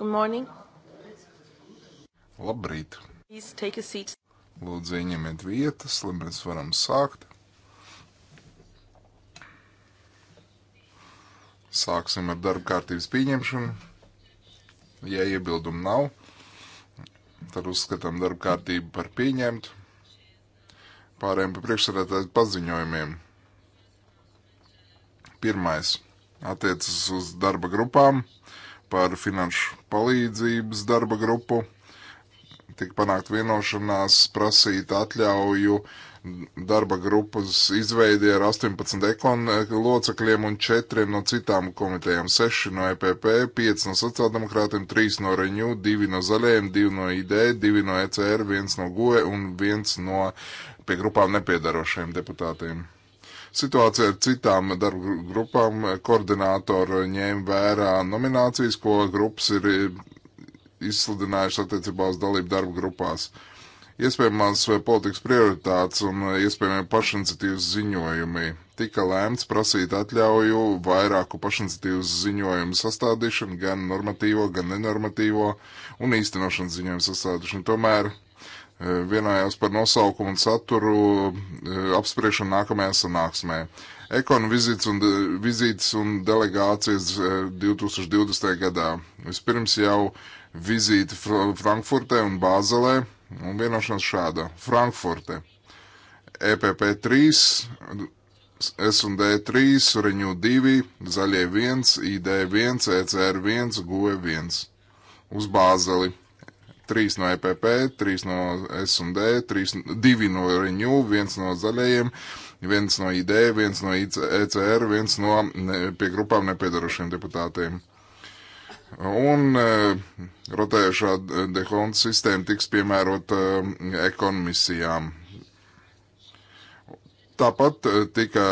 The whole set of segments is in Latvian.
Good morning. Labrīt. Please take a seat. Lūdzu, ieņemiet vietas, lai mēs varam sākt. Sāksim ar darba kārtības pieņemšanu. Ja iebildumu nav, tad uzskatām darba kārtību par pieņemtu. Pārējiem pa priekšsarētāju paziņojumiem. Pirmais attiecas uz darba grupām. Uh, par finanšu palīdzības darba grupu. Tik panākt vienošanās prasīt atļauju darba grupas izveidi ar 18 ekon locekļiem un 4 no citām komitejām. 6 no EPP, 5 no sociāldemokrātiem, 3 no Reņu, 2 no zaļajiem, 2 no ID, 2 no ECR, 1 no GOE un 1 no pie grupām nepiedarošiem deputātiem. Situācija ar citām darba grupām koordinātori ņēma vērā nominācijas, ko grupas ir izsludinājuši attiecībā uz dalību darba grupās. Iespējamās eh, politikas prioritātes un eh, iespējamie pašiniciatīvas ziņojumi. Tika lēmts prasīt atļauju vairāku pašiniciatīvas ziņojumu sastādīšanu, gan normatīvo, gan nenormatīvo un īstenošanas ziņojumu sastādīšanu. Tomēr vienojās par nosaukumu un saturu e, apspriešanu nākamajā sanāksmē. Ekonu vizītes un, vizītes un delegācijas 2020. E, gadā. Vispirms jau vizīti Frankfurtē un Bāzelē un vienošanās šāda. Frankfurte. EPP 3, S&D 3, Reņū 2, Zaļie 1, ID 1, ECR 1, GUE 1. Uz Bāzeli. 3 no EPP, 3 no S&D, 2 no Renew, 1 no zaļajiem, 1 no ID, 1 no ECR, 1 no ne, pie grupām nepiedarošiem deputātiem. Un e, rotējušā dehonta sistēma tiks piemērota e, ekonomisijām. Tāpat e, tika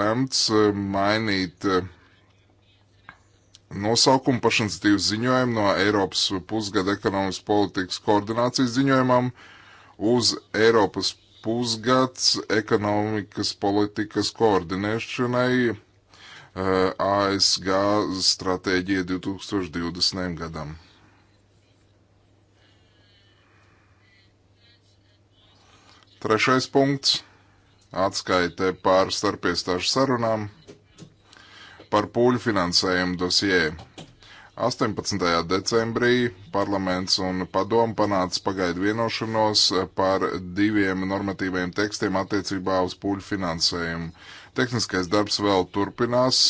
lemts mainīt uh, nosaukumu pašinicitīvu ziņojumu no Eiropas pusgada ekonomikas politikas koordinācijas ziņojumam uz Eiropas pusgads ekonomikas politikas koordinēšanai uh, eh, ASG stratēģija 2020. gadam. Trešais punkts - atskaite par starpiestāžu sarunām par pūļu finansējumu dosjē. 18. decembrī parlaments un padomu panāca pagaidu vienošanos par diviem normatīviem tekstiem attiecībā uz pūļu finansējumu. Tehniskais darbs vēl turpinās,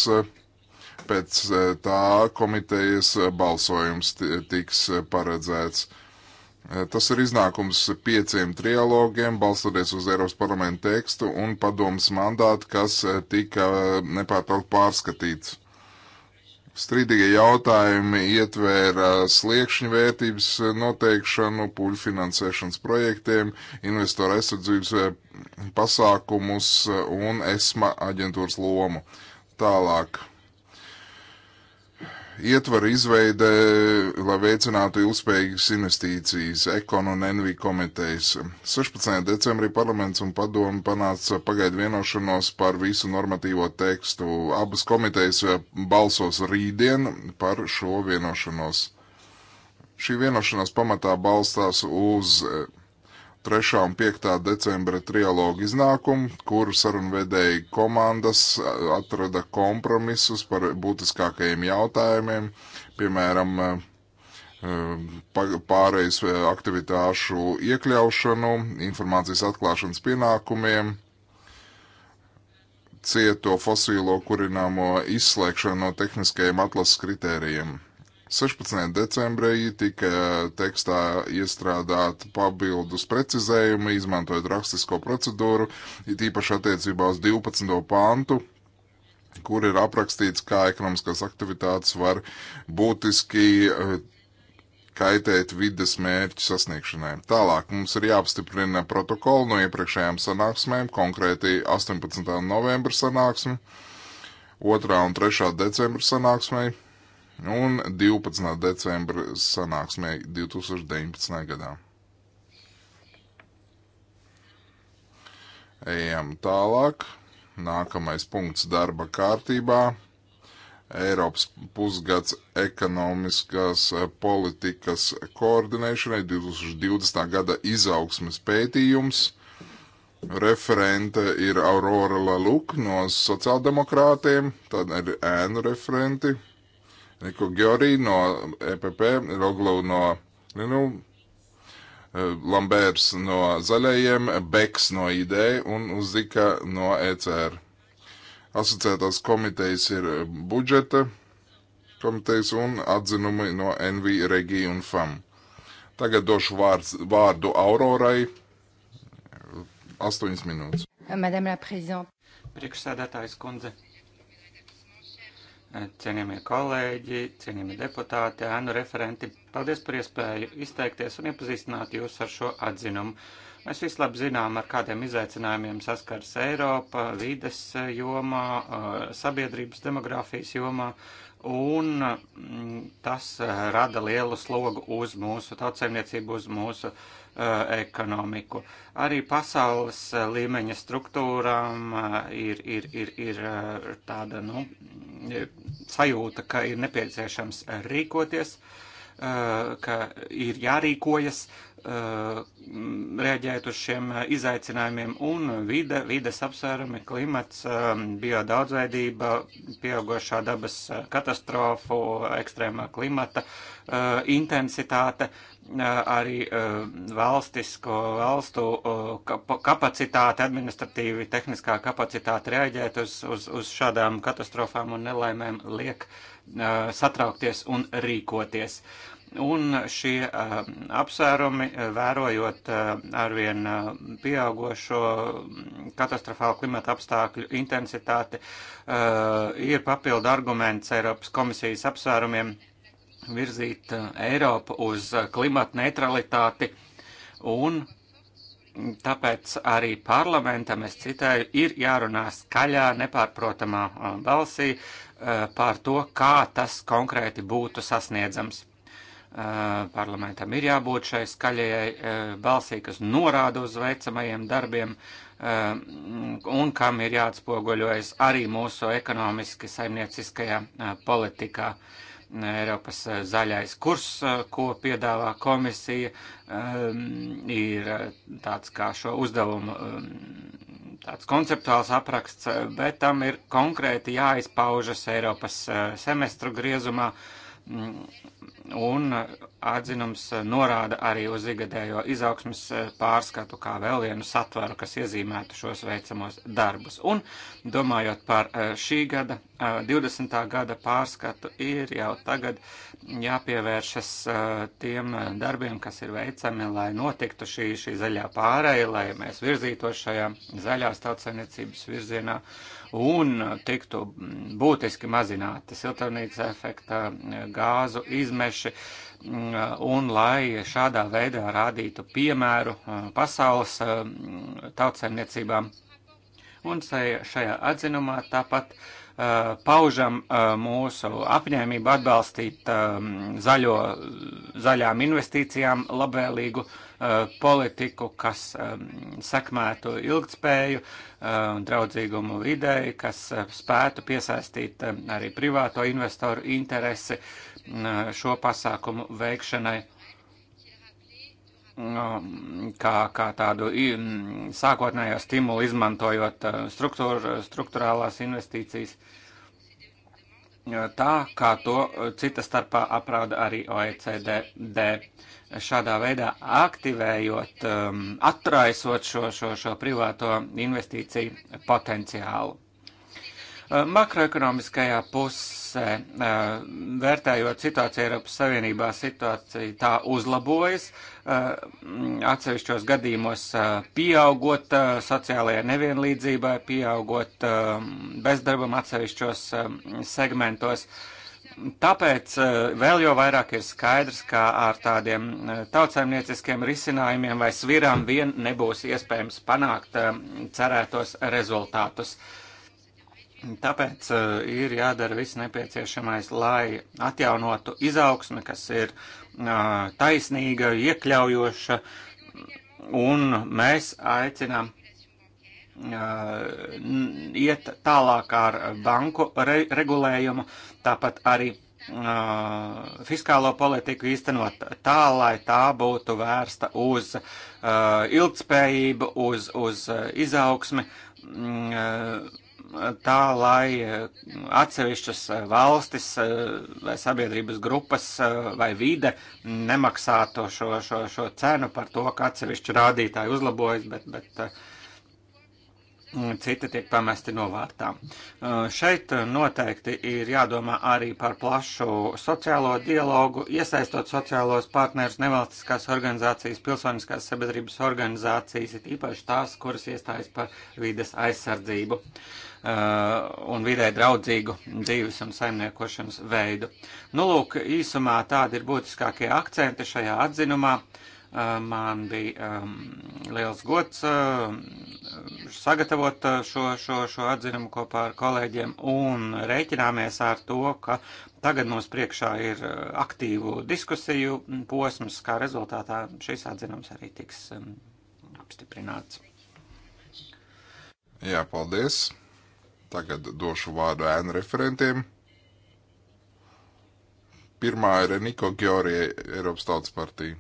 pēc eh, tā komitejas balsojums tiks paredzēts. Eh, tas ir iznākums pieciem trialogiem, balstoties uz Eiropas parlamenta tekstu un padomas mandātu, kas eh, tika eh, nepārtraukt pārskatīts. Strīdīgie jautājumi ietvēra sliekšņu vērtības noteikšanu, puļu finansēšanas projektiem, investoru aizsardzības pasākumus un ESMA aģentūras lomu. Tālāk ietvaru izveide, lai veicinātu ilgspējīgas investīcijas ekon un NV komitejas. 16. decembrī parlaments un padomu panāca pagaidu vienošanos par visu normatīvo tekstu. Abas komitejas eh, balsos rītdien par šo vienošanos. Šī vienošanās pamatā balstās uz eh, 3. un 5. decembra trialogu iznākumu, kur sarunvedēji komandas atrada kompromisus par būtiskākajiem jautājumiem, piemēram, pārejas aktivitāšu iekļaušanu, informācijas atklāšanas pienākumiem, cieto fosīlo kurināmo izslēgšanu no tehniskajiem atlases kritērijiem. 16. decembrī tika tekstā iestrādāta papildus precizējuma, izmantojot rakstisko procedūru, it īpaši attiecībā uz 12. pāntu, kur ir aprakstīts, kā ekonomiskās aktivitātes var būtiski eh, kaitēt vides mērķu sasniegšanai. Tālāk mums ir jāapstiprina protokoli no iepriekšējām sanāksmēm, konkrēti 18. novembra sanāksme, 2. un 3. decembra sanāksmei un 12. decembra sanāksmē 2019. gadā. Ejam tālāk. Nākamais punkts darba kārtībā. Eiropas pusgads ekonomiskās eh, politikas koordinēšanai 2020. gada izaugsmes pētījums. Referente ir Aurora Laluk no sociāldemokrātiem, tad ir ēnu referenti Niko Gjorī no EPP, Roglu no Linu, eh, Lambērs no Zaļajiem, Beks no ID un Uzika no ECR. Asociētās komitejas ir budžeta komitejas un atzinumi no NV, Regija un FAM. Tagad došu vārds, vārdu Aurorai. Astoņas minūtes. Madame la Présidente. Priekšsēdētājs kundze cienījamie kolēģi, cienījamie deputāti, ēnu referenti. Paldies par iespēju izteikties un iepazīstināt jūs ar šo atzinumu. Mēs visi labi zinām, ar kādiem izaicinājumiem saskars Eiropa, vides jomā, sabiedrības demografijas jomā, un mm, tas rada lielu slogu uz mūsu tautsēmniecību, uz mūsu uh, Eh, ekonomiku. Arī pasaules eh, līmeņa struktūrām eh, ir, ir, ir, ir tāda nu, sajūta, ka ir nepieciešams rīkoties, ka ir jārīkojas Uh, rēģēt uz šiem uh, izaicinājumiem un vide, vides apsvērumi, klimats, um, biodaudzveidība, pieaugošā dabas uh, katastrofu, ekstrēmā klimata intensitāte, arī valstisko valstu kapacitāte, administratīvi tehniskā kapacitāte rēģēt uz, uz, uz šādām katastrofām un nelaimēm liek satraukties un rīkoties. Un šie um, apsvērumi, eh, vērojot eh, arvien eh, pieaugošo mm, katastrofālu klimata apstākļu intensitāti, ir papildu arguments Eiropas komisijas apsvērumiem virzīt Eiropu uz klimata neutralitāti. Un tāpēc arī parlamentam, es citēju, ir jārunā skaļā, nepārprotamā balsī par to, kā tas konkrēti būtu sasniedzams. Eh, parlamentam ir jābūt šai skaļajai eh, balsī, kas norāda uz veicamajiem darbiem eh, un kam ir jāatspoguļojas arī mūsu ekonomiski saimnieciskajā politikā. Eiropas zaļais kurs, ko piedāvā komisija, ir tāds kā šo uzdevumu tāds konceptuāls apraksts, bet tam ir konkrēti jāizpaužas Eiropas semestru griezumā mm, Un atzinums norāda arī uz igadējo izaugsmas pārskatu kā vēl vienu satvaru, kas iezīmētu šos veicamos darbus. Un domājot par eh, šī gada 20. gada pārskatu ir jau tagad jāpievēršas tiem darbiem, kas ir veicami, lai notiktu šī, šī zaļā pārēja, lai mēs virzītos šajā zaļās tautsainiecības virzienā un tiktu būtiski mazināti siltumnīca efekta gāzu izmeši un lai šādā veidā rādītu piemēru pasaules tautsainiecībām. Un šajā atzinumā tāpat uh, Eh, paužam eh, mūsu apņēmību atbalstīt ehm, zaļo, zaļām investīcijām labvēlīgu eh, politiku, kas ehm, sekmētu ilgtspēju, draudzīgumu videi, kas spētu piesaistīt arī privāto investoru interesi šo pasākumu veikšanai Um, kā, kā tādu sākotnējo stimulu izmantojot uh, struktūr, struktūrālās investīcijas, tā kā to uh, cita starpā aprauda arī OECD. Šādā veidā aktivējot, um, attraisot šo, šo, šo privāto investīciju potenciālu. Uh, makroekonomiskajā pusē, vērtējot situāciju Eiropas Savienībā, situācija tā uzlabojas, Uh, atsevišķos gadījumos uh, pieaugot uh, sociālajai nevienlīdzībai, pieaugot um, bezdarbam atsevišķos um, segmentos. Tāpēc vēl jau vairāk ir skaidrs, ka ar tādiem tautsaimnieciskiem risinājumiem vai svirām vien nebūs iespējams panākt um, cerētos rezultātus. Tāpēc ir jādara viss nepieciešamais, lai atjaunotu izaugsmi, kas ir uh, taisnīga, iekļaujoša, un mēs aicinām iet tālāk ar banku re regulējumu, tāpat arī uh, fiskālo politiku īstenot tā, lai tā būtu vērsta uz uh, ilgtspējību, uz, uz izaugsmi. Uh, tā, lai eh, atsevišķas eh, valstis eh, vai sabiedrības grupas vai vide nemaksātu šo, šo, šo cenu par to, ka atsevišķi rādītāji uzlabojas, bet, bet mm, citi tiek pamesti novārtā. Šeit noteikti ir jādomā arī par plašu sociālo dialogu, iesaistot sociālos partnerus, nevalstiskās organizācijas, pilsoniskās sabiedrības organizācijas, ir īpaši tās, kuras iestājas par vides aizsardzību. Uh, Uh, un vidē draudzīgu dzīves un saimniekošanas veidu. Nu, lūk, īsumā tādi ir būtiskākie akcenti šajā atzinumā. Uh, man bija um, liels gods uh, sagatavot uh, šo, šo, šo atzinumu kopā ar kolēģiem un rēķināmies ar to, ka tagad mums priekšā ir aktīvu diskusiju posms, kā rezultātā šis atzinums arī tiks um, apstiprināts. Jā, paldies! Tagad došu vārdu ēnu referentiem. Pirmā ir Niko Gjorija, Eiropas Tautas partija.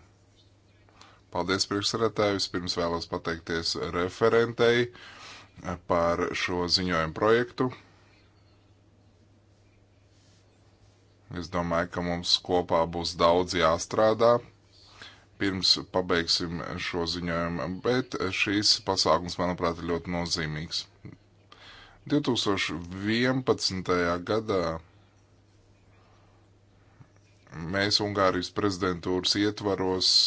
Paldies priekšsarētāji, vispirms vēlos pateikties referentei eh, par šo ziņojumu projektu. Es domāju, ka mums kopā būs daudz jāstrādā, pirms pabeigsim šo ziņojumu, bet šīs pasākums, manuprāt, ir ļoti nozīmīgs. 2011. gadā mēs Ungārijas prezidentūras ietvaros e,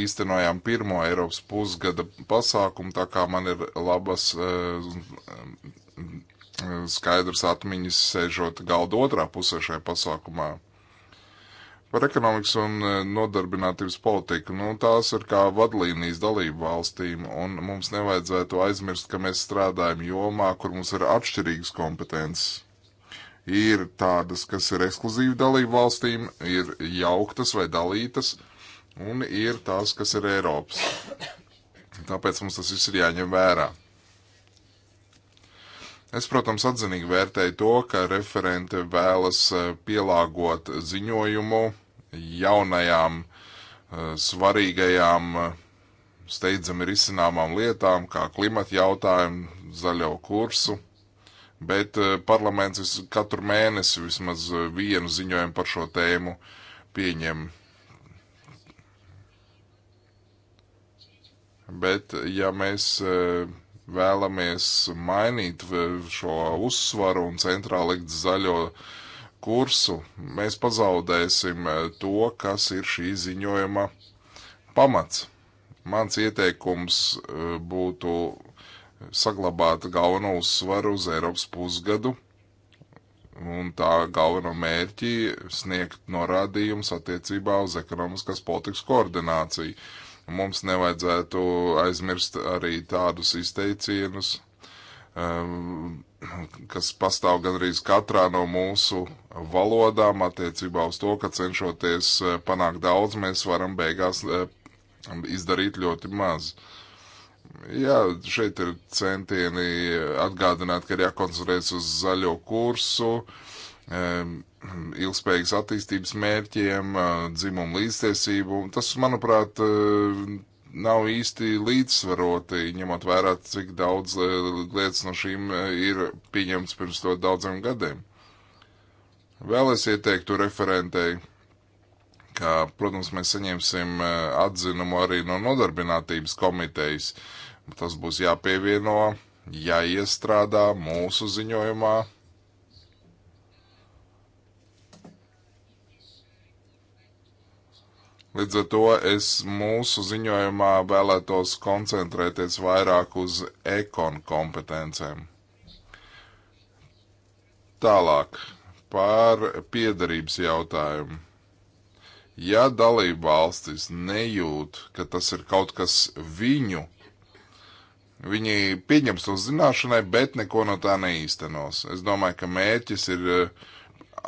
īstenojām pirmo Eiropas pusgada pasākumu, tā kā man ir labas e, e, skaidrs atmiņas sēžot galda otrā pusē šajā pasākumā. Par ekonomikas un e, nodarbinātības politiku. Nu, tās ir kā vadlīnijas dalību valstīm, un mums nevajadzētu aizmirst, ka mēs strādājam jomā, kur mums ir atšķirīgas kompetences. Ir tādas, kas ir ekskluzīvi dalību valstīm, ir jauktas vai dalītas, un ir tās, kas ir Eiropas. Tāpēc mums tas viss ir jāņem vērā. Es, protams, atzinīgi vērtēju to, ka referente vēlas eh, pielāgot ziņojumu jaunajām eh, svarīgajām eh, steidzami risināmām lietām, kā klimata jautājumu, zaļo kursu, bet parlaments katru mēnesi vismaz vienu ziņojumu par šo tēmu pieņem. Bet, ja mēs uh, vēlamies mainīt šo uzsvaru un centrā likt zaļo kursu, mēs pazaudēsim e, to, kas ir šī ziņojuma pamats. Mans ieteikums e, būtu saglabāt galveno uzsvaru uz Eiropas pusgadu un tā galveno mērķi sniegt norādījums attiecībā uz ekonomiskās politikas koordināciju. Uh, Mums nevajadzētu aizmirst arī tādus izteicienus, um, kas pastāv gandrīz katrā no mūsu valodām attiecībā uz to, ka cenšoties uh, panākt daudz, mēs varam beigās uh, izdarīt ļoti maz. Jā, šeit ir centieni atgādināt, ka ir jākoncentrēties uz zaļo kursu, um, ilgspējīgas attīstības mērķiem, dzimumu līdztiesību. Tas, manuprāt, nav īsti līdzsvaroti, ņemot vērā, cik daudz lietas no šīm ir pieņemts pirms to daudziem gadiem. Vēl es ieteiktu referentei, ka, protams, mēs saņemsim atzinumu arī no nodarbinātības komitejas. Tas būs jāpievieno, jāiestrādā mūsu ziņojumā, Līdz ar to es mūsu ziņojumā vēlētos koncentrēties vairāk uz ekonu kompetencēm. Tālāk par piedarības jautājumu. Ja dalība valstis nejūt, ka tas ir kaut kas viņu Viņi pieņems to zināšanai, bet neko no tā neīstenos. Es domāju, ka mērķis ir eh,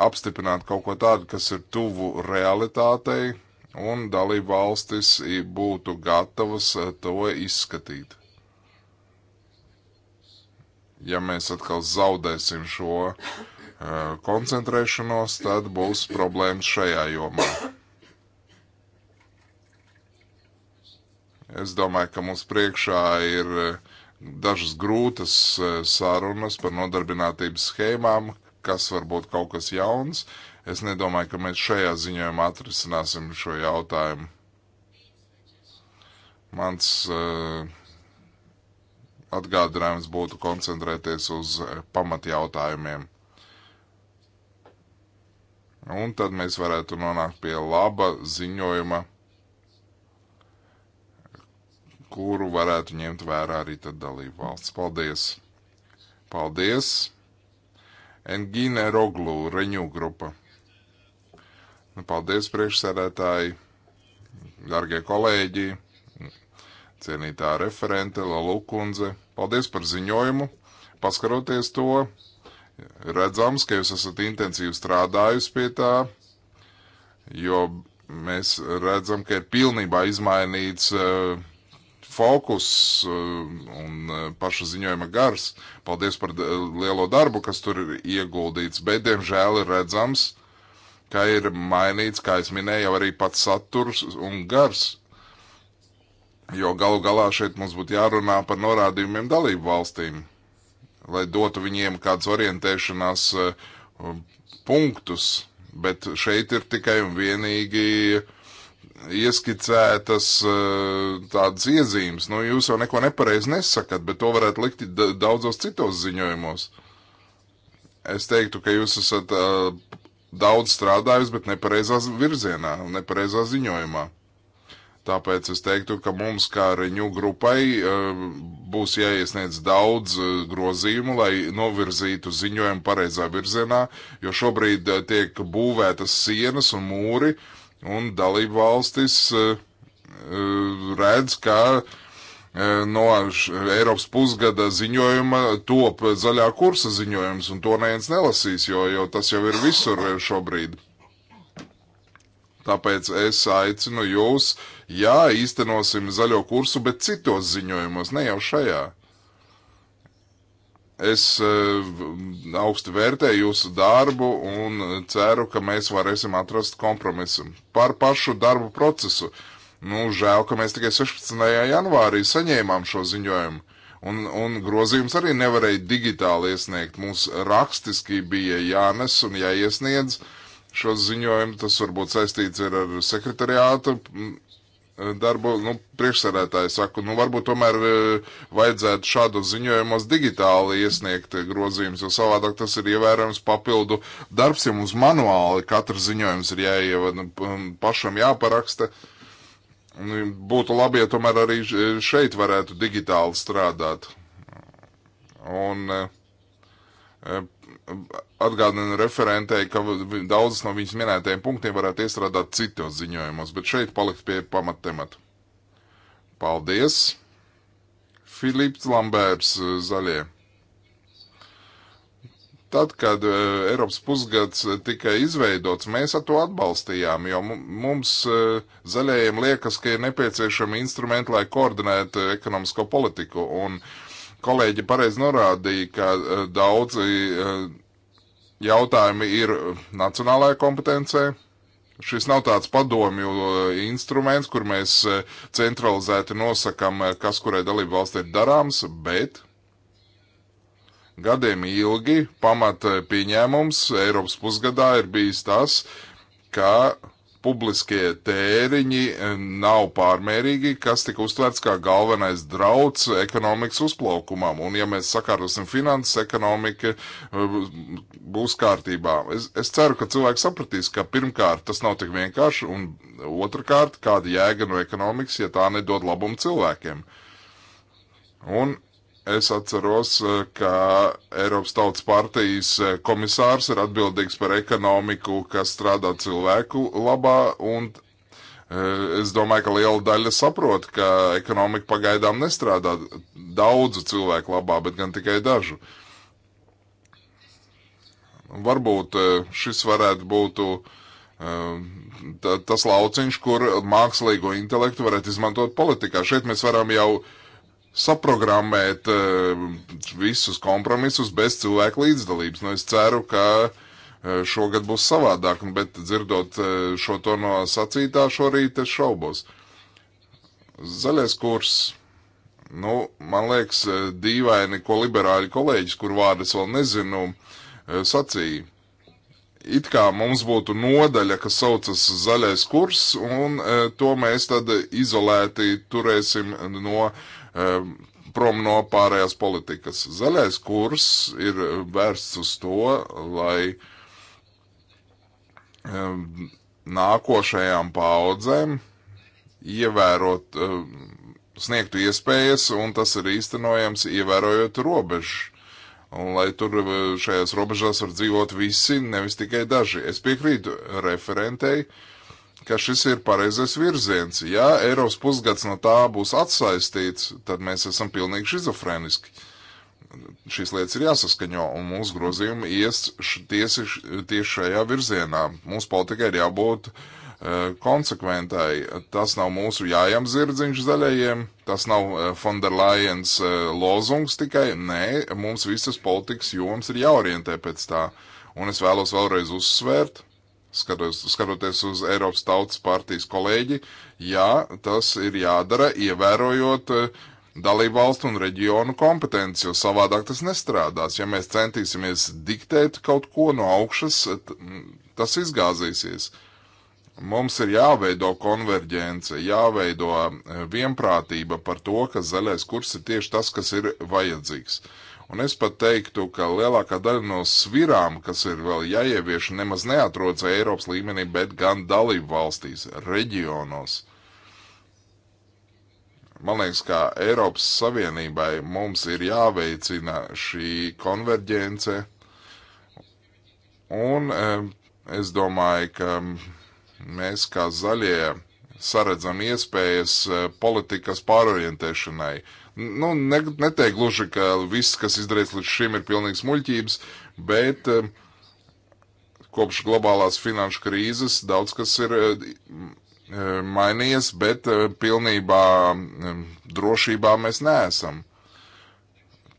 apstiprināt kaut ko tādu, kas ir tuvu realitātei, un dalību valstis būtu gatavas eh, to izskatīt. Ja mēs atkal zaudēsim šo uh, koncentrēšanos, tad būs problēmas šajā jomā. Es domāju, ka mums priekšā ir eh, dažas grūtas sarunas par nodarbinātības schēmām, kas var būt kaut kas jauns. Uh, Es nedomāju, ka mēs šajā ziņojumā atrisināsim šo jautājumu. Mans uh, atgādinājums būtu koncentrēties uz eh, pamatjautājumiem. Un tad mēs varētu nonākt pie laba ziņojuma, kuru varētu ņemt vērā arī tad dalību valsts. Paldies! Paldies! Engine Roglu, Renew grupa. Nu, paldies, priekšsēdētāji, darbie kolēģi, cienītā referente Lalukundze. Paldies par ziņojumu. Paskaroties to, redzams, ka jūs esat intensīvi strādājusi pie tā, jo mēs redzam, ka ir pilnībā izmainīts uh, fokus eh, un eh, paša ziņojuma gars. Paldies par lielo darbu, kas tur ir ieguldīts, bet, diemžēl, ir redzams, ka ir mainīts, kā es minēju, jau arī pats saturs un gars. Jo galu galā šeit mums būtu jārunā par norādījumiem dalību valstīm, lai dotu viņiem kādus orientēšanās um, punktus, bet šeit ir tikai un vienīgi ieskicētas uh, tādas iezīmes. Nu, jūs jau neko nepareizi nesakat, bet to varētu likt daudzos citos ziņojumos. Es teiktu, ka jūs esat uh, daudz strādājusi, bet nepareizā virzienā, nepareizā ziņojumā. Tāpēc es teiktu, ka mums kā riņu grupai eh, būs jāiesniedz daudz eh, grozījumu, lai novirzītu ziņojumu pareizā virzienā, jo šobrīd eh, tiek būvētas sienas un mūri, un dalību valstis redz, ka E, no Eiropas pusgada ziņojuma top zaļā kursa ziņojums, un to neviens nelasīs, jo, jo tas jau ir visur šobrīd. Tāpēc es aicinu jūs, jā, īstenosim zaļo kursu, bet citos ziņojumos, ne jau šajā. Es e, augstu vērtēju jūsu darbu un ceru, ka mēs varēsim atrast kompromisu par pašu darbu procesu. Uh, Nu, žēl, ka mēs tikai 16. janvārī saņēmām šo ziņojumu. Un, un grozījums arī nevarēja digitāli iesniegt. Mums rakstiski bija jānes un jāiesniedz šo ziņojumu. Tas varbūt saistīts ar sekretariātu mm, darbu. Nu, priekšsarētāji saka, nu, varbūt tomēr e, vajadzētu šādos ziņojumos digitāli iesniegt grozījumus, jo savādāk tas ir ievērojams papildu darbs, ja mums manuāli katrs ziņojums ir jāievada, nu, pašam jāparaksta. Uh, Nu, būtu labi, ja tomēr arī šeit varētu digitāli strādāt. Un e, e, atgādina referentei, ka daudzas no viņas minētajiem punktiem varētu iestrādāt citos ziņojumos, bet šeit palikt pie pamattemata. Paldies! Filips Lambērs, e, zaļie! Tad, kad uh, Eiropas pusgads e, tika izveidots, mēs to atbalstījām, jo mums uh, zaļajiem liekas, ka ir nepieciešami instrumenti, lai koordinētu ekonomisko politiku. Un kolēģi pareizi norādīja, ka uh, daudzi uh, jautājumi ir nacionālajā kompetencē. Šis nav tāds padomju uh, instruments, kur mēs uh, centralizēti nosakam, uh, kas kurai dalību valstī ir darāms, bet Gadiem ilgi pamata eh, pieņēmums Eiropas pusgadā ir bijis tas, ka publiskie tēriņi eh, nav pārmērīgi, kas tika uztverts kā galvenais drauds ekonomikas uzplaukumam. Un ja mēs sakārtosim finanses, ekonomika eh, būs kārtībā. Es, es ceru, ka cilvēki sapratīs, ka pirmkārt tas nav tik vienkārši, un otrkārt, kāda jēga no ekonomikas, ja tā nedod labumu cilvēkiem. Un Es atceros, eh, ka Eiropas Tautas partijas eh, komisārs ir atbildīgs par ekonomiku, kas strādā cilvēku labā, un eh, es domāju, ka liela daļa saprot, ka ekonomika pagaidām nestrādā daudzu cilvēku labā, bet gan tikai dažu. Varbūt šis varētu būt tas lauciņš, kur mākslīgo intelektu varētu izmantot politikā. Šeit mēs varam jau uh, saprogrammēt eh, visus kompromisus bez cilvēku līdzdalības. Nu, es ceru, ka eh, šogad būs savādāk, nu, bet dzirdot eh, šo to no sacītā šorīt, es šaubos. Zaļais kurs. Nu, man liekas, dīvaini, ko liberāļi kolēģis, kur vārdas vēl nezinu, sacīja it kā mums būtu nodaļa, kas saucas zaļais kurs, un e, to mēs tad izolēti turēsim no, e, prom no pārējās politikas. Zaļais kurs ir vērsts uz to, lai e, nākošajām paudzēm ievērot, e, sniegtu iespējas, un tas ir īstenojams ievērojot robežu un lai tur eh, šajās robežās var dzīvot visi, nevis tikai daži. Es piekrītu referentei, ka šis ir pareizais virziens. Ja Eiropas pusgads no tā būs atsaistīts, tad mēs esam pilnīgi šizofrēniski. Šīs lietas ir jāsaskaņo, un mūsu grozījumi ies tieši, tieši šajā virzienā. Mūsu politikai ir jābūt uh, Eh, konsekventai. Tas nav mūsu jājām zirdziņš zaļajiem, tas nav Fonderlajens eh, eh, lozungs tikai. Nē, mums visas politikas joms ir jāorientē pēc tā. Un es vēlos vēlreiz uzsvērt, skatos, skatoties uz Eiropas Tautas partijas kolēģi, jā, tas ir jādara, ievērojot dalību valstu un reģionu kompetenci, jo savādāk tas nestrādās. Ja mēs centīsimies diktēt kaut ko no augšas, tas izgāzīsies. Uh, Mums ir jāveido konverģence, jāveido e, vienprātība par to, ka zaļais kurs ir tieši tas, kas ir vajadzīgs. Un es pat teiktu, ka lielākā daļa no svirām, kas ir vēl jāievieš, nemaz neatrodas Eiropas līmenī, bet gan dalību valstīs, reģionos. Man liekas, ka Eiropas Savienībai mums ir jāveicina šī konverģence, un e, es domāju, ka Mēs, kā zaļie, saredzam iespējas e, politikas pārorientēšanai. Nu, ne, netiek gluži, ka viss, kas izdarīts līdz šim, ir pilnīgs muļķības, bet e, kopš globālās finanšu krīzes daudz kas ir e, mainījies, bet pilnībā drošībā mēs neesam.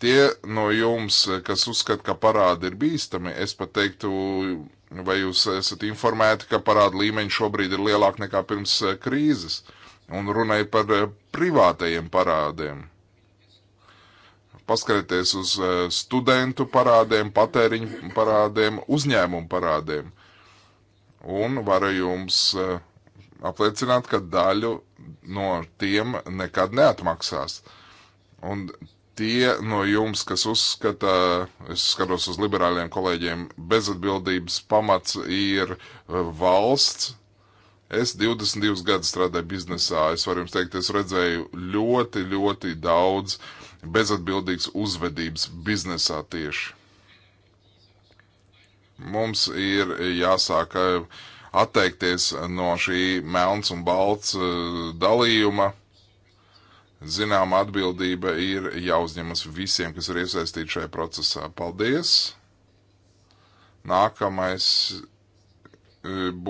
Tie no jums, kas uzskata, ka parādi ir bīstami, es pat teiktu, vai jūs esat informēti, ka parāda līmeņi šobrīd ir lielāki nekā pirms eh, krīzes, un runai par eh, privātajiem parādiem. Paskatieties uz eh, studentu parādiem, patēriņu parādiem, uzņēmumu parādiem. Un varu jums apliecināt, ka daļu no tiem nekad neatmaksās. Un tie no jums, kas uzskata, es skatos uz liberāļiem kolēģiem, bezatbildības pamats ir eh, valsts. Es 22 gadus strādāju biznesā. Es varu jums teikt, es redzēju ļoti, ļoti daudz bezatbildīgas uzvedības biznesā tieši. Mums ir jāsāk eh, atteikties no šī melns un balts eh, dalījuma Zinām, atbildība ir jāuzņemas visiem, kas ir iesaistīti šajā procesā. Paldies! Nākamais e,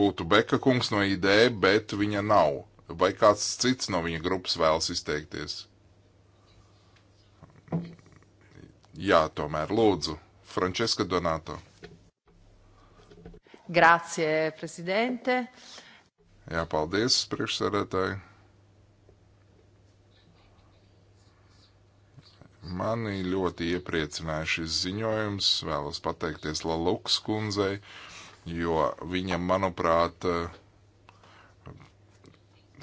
būtu Beka kungs no ID, bet viņa nav. Vai kāds cits no viņa grupas vēlas izteikties? Jā, tomēr lūdzu, Frančeska Donato. Grazie, prezidente. Jā, paldies, priekšsēdētāji. Mani ļoti iepriecināja šis ziņojums, vēlos pateikties Laluks kundzei, jo viņa, manuprāt,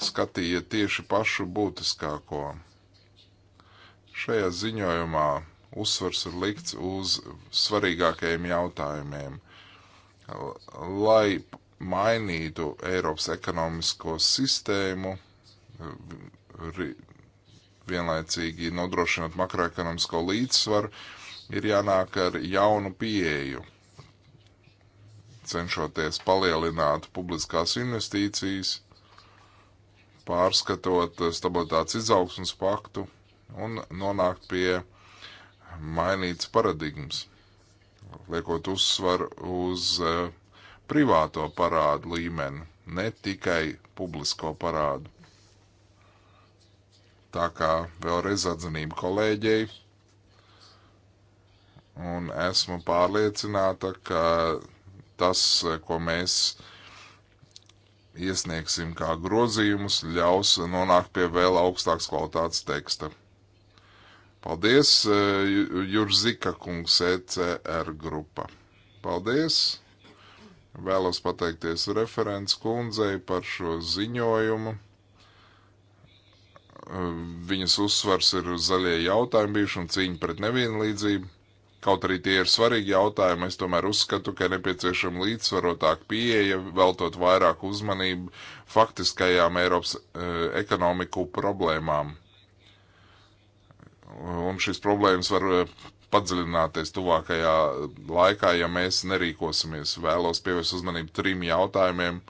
skatīja tieši pašu būtiskāko. Šajā ziņojumā uzsvars ir likts uz svarīgākajiem jautājumiem, lai mainītu Eiropas ekonomisko sistēmu, vienlaicīgi nodrošinot makroekonomisko līdzsvaru, ir jānāk ar jaunu pieeju, cenšoties palielināt publiskās investīcijas, pārskatot stabilitātes izaugsmas paktu un nonākt pie mainītas paradigmas, liekot uzsvaru uz eh, privāto parādu līmeni, ne tikai publisko parādu. Tā kā vēlreiz atzinību kolēģei. Un esmu pārliecināta, ka tas, ko mēs iesniegsim kā grozījumus, ļaus nonākt pie vēl augstākas kvalitātes teksta. Paldies, eh, Jurzika kungs, ECR grupa. Paldies! Vēlos pateikties referents kundzei par šo ziņojumu viņas uzsvars ir zaļie jautājumi bijuši un cīņa pret nevienlīdzību. Kaut arī tie ir svarīgi jautājumi, es tomēr uzskatu, ka nepieciešama līdzsvarotāka pieeja, veltot vairāk uzmanību faktiskajām Eiropas e, ekonomiku problēmām. Un šīs problēmas var e, padziļināties tuvākajā laikā, ja mēs nerīkosimies. Vēlos pievērst uzmanību trim jautājumiem,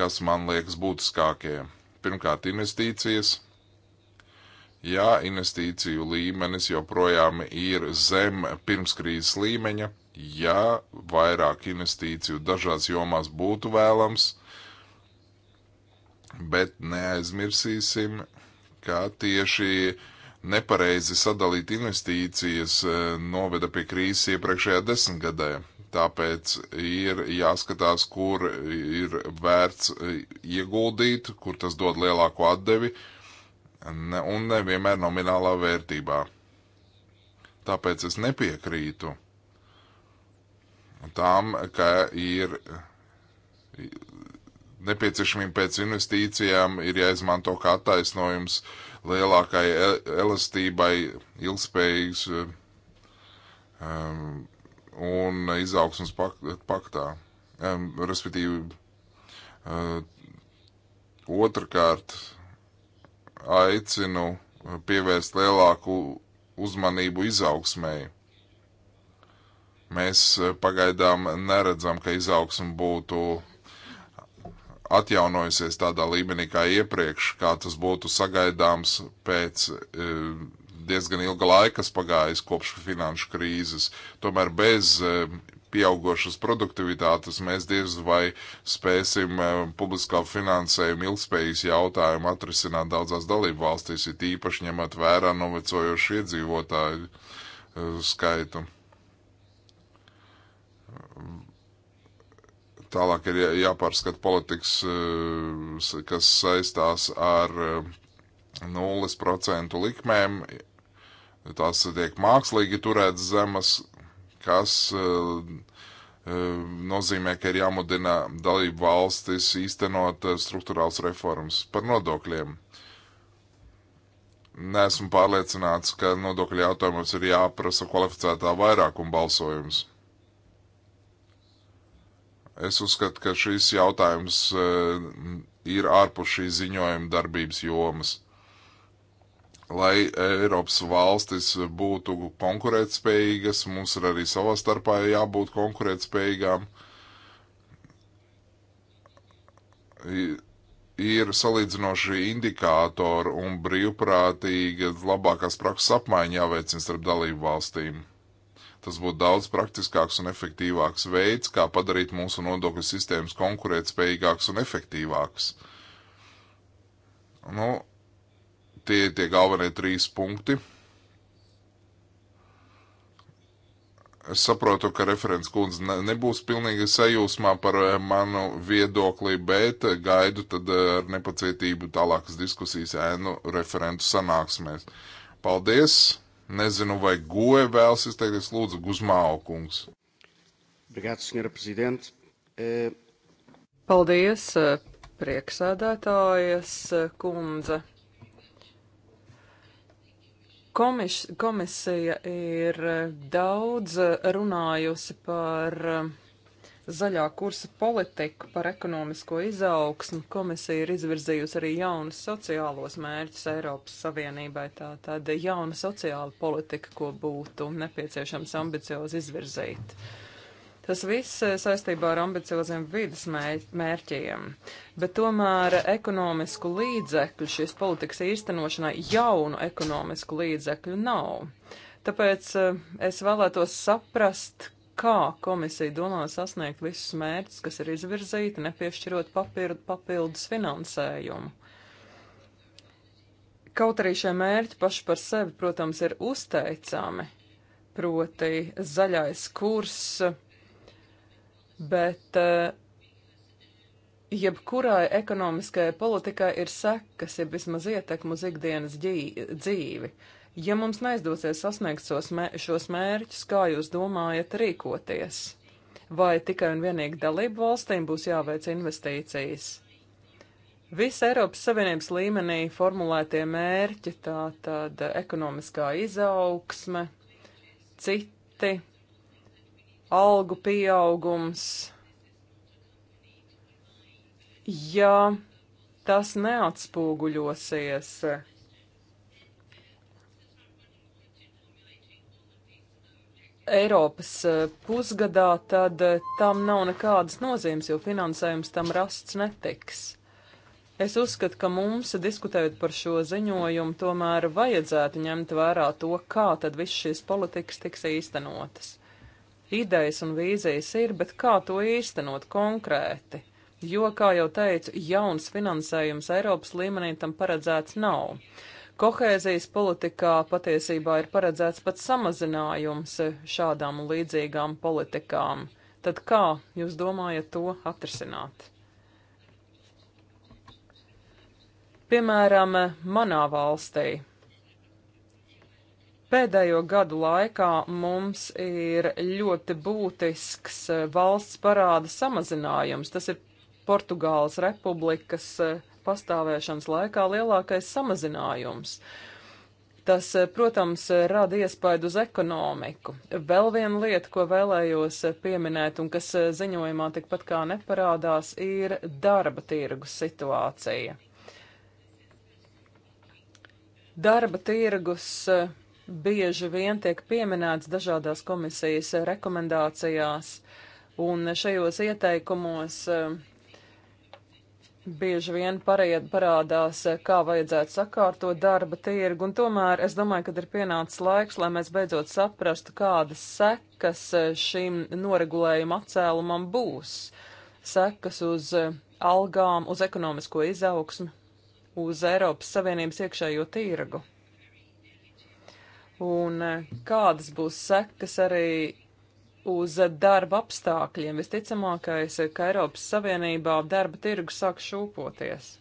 kas man liekas būtiskākie. Pirmkārt, investīcijas ja investīciju līmenis joprojām ir zem pirmskrīzes līmeņa, ja vairāk investīciju dažās jomās būtu vēlams, bet neaizmirsīsim, ka tieši nepareizi sadalīt investīcijas e, noveda pie krīzes iepriekšējā desmitgadē. Tāpēc ir jāskatās, kur ir vērts e, ieguldīt, kur tas dod lielāko atdevi, uh, ne, un nevienmēr nominālā vērtībā. Tāpēc es nepiekrītu tām, ka ir nepieciešamība pēc investīcijām, ir jāizmanto kā attaisnojums lielākai e, elastībai, ilgspējīgs e, um, un izaugsmas paktā. Um, respektīvi, uh, otrkārt, uh, aicinu uh, pievērst lielāku uzmanību izaugsmēji. Mēs uh, pagaidām neredzam, ka izaugsme būtu atjaunojusies tādā līmenī kā iepriekš, kā tas būtu sagaidāms pēc uh, diezgan ilga laika pagājis kopš finanšu krīzes. Tomēr bez pieaugošas produktivitātes, mēs diez vai spēsim eh, publiskā finansējuma ilgspējas jautājumu atrisināt daudzās dalību valstīs, it īpaši ņemot vērā novecojošu iedzīvotāju eh, skaitu. Tālāk ir jāpārskata politikas, eh, kas saistās ar 0% likmēm. Tās tiek mākslīgi turētas zemes, kas eh, eh, nozīmē, ka ir jāmudina dalību valstis īstenot eh, struktūrāls reformas par nodokļiem. Nesmu pārliecināts, ka nodokļu jautājumos ir jāprasa kvalificētā vairākuma balsojums. Es uzskatu, ka šis jautājums ir ārpus šī ziņojuma darbības jomas lai Eiropas valstis būtu konkurētspējīgas, mums ir arī savā starpā jābūt konkurētspējīgām. Ir salīdzinoši indikātori un brīvprātīga labākās prakses apmaiņa jāveicina starp dalību valstīm. Tas būtu daudz praktiskāks un efektīvāks veids, kā padarīt mūsu nodokļu sistēmas konkurētspējīgākas un efektīvākas. Nu, Tie ir tie galvenie trīs punkti. Es saprotu, ka referents kundze nebūs pilnīgi sajūsmā par eh, manu viedokli, bet eh, gaidu tad eh, ar nepacietību tālākas diskusijas ēnu referentu sanāksmēs. Paldies! Nezinu, vai goja vēlas izteikties lūdzu Guzmāo kungs. Brigāts, senjora prezidents. E... Paldies, prieksēdētājas kundze. Komis, komisija ir eh, daudz eh, runājusi par eh, zaļā kursa politiku, par ekonomisko izaugsmu. Komisija ir izvirzījusi arī jaunus sociālos mērķus Eiropas Savienībai. Tā tad jauna sociāla politika, ko būtu nepieciešams ambiciozi izvirzīt. Uh, Tas viss eh, saistībā ar ambicioziem vidas mērķiem, bet tomēr ekonomisku līdzekļu šīs politikas īstenošanai jaunu ekonomisku līdzekļu nav. Tāpēc eh, es vēlētos saprast, kā komisija domā sasniegt visus mērķus, kas ir izvirzīti, nepiešķirot papirdu, papildus finansējumu. Kaut arī šie mērķi paši par sevi, protams, ir uzteicami, proti zaļais kurs, bet eh, jebkurai ekonomiskajai politikai ir sekas, ja vismaz ietekmi uz ikdienas dzīvi. Ja mums neizdosies sasniegt šos mērķus, kā jūs domājat rīkoties? Vai tikai un vienīgi dalību valstīm būs jāveic investīcijas? Visi Eiropas Savienības līmenī formulētie mērķi, tā tad ekonomiskā izaugsme, citi algu pieaugums. Ja tas neatspoguļosies Eiropas eh, pusgadā, tad eh, tam nav nekādas nozīmes, jo finansējums tam rasts netiks. Es uzskatu, ka mums, diskutējot par šo ziņojumu, tomēr vajadzētu ņemt vērā to, kā tad viss šīs politikas tiks īstenotas. Idejas un vīzijas ir, bet kā to īstenot konkrēti? Jo, kā jau teicu, jauns finansējums Eiropas līmenī tam paredzēts nav. Kohēzijas politikā patiesībā ir paredzēts pat samazinājums šādām un līdzīgām politikām. Tad kā jūs domājat to atrisināt? Piemēram, manā valstī Pēdējo gadu laikā mums ir ļoti būtisks e, valsts parāda samazinājums. Tas ir Portugāles republikas e, pastāvēšanas laikā lielākais samazinājums. Tas, e, protams, rada iespaidu uz ekonomiku. Vēl viena lieta, ko vēlējos pieminēt un kas ziņojumā tikpat kā neparādās, ir darba tirgus situācija. Darba tirgus uh, bieži vien tiek pieminēts dažādās komisijas rekomendācijās, un šajos ieteikumos eh, bieži vien pariet, parādās, eh, kā vajadzētu sakārtot darba tirgu, un tomēr es domāju, ka ir pienācis laiks, lai mēs beidzot saprastu, kādas sekas eh, šim noregulējuma atcēlumam būs. Sekas uz algām, uz ekonomisko izaugsmu, uz Eiropas Savienības iekšējo tirgu un eh, kādas būs sekas arī uz darba apstākļiem. Visticamākais, eh, ka Eiropas Savienībā darba tirgus sāk šūpoties.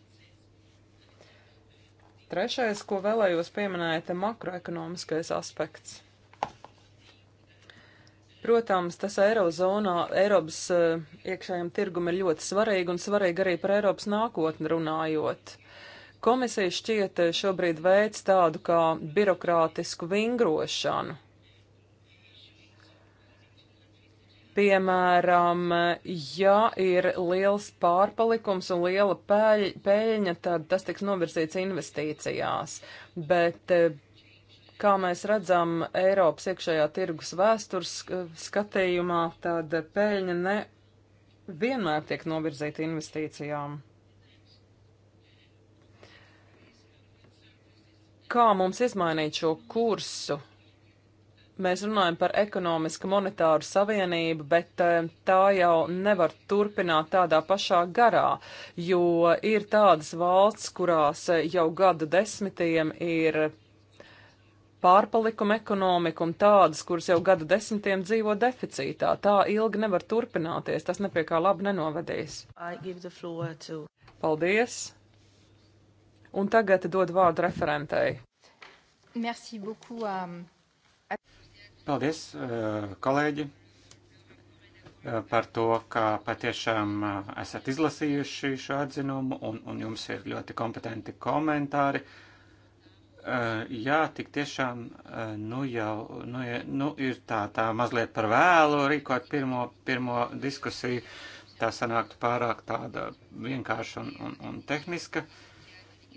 Trešais, ko vēlējos pieminēt, ir makroekonomiskais aspekts. Protams, tas Eirozonā, Eiropas eh, iekšējiem tirgum ir ļoti svarīgi un svarīgi arī par Eiropas nākotni runājot. Komisija šķiet eh, šobrīd veids tādu kā birokrātisku vingrošanu. Piemēram, ja ir liels pārpalikums un liela pēļ, pēļņa, tad tas tiks novirzīts investīcijās. Bet, eh, kā mēs redzam Eiropas iekšējā tirgus vēstures eh, skatījumā, tad pēļņa ne vienmēr tiek novirzīta investīcijām. kā mums izmainīt šo kursu. Mēs runājam par ekonomisku monetāru savienību, bet eh, tā jau nevar turpināt tādā pašā garā, jo ir tādas valsts, kurās eh, jau gadu desmitiem ir pārpalikuma ekonomika un tādas, kuras jau gadu desmitiem dzīvo deficītā. Tā ilgi nevar turpināties, tas nepie kā labi nenovedīs. To... Paldies! Un tagad dod vārdu referentei. Merci beaucoup. Um... Paldies, uh, kolēģi, uh, par to, ka patiešām uh, esat izlasījuši šo atzinumu un, un jums ir ļoti kompetenti komentāri. Jā, tik tiešām, nu jau, nu, nu ir tā, tā mazliet par vēlu rīkot pirmo, pirmo diskusiju. Tā sanāktu pārāk tāda vienkārša un, un, un tehniska. Uh,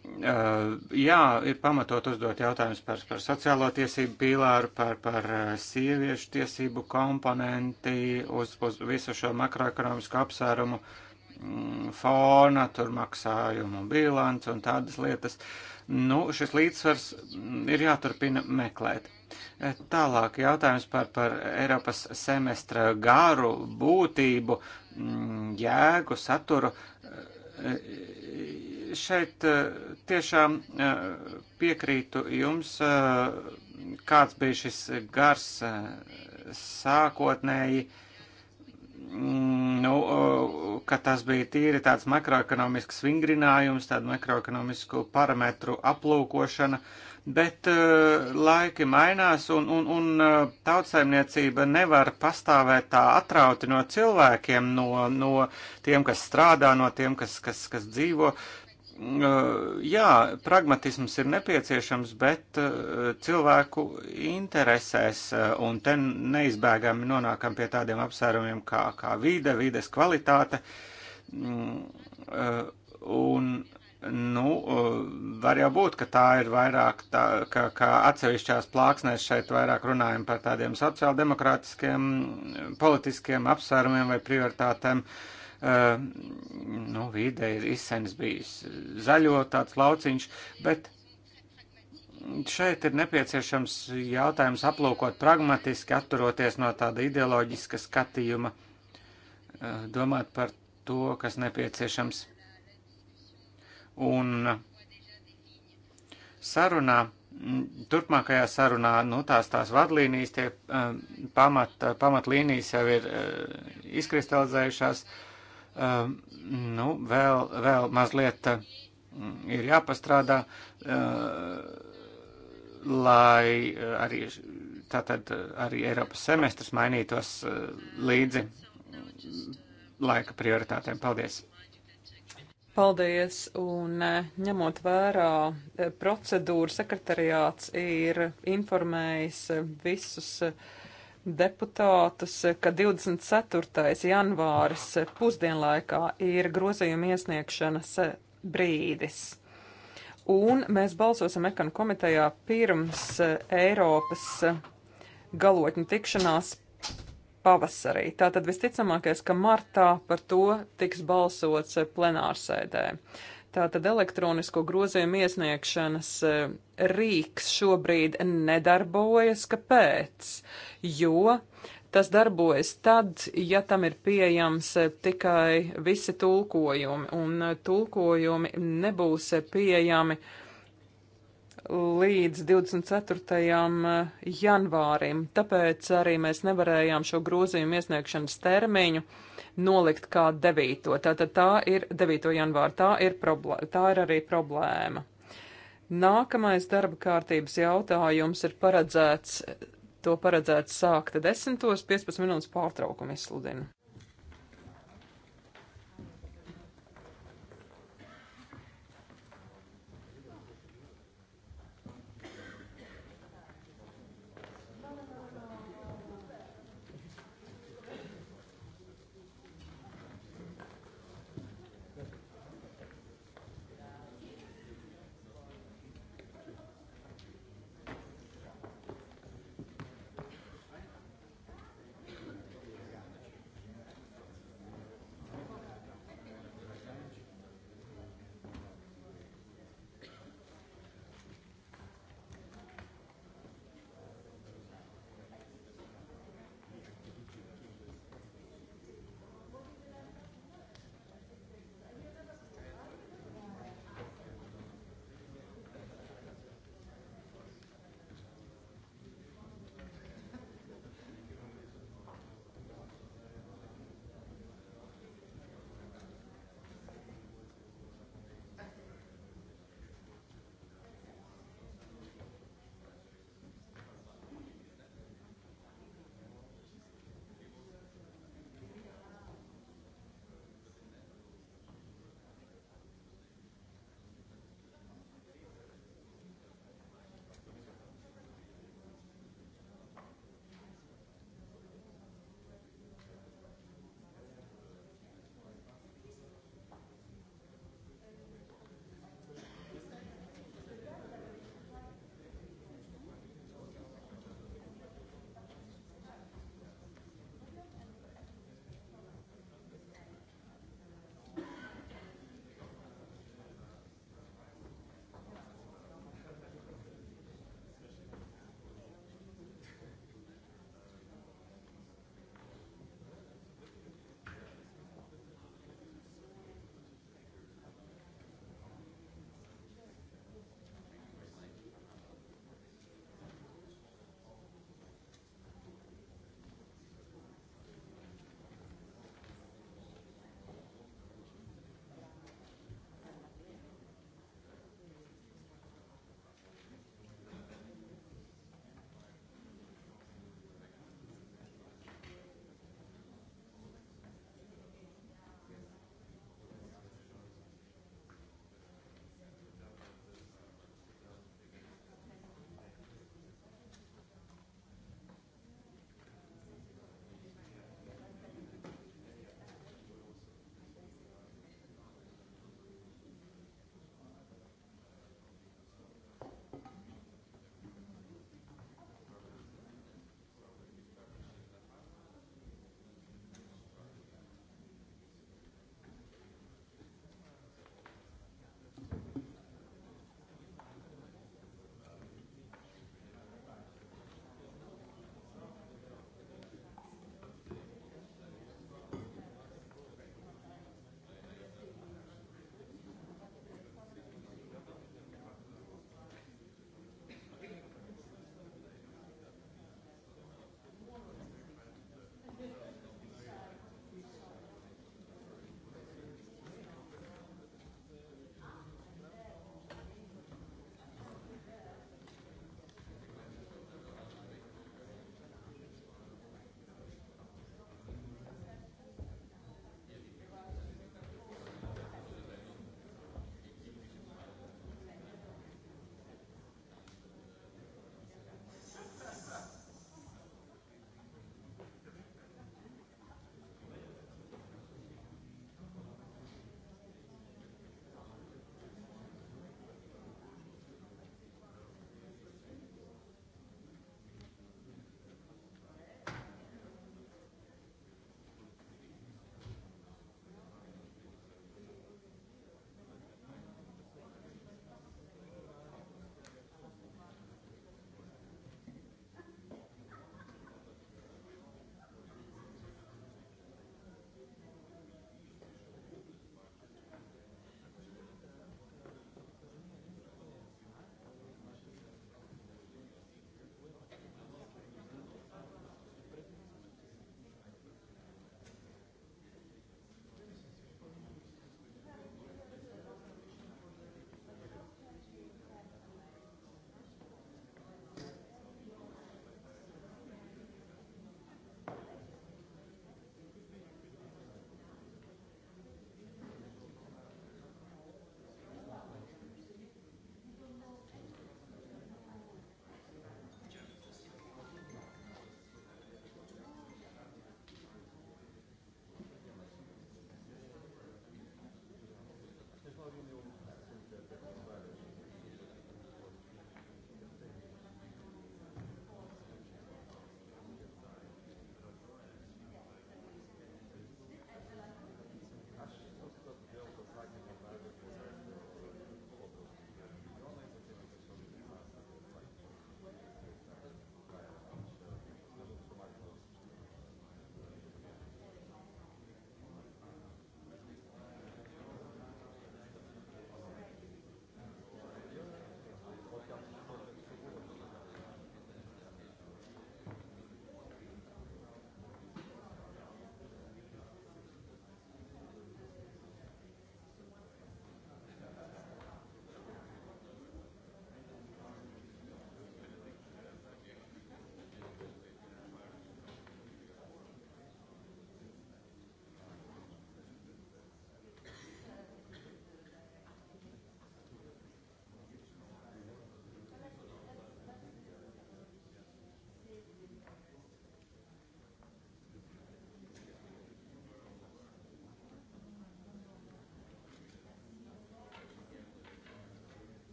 jā, ir pamatot uzdot jautājumus par, par sociālo tiesību pīlāru, par, par eh, sieviešu tiesību komponenti, uz, uz visu šo makroekonomisku apsvērumu mm, fona, tur maksājumu bilants un tādas lietas. Nu, šis līdzsvars mm, ir jāturpina meklēt. Eh, tālāk jautājums par, par Eiropas semestra garu, būtību, mm, jēgu, saturu eh, šeit eh, tiešām eh, piekrītu jums, eh, kāds bija šis gars sākotnēji, mm, nu, ka tas bija tīri tāds makroekonomisks vingrinājums, tādu makroekonomisku parametru aplūkošana, bet laiki mainās un, un, un tautsaimniecība nevar pastāvēt tā atrauti no cilvēkiem, no, no tiem, kas strādā, no tiem, kas, kas, kas dzīvo. Uh, jā, pragmatisms ir nepieciešams, bet cilvēku interesēs, un te neizbēgami nonākam pie tādiem apsvērumiem kā, kā vide, vides kvalitāte, mm, un, nu, var jau būt, ka tā ir vairāk, tā, ka, ka atsevišķās plāksnēs šeit vairāk runājam par tādiem sociāldemokrātiskiem, mm, politiskiem apsvērumiem vai prioritātēm, uh, Ehm, nu, vide ir izsens bijis zaļo tāds lauciņš, bet šeit ir nepieciešams jautājums aplūkot pragmatiski, atturoties no tāda ideoloģiska skatījuma, eh, domāt par to, kas nepieciešams. Un sarunā, turpmākajā sarunā, nu tās tās vadlīnijas, tie ehm, pamat, pamatlīnijas jau ir eh, izkristalizējušās. Uh, Ehm, nu, vēl, vēl mazliet eh, ir jāpastrādā, eh, lai eh, arī, tātad, arī Eiropas semestrs mainītos līdzi mm, laika prioritātēm. Paldies! Paldies! Un ņemot vērā procedūru, sekretariāts ir informējis visus uh, deputātus, ka 24. janvāris pusdienlaikā ir grozījuma iesniegšanas brīdis. Un mēs balsosim ekonu komitejā pirms Eiropas galotņu tikšanās pavasarī. Tātad visticamākais, ka martā par to tiks balsots plenārsēdē. Tātad elektronisko grozījumu iesniegšanas e, rīks šobrīd nedarbojas. Kāpēc? Jo tas darbojas tad, ja tam ir pieejams e, tikai visi tulkojumi, un e, tulkojumi nebūs pieejami līdz 24. janvārim. Tāpēc arī mēs nevarējām šo grozījumu iesniegšanas termiņu uh, nolikt kā 9. Tātad tā ir 9. janvāra, tā ir, problēma, tā ir arī problēma. Nākamais darba kārtības jautājums ir paredzēts, to paredzēts sākt 10. 15 minūtes pārtraukumu izsludinu.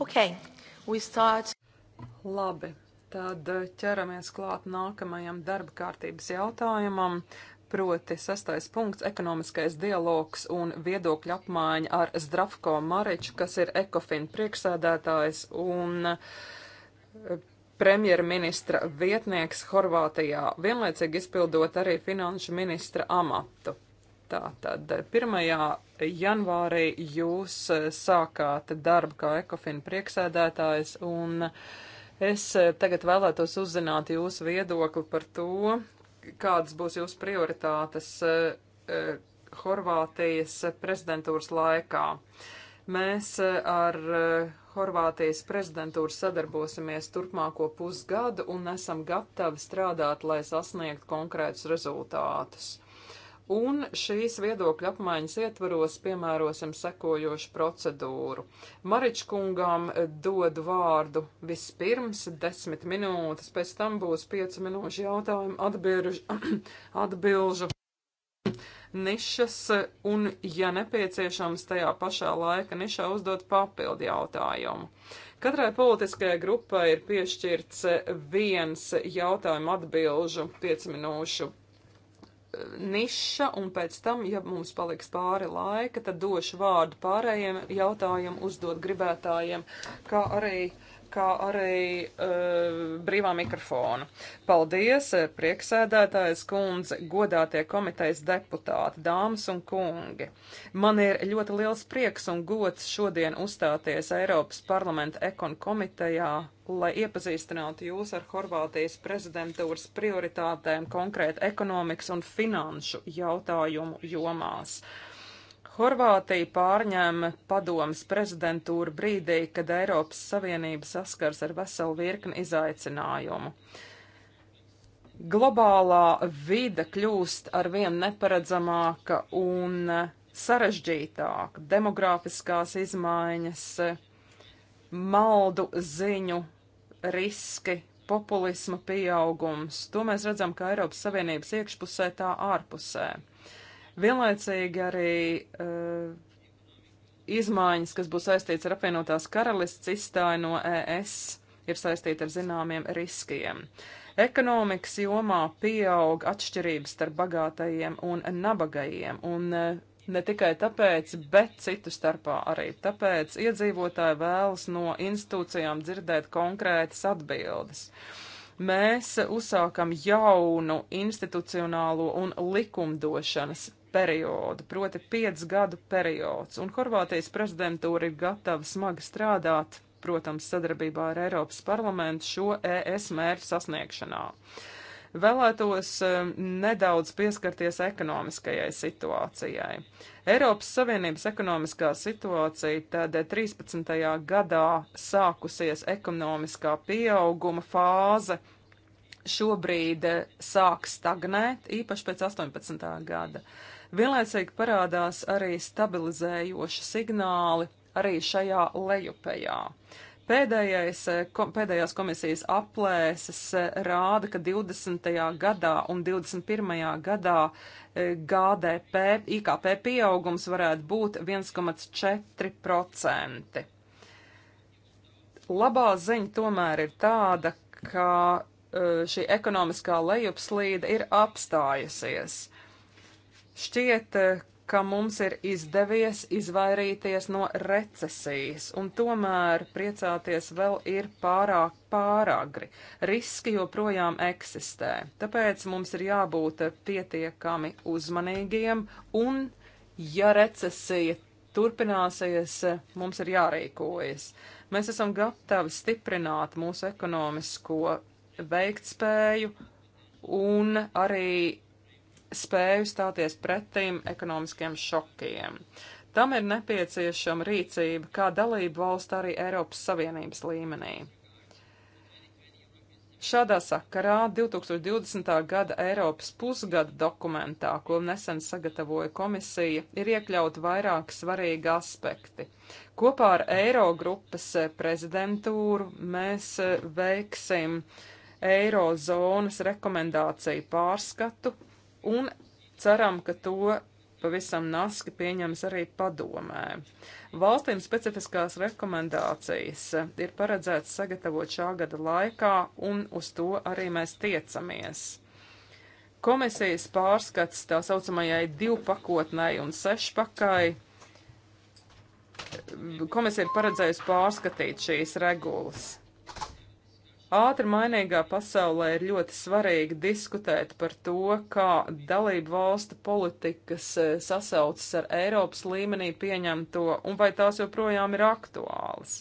Okay. Start... Labi, tad ķeramies klāt nākamajam darba kārtības jautājumam. Proti sastais punkts - ekonomiskais dialogs un viedokļa apmaiņa ar Zdravko Mariču, kas ir Ekofin priekšsēdētājs un eh, premjerministra vietnieks Horvātijā, vienlaicīgi izpildot arī finanšu ministra amatu. Tātad 1. janvārī jūs eh, sākāt darbu kā ekofina prieksēdētājs, un es eh, tagad vēlētos uzzināt jūsu viedokli par to, kādas būs jūsu prioritātes eh, Horvātijas prezidentūras laikā. Mēs ar Horvātijas prezidentūru sadarbosimies turpmāko pusgadu un esam gatavi strādāt, lai sasniegtu konkrētus rezultātus un šīs viedokļa apmaiņas ietvaros piemērosim sekojošu procedūru. Maričkungam dodu vārdu vispirms desmit minūtes, pēc tam būs piecu minūšu jautājumu atbilžu, atbilžu nišas un, ja nepieciešams, tajā pašā laika nišā uzdot papildu jautājumu. Katrai politiskajai grupai ir piešķirts viens jautājumu atbilžu 5 minūšu niša, un pēc tam, ja mums paliks pāri laika, tad došu vārdu pārējiem jautājumu uzdot gribētājiem, kā arī uh, kā arī uh, brīvā mikrofona. Paldies, eh, prieksēdētājs kundze, godātie komitejas deputāti, dāmas un kungi. Man ir ļoti liels prieks un gods šodien uzstāties Eiropas parlamenta ekon komitejā, lai iepazīstinātu jūs ar Horvātijas prezidentūras prioritātēm konkrēti ekonomikas un finanšu jautājumu jomās. Uh, Horvātija pārņēma padomas prezidentūru brīdī, kad Eiropas Savienība saskars ar veselu virkni izaicinājumu. Globālā vide kļūst ar vien neparedzamāka un sarežģītāka. Demogrāfiskās izmaiņas, maldu ziņu, riski, populisma pieaugums. To mēs redzam kā Eiropas Savienības iekšpusē, tā ārpusē. Vienlaicīgi arī uh, izmaiņas, kas būs saistīts ar apvienotās karalists izstāju no ES, ir saistīta ar zināmiem riskiem. Ekonomikas jomā pieaug atšķirības starp bagātajiem un nabagajiem, un uh, ne tikai tāpēc, bet citu starpā arī. Tāpēc iedzīvotāji vēlas no institūcijām dzirdēt konkrētas atbildes. Mēs uzsākam jaunu institucionālo un likumdošanas periodu, proti 5 gadu periods, un Horvātijas prezidentūra ir gatava smagi strādāt, protams, sadarbībā ar Eiropas parlamentu šo ES mērķu sasniegšanā. Vēlētos eh, nedaudz pieskarties ekonomiskajai situācijai. Eiropas Savienības ekonomiskā situācija tad 13. gadā sākusies ekonomiskā pieauguma fāze, šobrīd eh, sāk stagnēt, īpaši pēc 18. gada. Uh, Vienlaicīgi parādās arī stabilizējoši signāli arī šajā lejupējā. Pēdējais, eh, kom, pēdējās komisijas aplēses eh, rāda, ka 20. gadā un 21. gadā eh, GDP, IKP pieaugums varētu būt 1,4%. Labā ziņa tomēr ir tāda, ka šī ekonomiskā lejupslīde ir apstājusies. Šķiet, eh, ka mums ir izdevies izvairīties no recesijas, un tomēr priecāties vēl ir pārāk pāragri. Riski joprojām eksistē, tāpēc mums ir jābūt pietiekami uzmanīgiem, un, ja recesija turpināsies, mums ir jārīkojas. Mēs esam gatavi stiprināt mūsu ekonomisko veiktspēju un arī spēju stāties pretīm ekonomiskiem šokiem. Tam ir nepieciešama rīcība kā dalību valsts arī Eiropas Savienības līmenī. Šādā sakarā 2020. gada Eiropas pusgada dokumentā, ko nesen sagatavoja komisija, ir iekļaut vairāk svarīgi aspekti. Kopā ar Eirogrupas prezidentūru mēs veiksim Eirozonas rekomendāciju pārskatu un ceram, ka to pavisam naski pieņems arī padomē. Valstīm specifiskās rekomendācijas ir paredzēts sagatavot šā gada laikā, un uz to arī mēs tiecamies. Komisijas pārskats tā saucamajai divpakotnei un sešpakai. Komisija ir paredzējusi pārskatīt šīs regulas. Ātri mainīgā pasaulē ir ļoti svarīgi diskutēt par to, kā dalību valstu politikas e, sasaucas ar Eiropas līmenī pieņemto un vai tās joprojām ir aktuālas.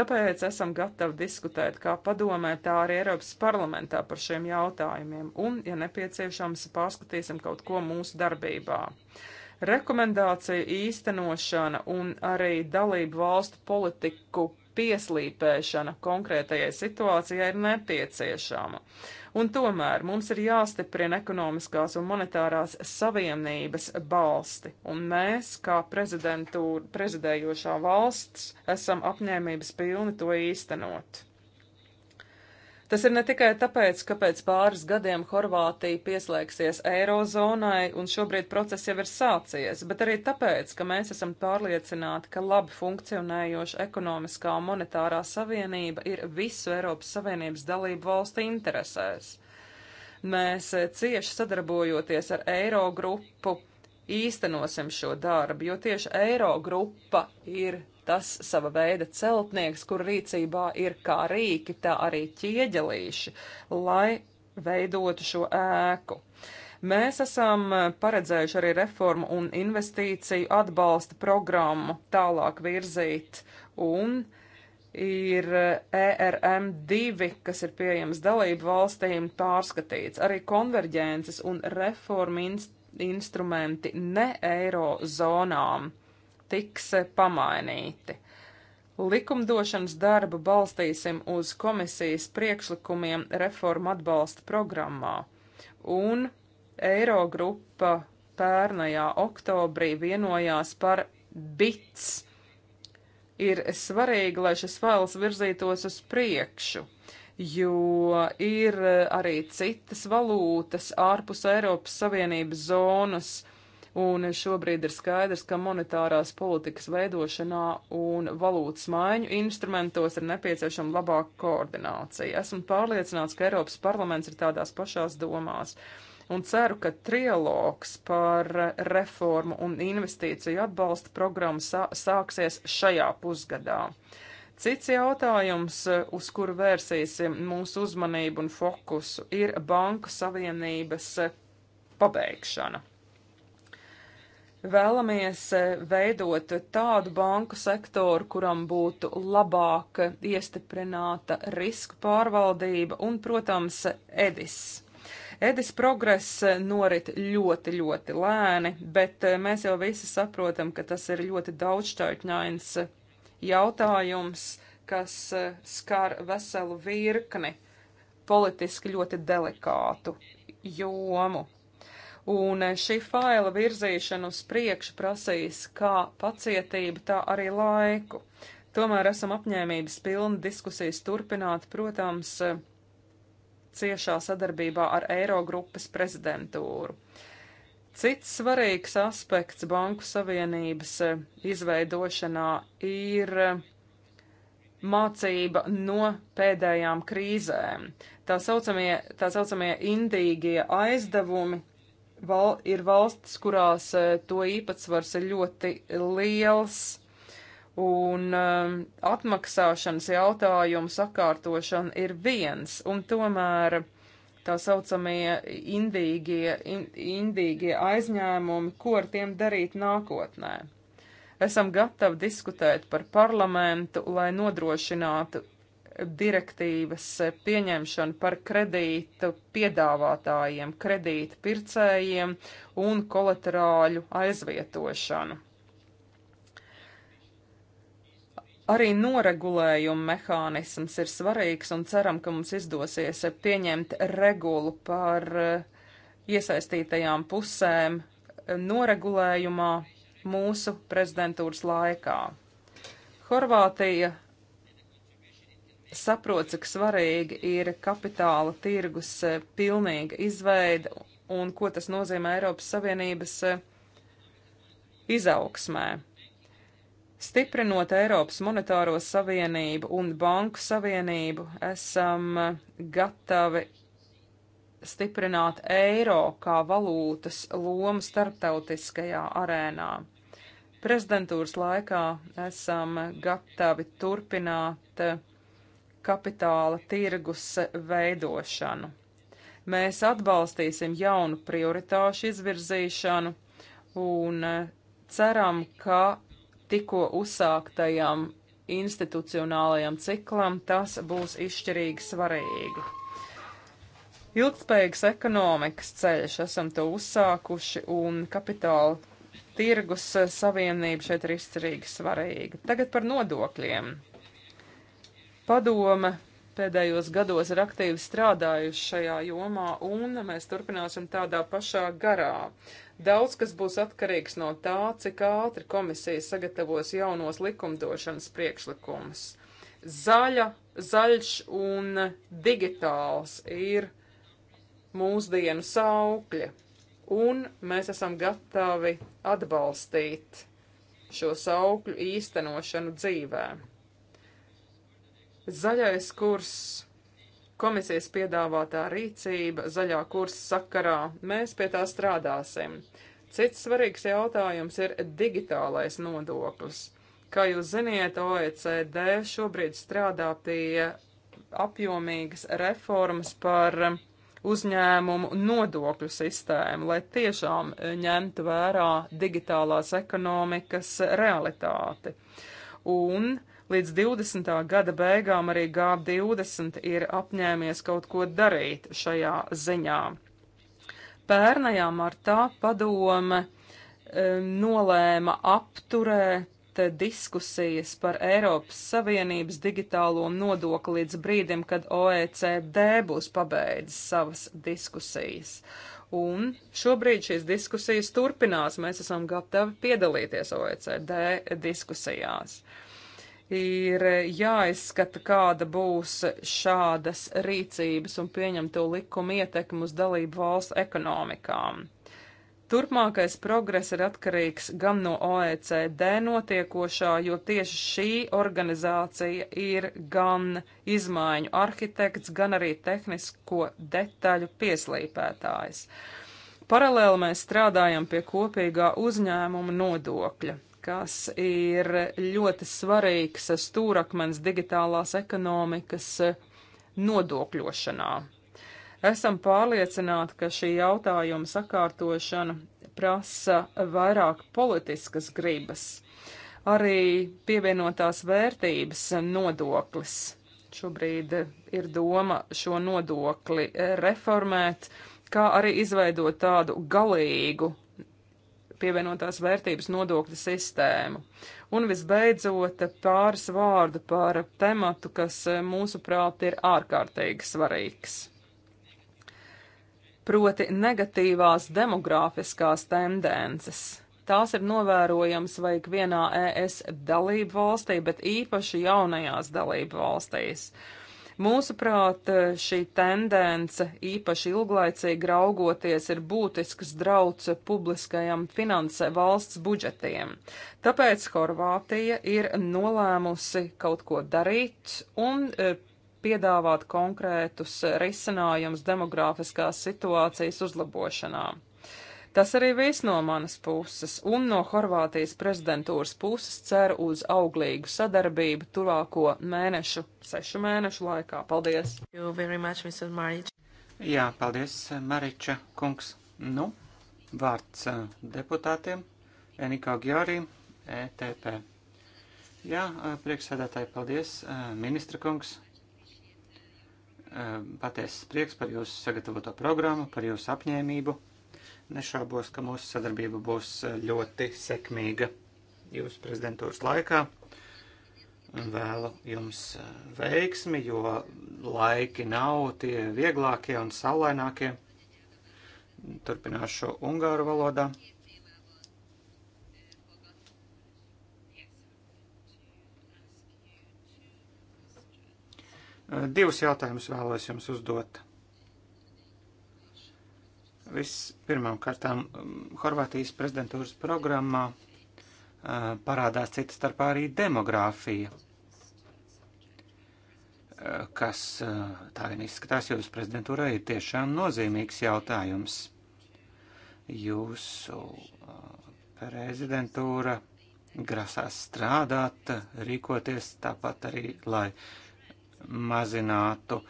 Tāpēc esam gatavi diskutēt kā padomē, tā arī Eiropas parlamentā par šiem jautājumiem un, ja nepieciešams, pārskatīsim kaut ko mūsu darbībā. Rekomendāciju īstenošana un arī dalību valstu politiku pieslīpēšana konkrētajai situācijai ir nepieciešama. Un tomēr mums ir jāstiprina ekonomiskās un monetārās savienības balsti, un mēs, kā prezidentūra, prezidējošā valsts, esam apņēmības pilni to īstenot. Tas ir ne tikai tāpēc, ka pēc pāris gadiem Horvātija pieslēgsies Eirozonai un šobrīd process jau ir sācies, bet arī tāpēc, ka mēs esam pārliecināti, ka labi funkcionējoša ekonomiskā un monetārā savienība ir visu Eiropas Savienības dalību valstu interesēs. Mēs eh, cieši sadarbojoties ar Eirogrupu īstenosim šo darbu, jo tieši Eirogrupa ir tas sava veida celtnieks, kur rīcībā ir kā rīki, tā arī ķieģelīši, lai veidotu šo ēku. Mēs esam eh, paredzējuši arī reformu un investīciju atbalsta programmu tālāk virzīt un ir ERM2, eh, e kas ir pieejams dalību valstīm, pārskatīts. Arī konverģences un reformu inst instrumenti ne eiro zonām tiks eh, pamainīti. Likumdošanas darbu balstīsim uz komisijas priekšlikumiem reformu atbalsta programmā, un Eirogrupa pērnajā oktobrī vienojās par bits. Ir svarīgi, lai šis fails virzītos uz priekšu, jo ir eh, arī citas valūtas ārpus Eiropas Savienības zonas, uh, un šobrīd ir skaidrs, ka monetārās politikas veidošanā un valūtas maiņu instrumentos ir nepieciešama labāka koordinācija. Esmu pārliecināts, ka Eiropas parlaments ir tādās pašās domās. Un ceru, ka trialogs par reformu un investīciju atbalsta programmu sā sāksies šajā pusgadā. Cits jautājums, uz kuru vērsīsim mūsu uzmanību un fokusu, ir Banku Savienības pabeigšana. Vēlamies e, veidot tādu banku sektoru, kuram būtu labāk iestiprināta riska pārvaldība un, protams, EDIS. Edis progress norit ļoti, ļoti lēni, bet e, mēs jau visi saprotam, ka tas ir ļoti daudzšķaitņains jautājums, kas e, skar veselu virkni politiski ļoti delikātu jomu. Un šī faila virzīšana uz priekšu prasīs kā pacietību, tā arī laiku. Tomēr esam apņēmības pilni diskusijas turpināt, protams, ciešā sadarbībā ar Eirogrupas prezidentūru. Cits svarīgs aspekts Banku Savienības izveidošanā ir mācība no pēdējām krīzēm. Tā saucamie, tā saucamie indīgie aizdevumi val, ir valstis, kurās eh, to īpatsvars ir ļoti liels, un um, atmaksāšanas jautājumu sakārtošana ir viens, un tomēr tā saucamie indīgie, in, indīgie aizņēmumi, ko ar tiem darīt nākotnē. Esam gatavi diskutēt par parlamentu, lai nodrošinātu direktīvas pieņemšanu par kredītu piedāvātājiem, kredītu pircējiem un kolaterāļu aizvietošanu. Arī noregulējuma mehānisms ir svarīgs un ceram, ka mums izdosies pieņemt regulu par eh, iesaistītajām pusēm noregulējumā mūsu prezidentūras laikā. Horvātija saprot, cik svarīgi ir kapitāla tirgus e, pilnīga izveida un ko tas nozīmē Eiropas Savienības e, izaugsmē. Stiprinot Eiropas monetāro savienību un banku savienību, esam e, gatavi stiprināt eiro kā valūtas lomu starptautiskajā arēnā. Prezidentūras laikā esam gatavi turpināt uh, kapitāla tirgus veidošanu. Mēs atbalstīsim jaunu prioritāšu izvirzīšanu un eh, ceram, ka tikko uzsāktajam institucionālajam ciklam tas būs izšķirīgi svarīgi. Ilgtspējīgs ekonomikas ceļš esam to uzsākuši un kapitāla tirgus eh, savienība šeit ir izcerīgi svarīga. Tagad par nodokļiem. Padome pēdējos gados ir aktīvi strādājuši šajā jomā, un mēs turpināsim tādā pašā garā. Daudz kas būs atkarīgs no tā, cik ātri komisija sagatavos jaunos likumdošanas priekšlikumus. Zaļa, zaļš un digitāls ir mūsdienu saukļi, un mēs esam gatavi atbalstīt šo saukļu īstenošanu dzīvēm. Zaļais kurs, komisijas piedāvātā rīcība zaļā kursa sakarā, mēs pie tā strādāsim. Cits svarīgs jautājums ir digitālais nodoklis. Kā jūs ziniet, OECD šobrīd strādā pie apjomīgas reformas par uzņēmumu nodokļu sistēmu, lai tiešām ņemtu vērā digitālās ekonomikas realitāti. Un uh, Līdz 20. gada beigām arī G20 ir apņēmies kaut ko darīt šajā ziņā. Pērnajā martā padome e, nolēma apturēt diskusijas par Eiropas Savienības digitālo nodokli līdz brīdim, kad OECD būs pabeidzis savas diskusijas. Un šobrīd šīs diskusijas turpinās. Mēs esam gatavi piedalīties OECD diskusijās. Uh, ir eh, jāizskata, kāda būs šādas rīcības un pieņemto likumu ietekmi uz dalību valstu ekonomikām. Turpmākais progress ir atkarīgs gan no OECD notiekošā, jo tieši šī organizācija ir gan izmaiņu arhitekts, gan arī tehnisko detaļu pieslīpētājs. Paralēli mēs strādājam pie kopīgā uzņēmuma nodokļa ekonomikas ir ļoti svarīgs stūrakmens digitālās ekonomikas eh, nodokļošanā. Esam pārliecināti, ka šī jautājuma sakārtošana prasa vairāk politiskas gribas, arī pievienotās vērtības nodoklis. Šobrīd ir doma šo nodokli eh, reformēt, kā arī izveidot tādu galīgu pievienotās vērtības nodokļa sistēmu. Un visbeidzot, pāris vārdu par tematu, kas eh, mūsuprāt ir ārkārtīgi svarīgs. Proti negatīvās demogrāfiskās tendences. Tās ir novērojams vajag vienā ES dalību valstī, bet īpaši jaunajās dalību valstīs. Uh, Mūsuprāt, šī tendence, īpaši ilglaicīgi raugoties, ir būtisks drauds publiskajam finansē valsts budžetiem. Tāpēc Horvātija ir nolēmusi kaut ko darīt un e, piedāvāt konkrētus risinājumus demogrāfiskās situācijas uzlabošanām. Tas arī viss no manas puses un no Horvātijas prezidentūras puses cer uz auglīgu sadarbību tuvāko mēnešu, sešu mēnešu laikā. Paldies! Much, Jā, paldies, Mariča kungs. Nu, vārds eh, deputātiem, Enikā Gjārī, ETP. Jā, eh, priekšsēdētāji, paldies, eh, ministra kungs. Patiesas prieks par jūsu sagatavoto programmu, par jūsu apņēmību. Nešaubos, ka mūsu sadarbība būs ļoti sekmīga jūsu prezidentūras laikā. Vēlu jums uh, veiksmi, jo laiki nav tie vieglākie un saulainākie. Turpināšu ungāru valodā. Uh, divus jautājumus vēlos jums uzdot. Vispirmām kārtām um, Horvātijas prezidentūras programmā uh, parādās cita starpā arī demogrāfija, uh, kas uh, tā vien izskatās jūsu prezidentūrai ir tiešām nozīmīgs jautājums. Jūsu prezidentūra grasās strādāt, rīkoties tāpat arī, lai mazinātu uh,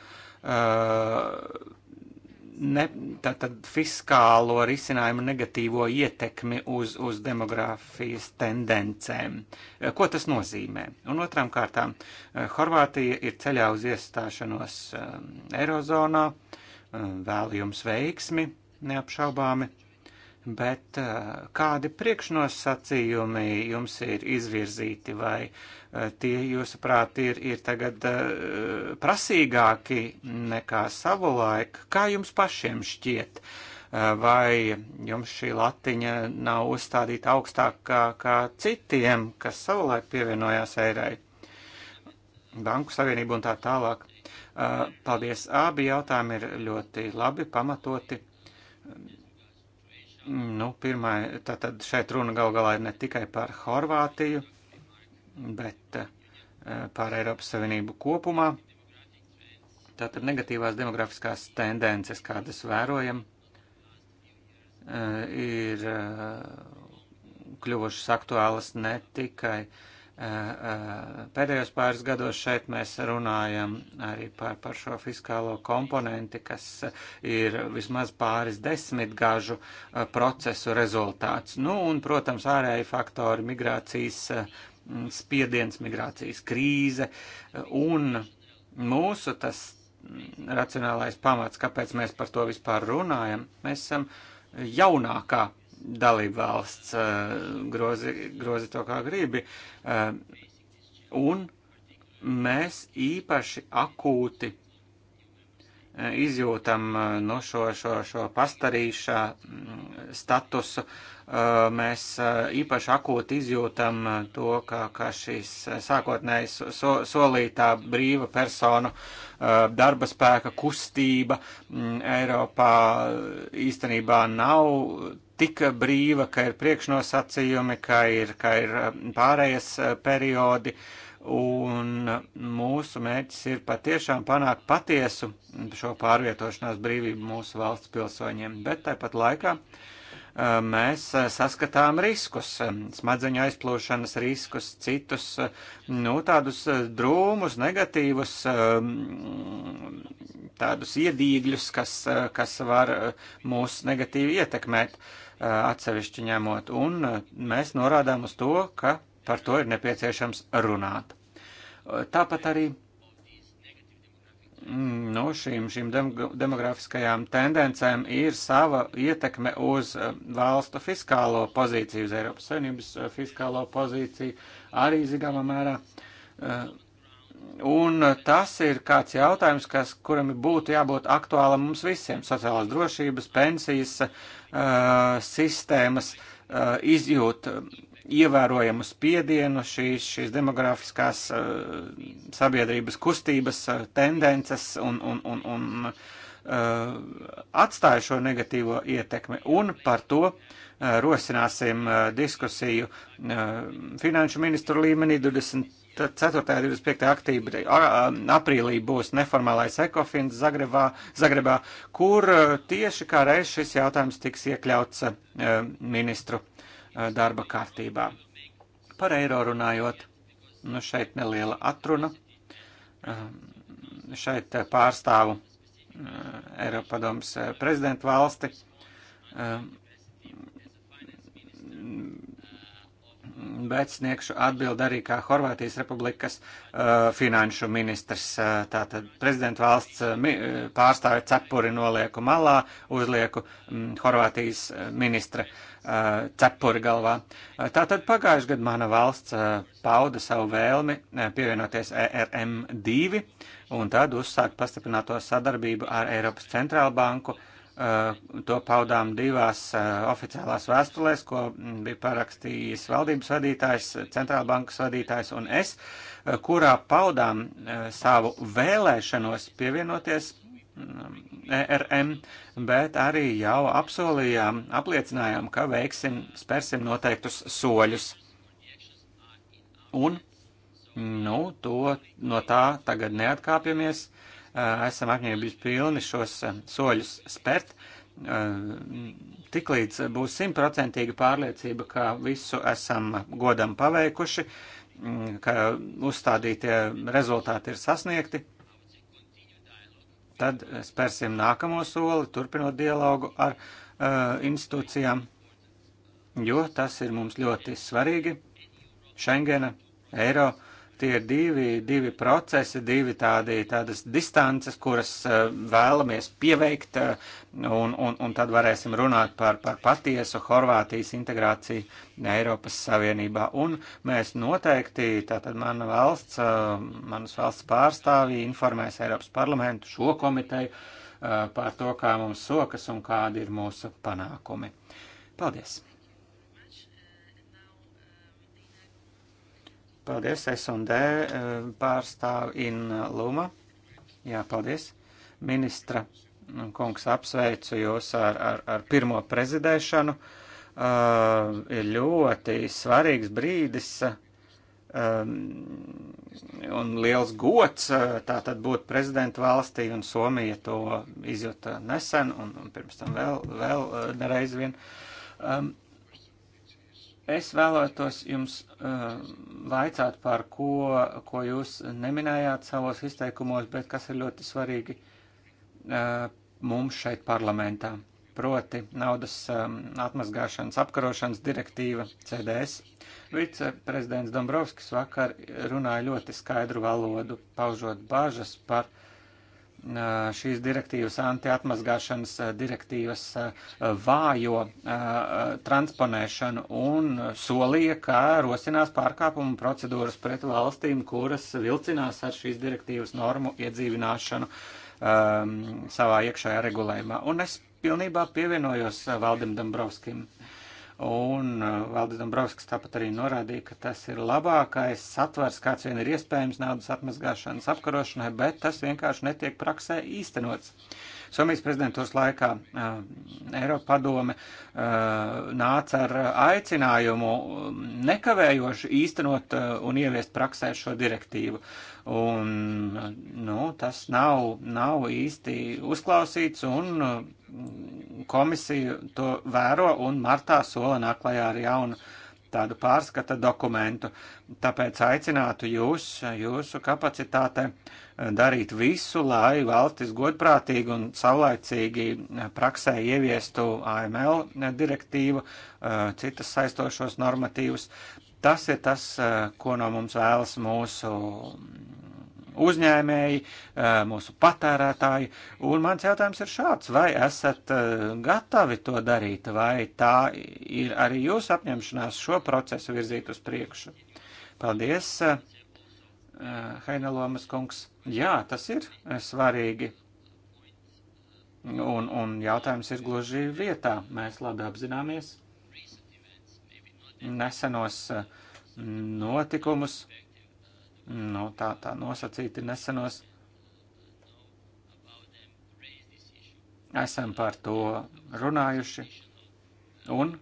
ne, tad, tad fiskālo risinājumu negatīvo ietekmi uz, uz demogrāfijas tendencēm. Ko tas nozīmē? Un otrām kārtām, eh, Horvātija ir ceļā uz iestāšanos eh, Eirozonā, eh, vēl jums veiksmi neapšaubāmi. Bet eh, kādi priekšnosacījumi jums ir izvirzīti, vai eh, tie, jūsuprāt, ir, ir tagad eh, prasīgāki nekā savulaik? Kā jums pašiem šķiet? Vai jums šī latiņa nav uzstādīta augstāk kā, kā citiem, kas savulaik pievienojās eirai, banku savienību un tā tālāk? Paldies! Abi jautājumi ir ļoti labi pamatoti Nu, pirmā, tātad šeit runa gal galā ir ne tikai par Horvātiju, bet eh, par Eiropas Savienību kopumā. Tātad negatīvās demografiskās tendences, kādas vērojam, eh, ir eh, kļuvušas aktuālas ne tikai uh, pēdējos pāris gados šeit mēs runājam arī par, par šo fiskālo komponenti, kas ir vismaz pāris desmitgažu procesu rezultāts. Nu, un, protams, ārēji faktori - migrācijas spiediens, migrācijas krīze un mūsu tas racionālais pamats, kāpēc mēs par to vispār runājam. Mēs esam jaunākā dalība valsts eh, grozi, grozi to, kā gribi. Eh, un mēs īpaši akūti izjūtam eh, no nu, šo, šo, šo pastarīša mm, statusu. Eh, mēs eh, īpaši akūti izjūtam to, ka, ka šīs sākotnējas so, solītā brīva personu darba spēka kustība mm, Eiropā īstenībā nav tik brīva, ka ir priekšnosacījumi, ka ir, ka ir pārējas periodi. Uh, Un mūsu mērķis ir patiešām panākt patiesu šo pārvietošanās brīvību mūsu valsts pilsoņiem, bet tāpat laikā eh, mēs eh, saskatām riskus, eh, smadzeņu aizplūšanas riskus, citus, nu, tādus drūmus, negatīvus, tādus iedīgļus, kas, kas var mūs negatīvi ietekmēt atsevišķi ņemot. Un mēs norādām uz to, ka par to ir nepieciešams runāt. Tāpat arī nu, šīm, šīm demografiskajām tendencēm ir sava ietekme uz eh, valstu fiskālo pozīciju, uz Eiropas Savienības eh, fiskālo pozīciju arī zināmā mērā. Eh, un tas ir kāds jautājums, kas, kuram būtu jābūt aktuālam mums visiem - sociālās drošības, pensijas, sistēmas izjūt ievērojamu spiedienu šīs, šīs demografiskās eh, sabiedrības kustības eh, tendences un, un, un, un eh, atstāja šo negatīvo ietekmi. Un par to rosināsim diskusiju finanšu ministru līmenī 20. 4. un 25. Aktība, aprīlī būs neformālais ekofins Zagrebā, Zagrebā, kur tieši kā reiz šis jautājums tiks iekļauts ministru uh, darba kārtībā. Par eiro runājot, nu šeit neliela atruna. Šeit pārstāvu Eiropadomas prezidentu valsti bet sniegšu atbildi arī kā Horvātijas republikas uh, finanšu ministrs. Uh, tātad prezidenta valsts uh, uh pārstāve cepuri nolieku malā, uzlieku um, Horvātijas uh, ministra uh, cepuri galvā. Uh, tātad pagājuši gadu mana valsts uh, pauda savu vēlmi uh, pievienoties ERM2 un tad uzsākt pastiprināto sadarbību ar Eiropas centrālbanku. Uh, Eh, to paudām divās eh, oficiālās vēstulēs, ko mm, bija parakstījis valdības vadītājs, centrālbankas vadītājs un es, eh, kurā paudām savu vēlēšanos pievienoties ERM, bet arī jau apsolījām, apliecinājām, ka veiksim, spērsim noteiktus soļus. Un, nu, to, no tā tagad neatkāpjamies esam apņēmības pilni šos soļus spērt. Tiklīdz būs simtprocentīga pārliecība, ka visu esam godam paveikuši, ka uzstādītie rezultāti ir sasniegti, tad spērsim nākamo soli, turpinot dialogu ar uh, institūcijām, jo tas ir mums ļoti svarīgi. Schengena, Eiropa Tie ir divi, divi procesi, divi tādi, tādas distances, kuras eh, vēlamies pieveikt, eh, un, un, un tad varēsim runāt par, par patiesu Horvātijas integrāciju Eiropas Savienībā. Un mēs noteikti, tātad mana valsts, eh, manas valsts pārstāvji informēs Eiropas parlamentu šo komiteju par to, kā mums sokas un kādi ir mūsu panākumi. Paldies! Paldies, S&D eh, pārstāv In Luma. Jā, paldies. Ministra nu, kungs apsveicu jūs ar, ar, ar pirmo prezidēšanu. Uh, ir ļoti svarīgs brīdis uh, un liels gods uh, tātad būt prezidentu valstī, un Somija to izjuta nesen un, un pirms tam vēl, vēl nereiz vien. Um, Es vēlētos jums uh, eh, vaicāt par ko, ko jūs neminējāt savos izteikumos, bet kas ir ļoti svarīgi uh, mums šeit parlamentā. Proti naudas um, atmazgāšanas apkarošanas direktīva CDS. Viceprezidents Dombrovskis vakar runāja ļoti skaidru valodu, paužot bažas par uh, šīs direktīvas, antiatmazgāšanas direktīvas vājo transponēšanu un solīja, ka rosinās pārkāpumu procedūras pret valstīm, kuras vilcinās ar šīs direktīvas normu iedzīvināšanu um, savā iekšējā regulējumā. Un es pilnībā pievienojos Valdim Dombrovskim. Uh, Un uh, Valdis Dombrovskis tāpat arī norādīja, ka tas ir labākais satvers, kāds vien ir iespējams naudas atmazgāšanas apkarošanai, bet tas vienkārši netiek praksē īstenots. Somijas prezidentūras laikā uh, Eiropa padome uh, nāca ar aicinājumu um, nekavējoši īstenot uh, un ieviest praksē šo direktīvu. Un, uh, nu, tas nav, nav īsti uzklausīts un uh, komisija to vēro un martā sola nāklajā ar jaunu tādu pārskata dokumentu. Tāpēc aicinātu jūs, jūsu kapacitāte, darīt visu, lai valstis godprātīgi un saulaicīgi praksē ieviestu AML direktīvu, citas saistošos normatīvus. Tas ir tas, ko no mums vēlas mūsu uzņēmēji, eh, mūsu patērētāji. Un mans jautājums ir šāds, vai esat eh, gatavi to darīt, vai tā ir arī jūsu apņemšanās šo procesu virzīt uz priekšu? Paldies, Heinelomas eh, kungs. Jā, tas ir svarīgi. Un, un jautājums ir gluži vietā. Mēs labi apzināmies nesenos notikumus, nu, tā, tā nosacīti nesenos. Esam par to runājuši, un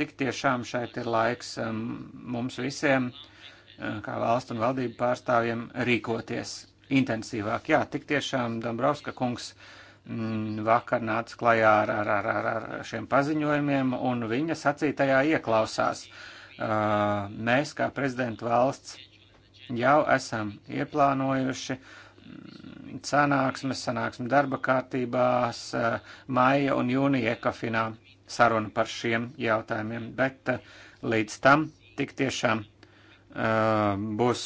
tik tiešām šeit ir laiks um, mums visiem, uh, kā valstu un valdību pārstāvjiem, rīkoties intensīvāk. Jā, tik tiešām Dombrovska kungs mm, vakar nāca klajā ar, ar, ar, ar šiem paziņojumiem, un viņa sacītajā ieklausās. Uh, mēs, kā prezidenta valsts, jau esam ieplānojuši mm, sanāksmes, sanāksmes darba kārtībās, maija un jūnija ekofinā sarunu par šiem jautājumiem, bet līdz tam tik tiešām būs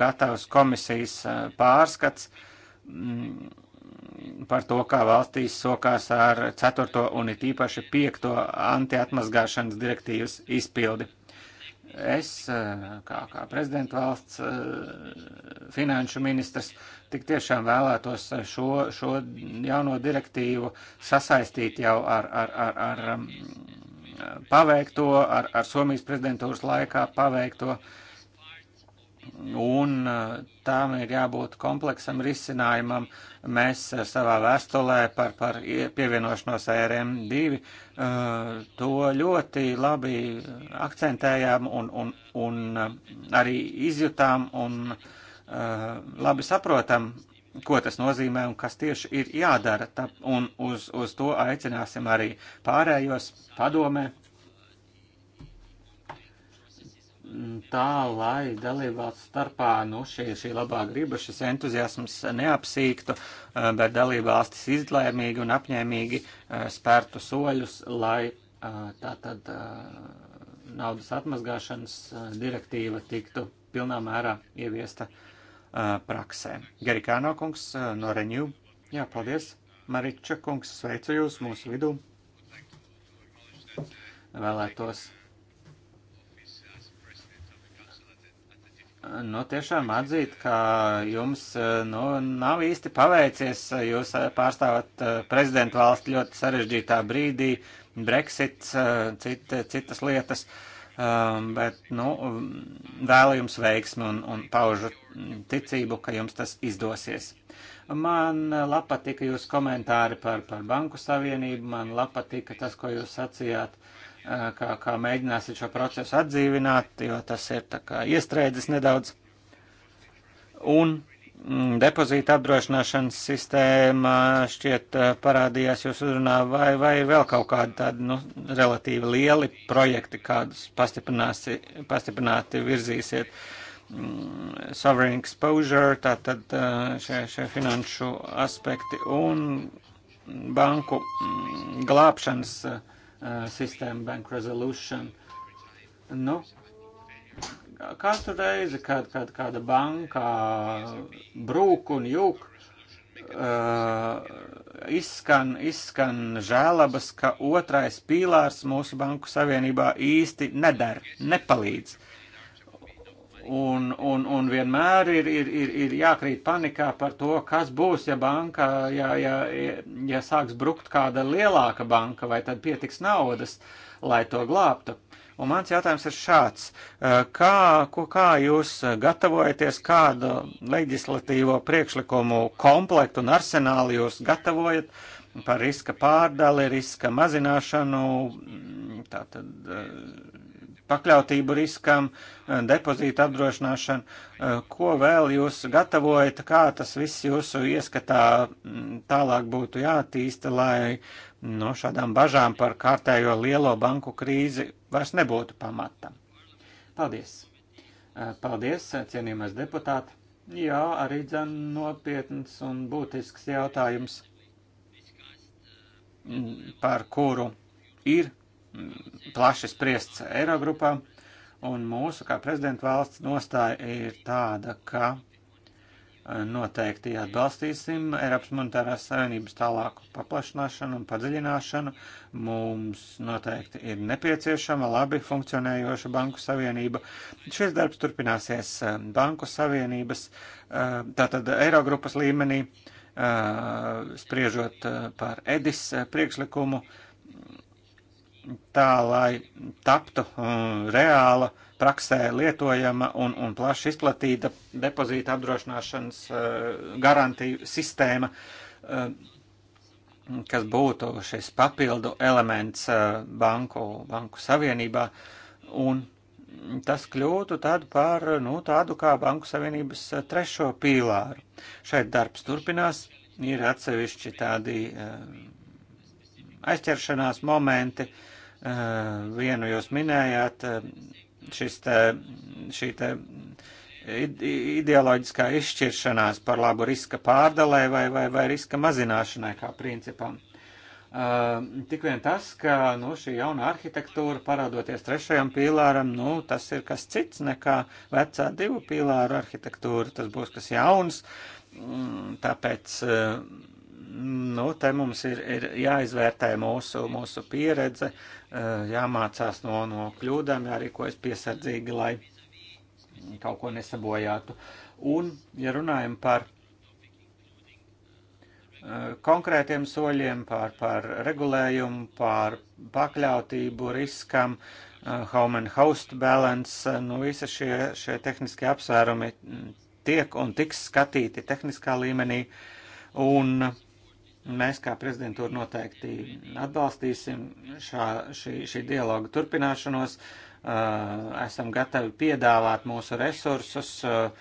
gatavs komisijas pārskats mm, par to, kā valstīs sokās ar 4. un it īpaši 5. antiatmazgāšanas direktīvas izpildi. Es, eh, kā, kā prezidenta valsts eh, finanšu ministrs, tik tiešām vēlētos šo, šo jauno direktīvu sasaistīt jau ar, ar, ar, ar mm, paveikto, ar, ar Somijas prezidentūras laikā paveikto uh, un eh, tām ir jābūt kompleksam risinājumam. Mēs eh, savā vēstulē par, par pievienošanos RM2 eh, to ļoti labi akcentējām un, un, un arī izjutām un labi saprotam, ko tas nozīmē un kas tieši ir jādara. Un uz, uz to aicināsim arī pārējos padomē tā, lai dalībvalsts starpā nu, šī, šī labā griba, šis entuziasms neapsīktu, eh, bet dalībvalstis izlēmīgi un apņēmīgi eh, spērtu soļus, lai eh, tā tad naudas atmazgāšanas direktīva tiktu pilnā mērā ieviesta praksē. Gerikāno kungs no Renew. Jā, paldies. Mariča kungs, sveicu jūs mūsu vidū. Vēlētos. Thank you Nu, tiešām atzīt, ka jums eh, nu, nav īsti paveicies. Eh, jūs eh, pārstāvat prezidentu valsti ļoti sarežģītā brīdī, Brexits, cit, citas lietas. Um, bet nu, mm, vēlu jums veiksmi un, un paužu ticību, ka jums tas izdosies. Man patika jūsu komentāri par, par Banku Savienību, man patika tas, ko jūs sacījāt. Uh, kā, kā mēģināsiet šo procesu atdzīvināt, jo tas ir tā kā iestrēdzis nedaudz. Un mm, depozīta apdrošināšanas sistēma šķiet parādījās jūsu uzrunā, vai, vai ir vēl kaut kādi tādi nu, relatīvi lieli projekti, kādus pastiprināti virzīsiet. Mm, sovereign exposure, tātad šie, šie finanšu aspekti un banku mm, glābšanas uh, Uh, sistēmu Bank Resolution. Nu, katru reizi, kad, kad kāda banka brūk un jūk, Uh, izskan, izskan žēlabas, ka otrais pīlārs mūsu banku savienībā īsti nedara, nepalīdz. Uh, Un, un, un vienmēr ir, ir, ir, ir jākrīt panikā par to, kas būs, ja banka, ja, ja, ja sāks brukt kāda lielāka banka, vai tad pietiks naudas, lai to glābtu. Un mans jautājums ir šāds. Eh, kā, ko, kā jūs gatavojaties, kādu leģislatīvo priekšlikumu komplektu un arsenālu jūs gatavojat par riska pārdali, riska mazināšanu, tātad eh, pakļautību riskam, eh, depozītu apdrošināšanu. Eh, ko vēl jūs gatavojat, kā tas viss jūsu ieskatā mm, tālāk būtu jātīsta, lai mm, no šādām bažām par kārtējo lielo banku krīzi vairs nebūtu pamata? Paldies! Eh, paldies, cienījamais deputāti! Jā, arī dzem nopietns un būtisks jautājums, mm, par kuru ir plaši spriests Eirogrupā, un mūsu kā prezidenta valsts nostāja ir tāda, ka eh, noteikti atbalstīsim Eiropas monetārās savienības tālāku paplašināšanu un padziļināšanu. Mums noteikti ir nepieciešama labi funkcionējoša banku savienība. Šis darbs turpināsies eh, banku savienības, eh, tātad Eirogrupas līmenī, spriežot par Edis priekšlikumu tā, lai taptu um, reāla, praksē lietojama un, un plaši izplatīta depozīta apdrošināšanas uh, garantiju sistēma, uh, kas būtu šis papildu elements uh, banku, banku savienībā. Un tas kļūtu tad par nu, tādu kā banku savienības uh, trešo pīlāru. Šeit darbs turpinās, ir atsevišķi tādi uh, aizķeršanās momenti, uh, Eh, vienu jūs minējāt, eh, šis te, šī te ideoloģiskā izšķiršanās par labu riska pārdalē vai, vai, vai riska mazināšanai kā principam. Uh, eh, tik vien tas, ka nu, šī jauna arhitektūra, parādoties trešajam pīlāram, nu, tas ir kas cits nekā vecā divu pīlāru arhitektūra. Tas būs kas jauns. Mm, tāpēc uh, nu, te mums ir, ir jāizvērtē mūsu, mūsu pieredze, eh, jāmācās no, no kļūdām, jārīkojas piesardzīgi, lai kaut ko nesabojātu. Un, ja runājam par eh, konkrētiem soļiem, par, par regulējumu, par pakļautību riskam, eh, home and host balance, nu, visi šie, šie tehniskie apsvērumi tiek un tiks skatīti tehniskā līmenī. Un uh, Mēs kā prezidentūra noteikti atbalstīsim šā, šī, šī dialoga turpināšanos, uh, esam gatavi piedāvāt mūsu resursus uh,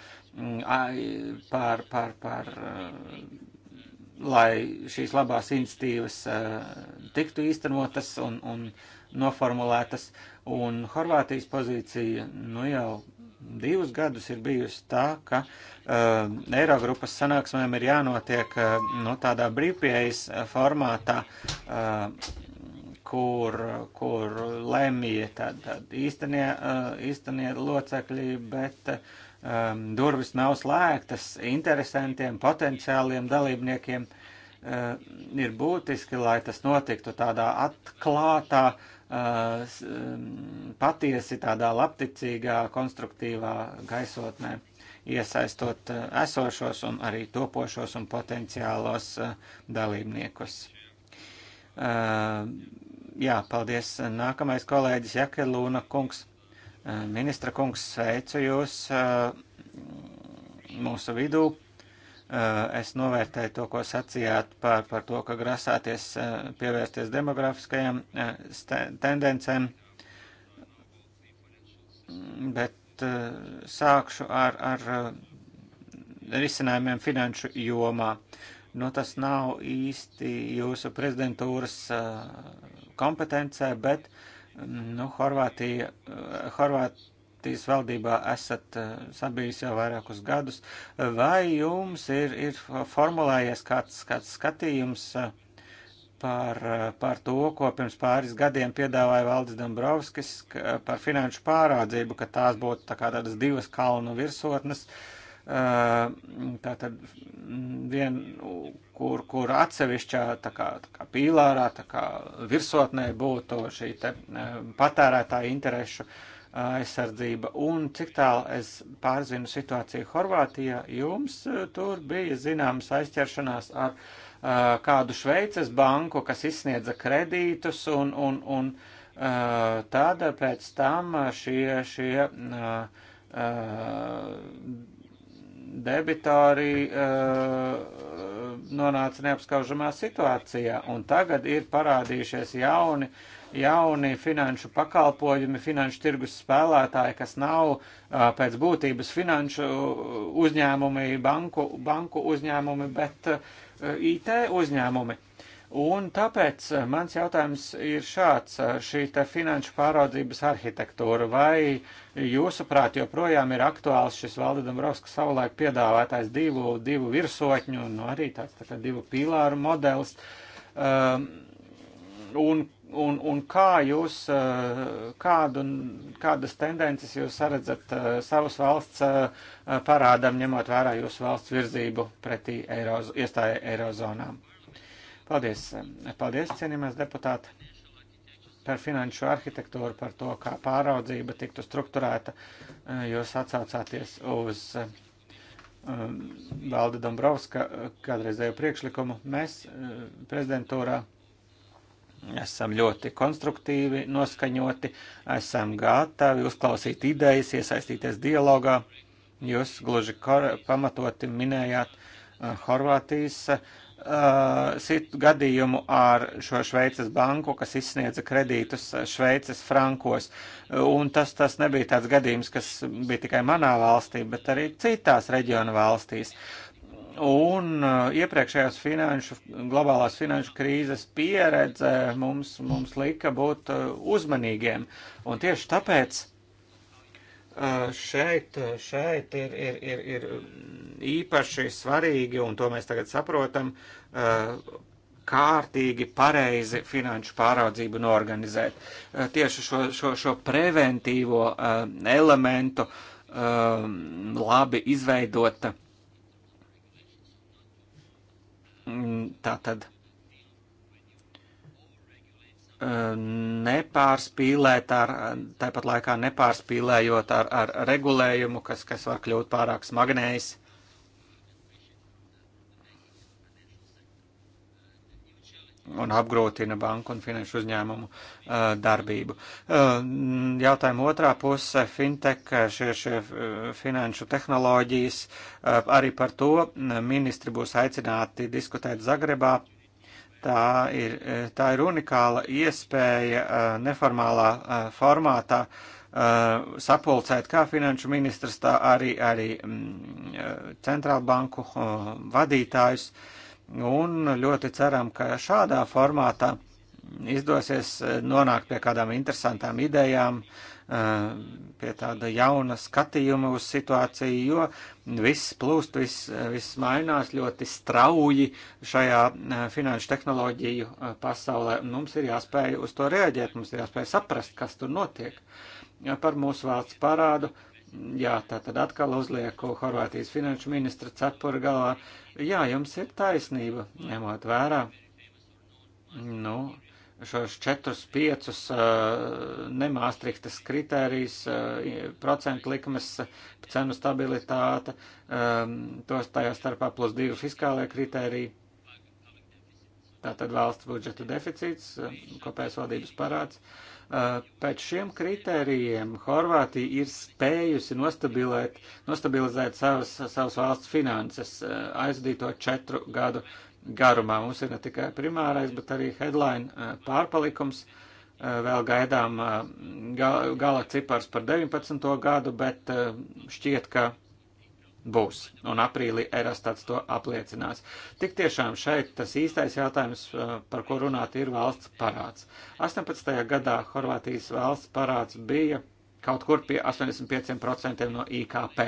par, par, par, uh, lai šīs labās institīvas tiktu īstenotas un, un noformulētas, un Horvātijas pozīcija nu jau divus gadus ir bijusi tā, ka uh, Eirogrupas sanāksmēm ir jānotiek uh, eh, no nu, tādā brīvpieejas eh, formātā, uh, kur, kur lemja tad, tad īstenie, uh, īstenie locekļi, bet uh, durvis nav slēgtas interesantiem, potenciāliem dalībniekiem. Uh, ir būtiski, lai tas notiktu tādā atklātā uh, Uh, um, patiesi tādā labticīgā, konstruktīvā gaisotnē, iesaistot uh, esošos un arī topošos un potenciālos uh, dalībniekus. Jā, paldies. Nākamais kolēģis Jakelūna kungs. Ministra kungs, sveicu jūs mūsu vidū Eh, es novērtēju to, ko sacījāt par, par to, ka grasāties eh, pievērsties demografiskajām eh, tendencēm, bet sākšu ar, ar risinājumiem finanšu jomā. Nu, tas nav īsti jūsu prezidentūras kompetencē, bet nu, Horvātija, Horvātija partijas valdībā esat eh, sabijis jau vairākus gadus, vai jums ir, ir formulējies kāds, kāds skatījums eh, par, eh, par to, ko pirms pāris gadiem piedāvāja Valdis Dombrovskis par finanšu pārādzību, ka tās būtu tā kā tādas divas kalnu virsotnes, tātad mm, vien, kur, kur atsevišķā tā kā, tā kā pīlārā, tā kā virsotnē būtu šī te patērētāja interešu aizsardzība un cik tālu es pārzinu situāciju Horvātijā, jums eh, tur bija zināmas aizķeršanās ar uh, kādu Šveices banku, kas izsniedza kredītus un, un, un uh, tad pēc tam šie, šie uh, uh, debitori uh, nonāca neapskaužamā situācijā, un tagad ir parādījušies jauni, jauni finanšu pakalpojumi, finanšu tirgus spēlētāji, kas nav pēc būtības finanšu uzņēmumi, banku, banku uzņēmumi, bet IT uzņēmumi. Un tāpēc eh, mans jautājums ir šāds eh, - šī te finanšu pāraudzības arhitektūra, vai jūsuprāt joprojām ir aktuāls šis Valda Dombrovska savulaik piedāvātais divu, divu virsotņu un nu, arī tāds tā kā divu pīlāru modelis? Um, un, un, un kā jūs, eh, kādu, kādas tendences jūs redzat savas valsts parādam, ņemot vērā jūsu valsts virzību pretī Eiroz, iestāja Eirozonām? Paldies, paldies cienījamais deputāti, par finanšu arhitektūru, par to, kā pāraudzība tiktu strukturēta. Jūs atsaucāties uz um, Valda Dombrovska kādreizēju priekšlikumu. Mēs uh, prezidentūrā esam ļoti konstruktīvi noskaņoti, esam gatavi uzklausīt idejas, iesaistīties dialogā. Jūs gluži pamatoti minējāt uh, Horvātijas uh, uh, gadījumu ar šo Šveices banku, kas izsniedza kredītus uh, Šveices frankos. Un tas, tas nebija tāds gadījums, kas bija tikai manā valstī, bet arī citās reģiona valstīs. Un uh, iepriekšējās finanšu, globālās finanšu krīzes pieredze mums, mums lika būt uh, uzmanīgiem. Un tieši tāpēc šeit, šeit ir, ir, ir, ir īpaši svarīgi, un to mēs tagad saprotam, kārtīgi, pareizi finanšu pāraudzību norganizēt. Tieši šo, šo, šo preventīvo elementu labi izveidota. Mm, Tā tad nepārspīlēt, ar, tāpat laikā nepārspīlējot ar, ar regulējumu, kas, kas var kļūt pārāk smagnējs. un apgrūtina banku un finanšu uzņēmumu uh, darbību. Uh, jautājuma otrā puse - fintech, šie, šie finanšu tehnoloģijas. Uh, arī par to ministri būs aicināti diskutēt Zagrebā Tā ir, tā ir unikāla iespēja uh, neformālā uh, formātā uh, sapulcēt kā finanšu ministrs, tā arī, arī mm, centrālbanku vadītājus. Un ļoti ceram, ka šādā formātā izdosies nonākt pie kādām interesantām idejām, uh, pie tāda jauna skatījuma uz situāciju, jo viss plūst, viss, viss mainās ļoti strauji šajā finanšu tehnoloģiju pasaulē. Mums ir jāspēj uz to reaģēt, mums ir jāspēj saprast, kas tur notiek. Par mūsu valsts parādu. Jā, tā tad atkal uzlieku Horvātijas finanšu ministra cepura galā. Jā, jums ir taisnība, ņemot vērā. Nu, šos četrus, piecus eh, nemāstriktas kritērijas, eh, procentu likmes, cenu stabilitāte, eh, tos tajā starpā plus divi fiskālajie kritēriji. Tātad valsts budžeta deficīts, kopējas valdības parāds. Pēc šiem kritērijiem Horvātija ir spējusi nostabilizēt savas, savas valsts finanses aizdīto četru gadu garumā. Mums ir ne tikai primārais, bet arī headline eh, pārpalikums. Eh, vēl gaidām eh, gala cipars par 19. gadu, bet šķiet, ka būs. Un aprīlī Erastats to apliecinās. Tik tiešām šeit tas īstais jautājums, par ko runāt, ir valsts parāds. 18. gadā Horvātijas valsts parāds bija kaut kur pie 85% no IKP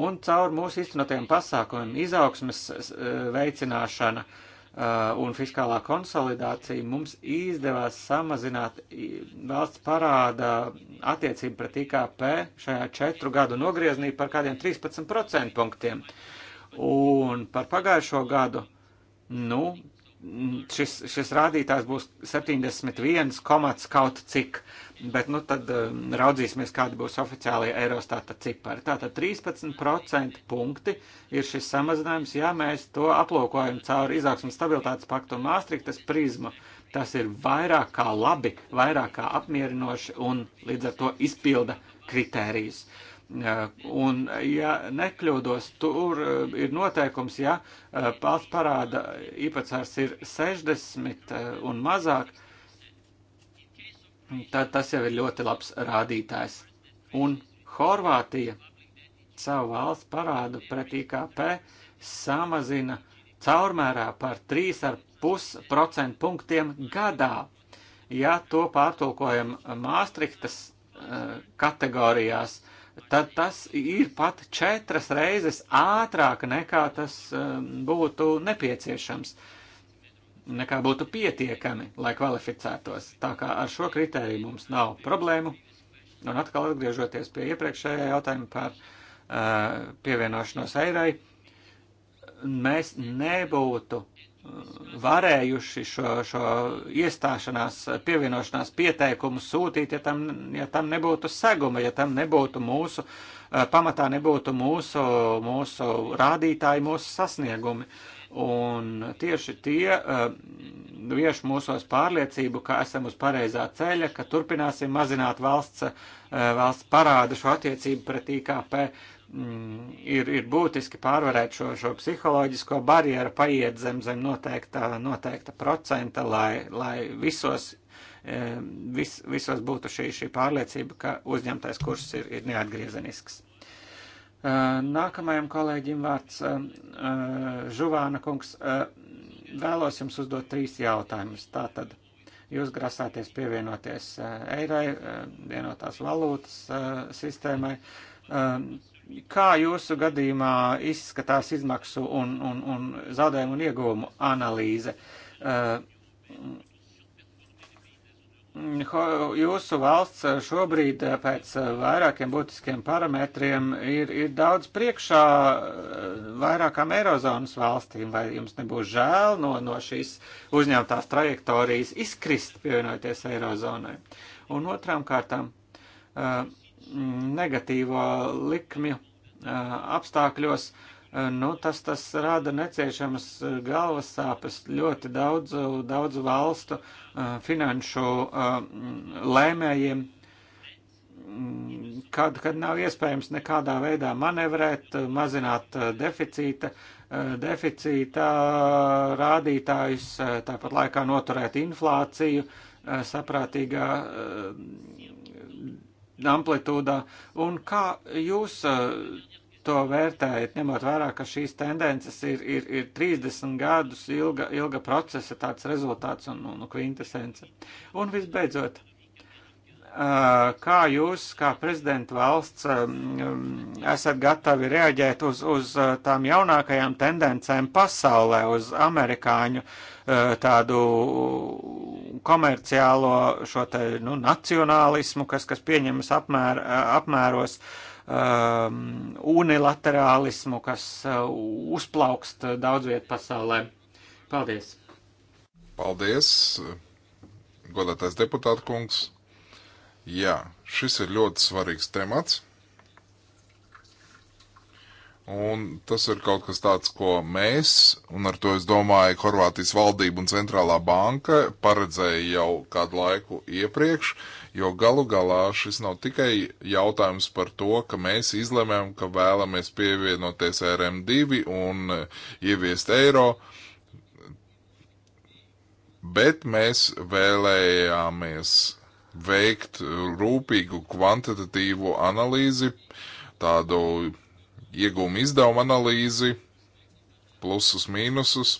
un caur mūsu iztenotajiem pasākumiem izaugsmes e, veicināšana e, un fiskālā konsolidācija mums izdevās samazināt valsts parāda attiecību pret IKP šajā četru gadu nogriezienī par kādiem 13 procentpunktiem. Un par pagājušo gadu, nu, šis, šis rādītājs būs 71, komats kaut cik, bet nu tad um, raudzīsimies, kādi būs oficiālie Eurostata cipari. Tātad 13% punkti ir šis samazinājums, ja mēs to aplūkojam caur izaugsmas stabilitātes paktu un Māstriktas prizmu. Tas ir vairāk kā labi, vairāk kā apmierinoši un līdz ar to izpilda kritērijus. Uh, Eh, un, ja nekļūdos, tur eh, ir noteikums, ja valsts eh, parāda īpatsvars ir 60 un mazāk, tad tas jau ir ļoti labs rādītājs. Un Horvātija savu valsts parādu pret IKP samazina caurmērā par 3,5% punktiem gadā. Ja to pārtulkojam Māstrihtas kategorijās, uh, tad tas ir pat četras reizes ātrāk nekā tas um, būtu nepieciešams, nekā būtu pietiekami, lai kvalificētos. Tā kā ar šo kritēriju mums nav problēmu. Un atkal atgriežoties pie iepriekšējā jautājuma par uh, pievienošanos eirai, mēs nebūtu varējuši šo, šo iestāšanās, pievienošanās pieteikumu sūtīt, ja tam, ja tam nebūtu seguma, ja tam nebūtu mūsu, eh, pamatā nebūtu mūsu, mūsu rādītāji, mūsu sasniegumi. Un tieši tie eh, vieš mūsos pārliecību, ka esam uz pareizā ceļa, ka turpināsim mazināt valsts, eh, valsts parādu šo attiecību pret IKP, Mm, ir, ir būtiski pārvarēt šo, šo psiholoģisko barjeru, paiet zem zem noteikta, noteikta procenta, lai, lai visos, e, vis, visos būtu šī, šī pārliecība, ka uzņemtais kurs ir, ir neatgriezenisks. E, nākamajam kolēģim vārds e, Žuvāna kungs. Vēlos jums uzdot trīs jautājumus. Tātad, jūs grasāties pievienoties eirai, vienotās valūtas sistēmai Kā jūsu gadījumā izskatās izmaksu un, un, un zaudējumu un ieguvumu analīze? Jūsu valsts šobrīd pēc vairākiem būtiskiem parametriem ir, ir daudz priekšā vairākām Eirozonas valstīm, vai jums nebūs žēl no, no šīs uzņemtās trajektorijas izkrist pievienoties Eirozonai? Un otrām kārtām. Uh, Mm, negatīvo likmju uh, apstākļos, uh, nu, tas, tas rada neciešamas uh, galvas sāpes ļoti daudzu, daudzu valstu finanšu lēmējiem, mm, kad, kad nav iespējams nekādā veidā manevrēt, mazināt deficīta, deficīta rādītājus, tāpat laikā noturēt inflāciju saprātīgā amplitūdā, un kā jūs uh, to vērtējat, ņemot vērā, ka šīs tendences ir, ir, ir 30 gadus ilga, ilga procesa tāds rezultāts un, un kvintesence. Un visbeidzot, uh, kā jūs, kā prezidenta valsts, um, um, esat gatavi reaģēt uz, uz uh, tām jaunākajām tendencēm pasaulē, uz amerikāņu uh, tādu komerciālo šo te, nu, nacionālismu, kas, kas pieņemas apmēr, apmēros um, unilaterālismu, kas uzplaukst daudz viet pasaulē. Paldies! Paldies, godātais deputāta kungs! Jā, šis ir ļoti svarīgs temats. Un tas ir kaut kas tāds, ko mēs, un ar to es domāju, Horvātijas valdība un centrālā banka paredzēja jau kādu laiku iepriekš, jo galu galā šis nav tikai jautājums par to, ka mēs izlemjam, ka vēlamies pievienoties RM2 un eh, ieviest eiro, bet mēs vēlējāmies veikt rūpīgu kvantitatīvu analīzi, tādu iegūmu izdevumu analīzi, plusus, mīnusus,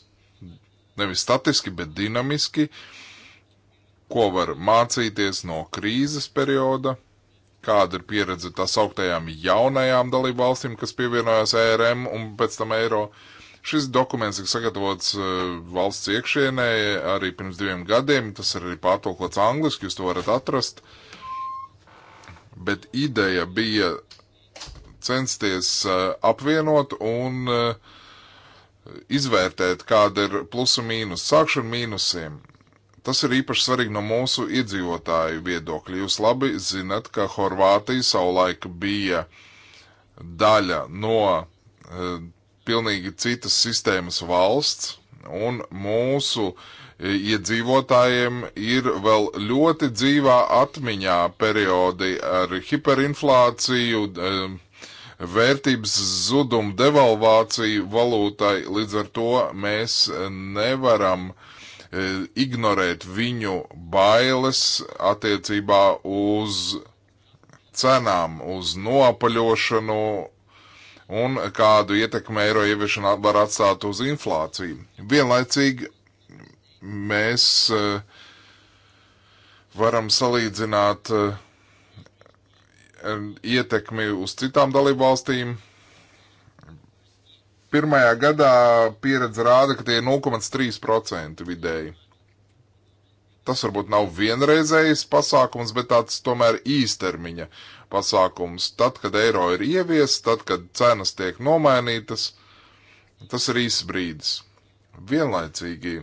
nevis statiski, bet dinamiski, ko var mācīties no krīzes perioda, kāda ir pieredze tās augtajām jaunajām dalību valstīm, kas pievienojās ERM un pēc tam eiro. Šis dokuments ir sagatavots e, valsts iekšienē arī pirms diviem gadiem, tas ir arī pārtulkots angliski, jūs to varat atrast. Bet ideja bija censties eh, apvienot un eh, izvērtēt, kāda ir plusi un mīnus. Sākšu ar mīnusiem. Tas ir īpaši svarīgi no mūsu iedzīvotāju viedokļa. Jūs labi zinat, ka Horvātija savulaik bija daļa no e, pilnīgi citas sistēmas valsts, un mūsu iedzīvotājiem ir vēl ļoti dzīvā atmiņā periodi ar hiperinflāciju, e, vērtības zudumu, devalvāciju valūtai, līdz ar to mēs nevaram e, ignorēt viņu bailes attiecībā uz cenām, uz noapaļošanu un kādu ietekmi eiro ieviešana var atstāt uz inflāciju. Vienlaicīgi mēs e, varam salīdzināt uh, ietekmi uz citām dalībvalstīm. Pirmajā gadā pieredze rāda, ka tie ir 0,3% vidēji. Tas varbūt nav vienreizējs pasākums, bet tāds tomēr īstermiņa pasākums. Tad, kad eiro ir ieviests, tad, kad cenas tiek nomainītas, tas ir īsts brīdis. Vienlaicīgi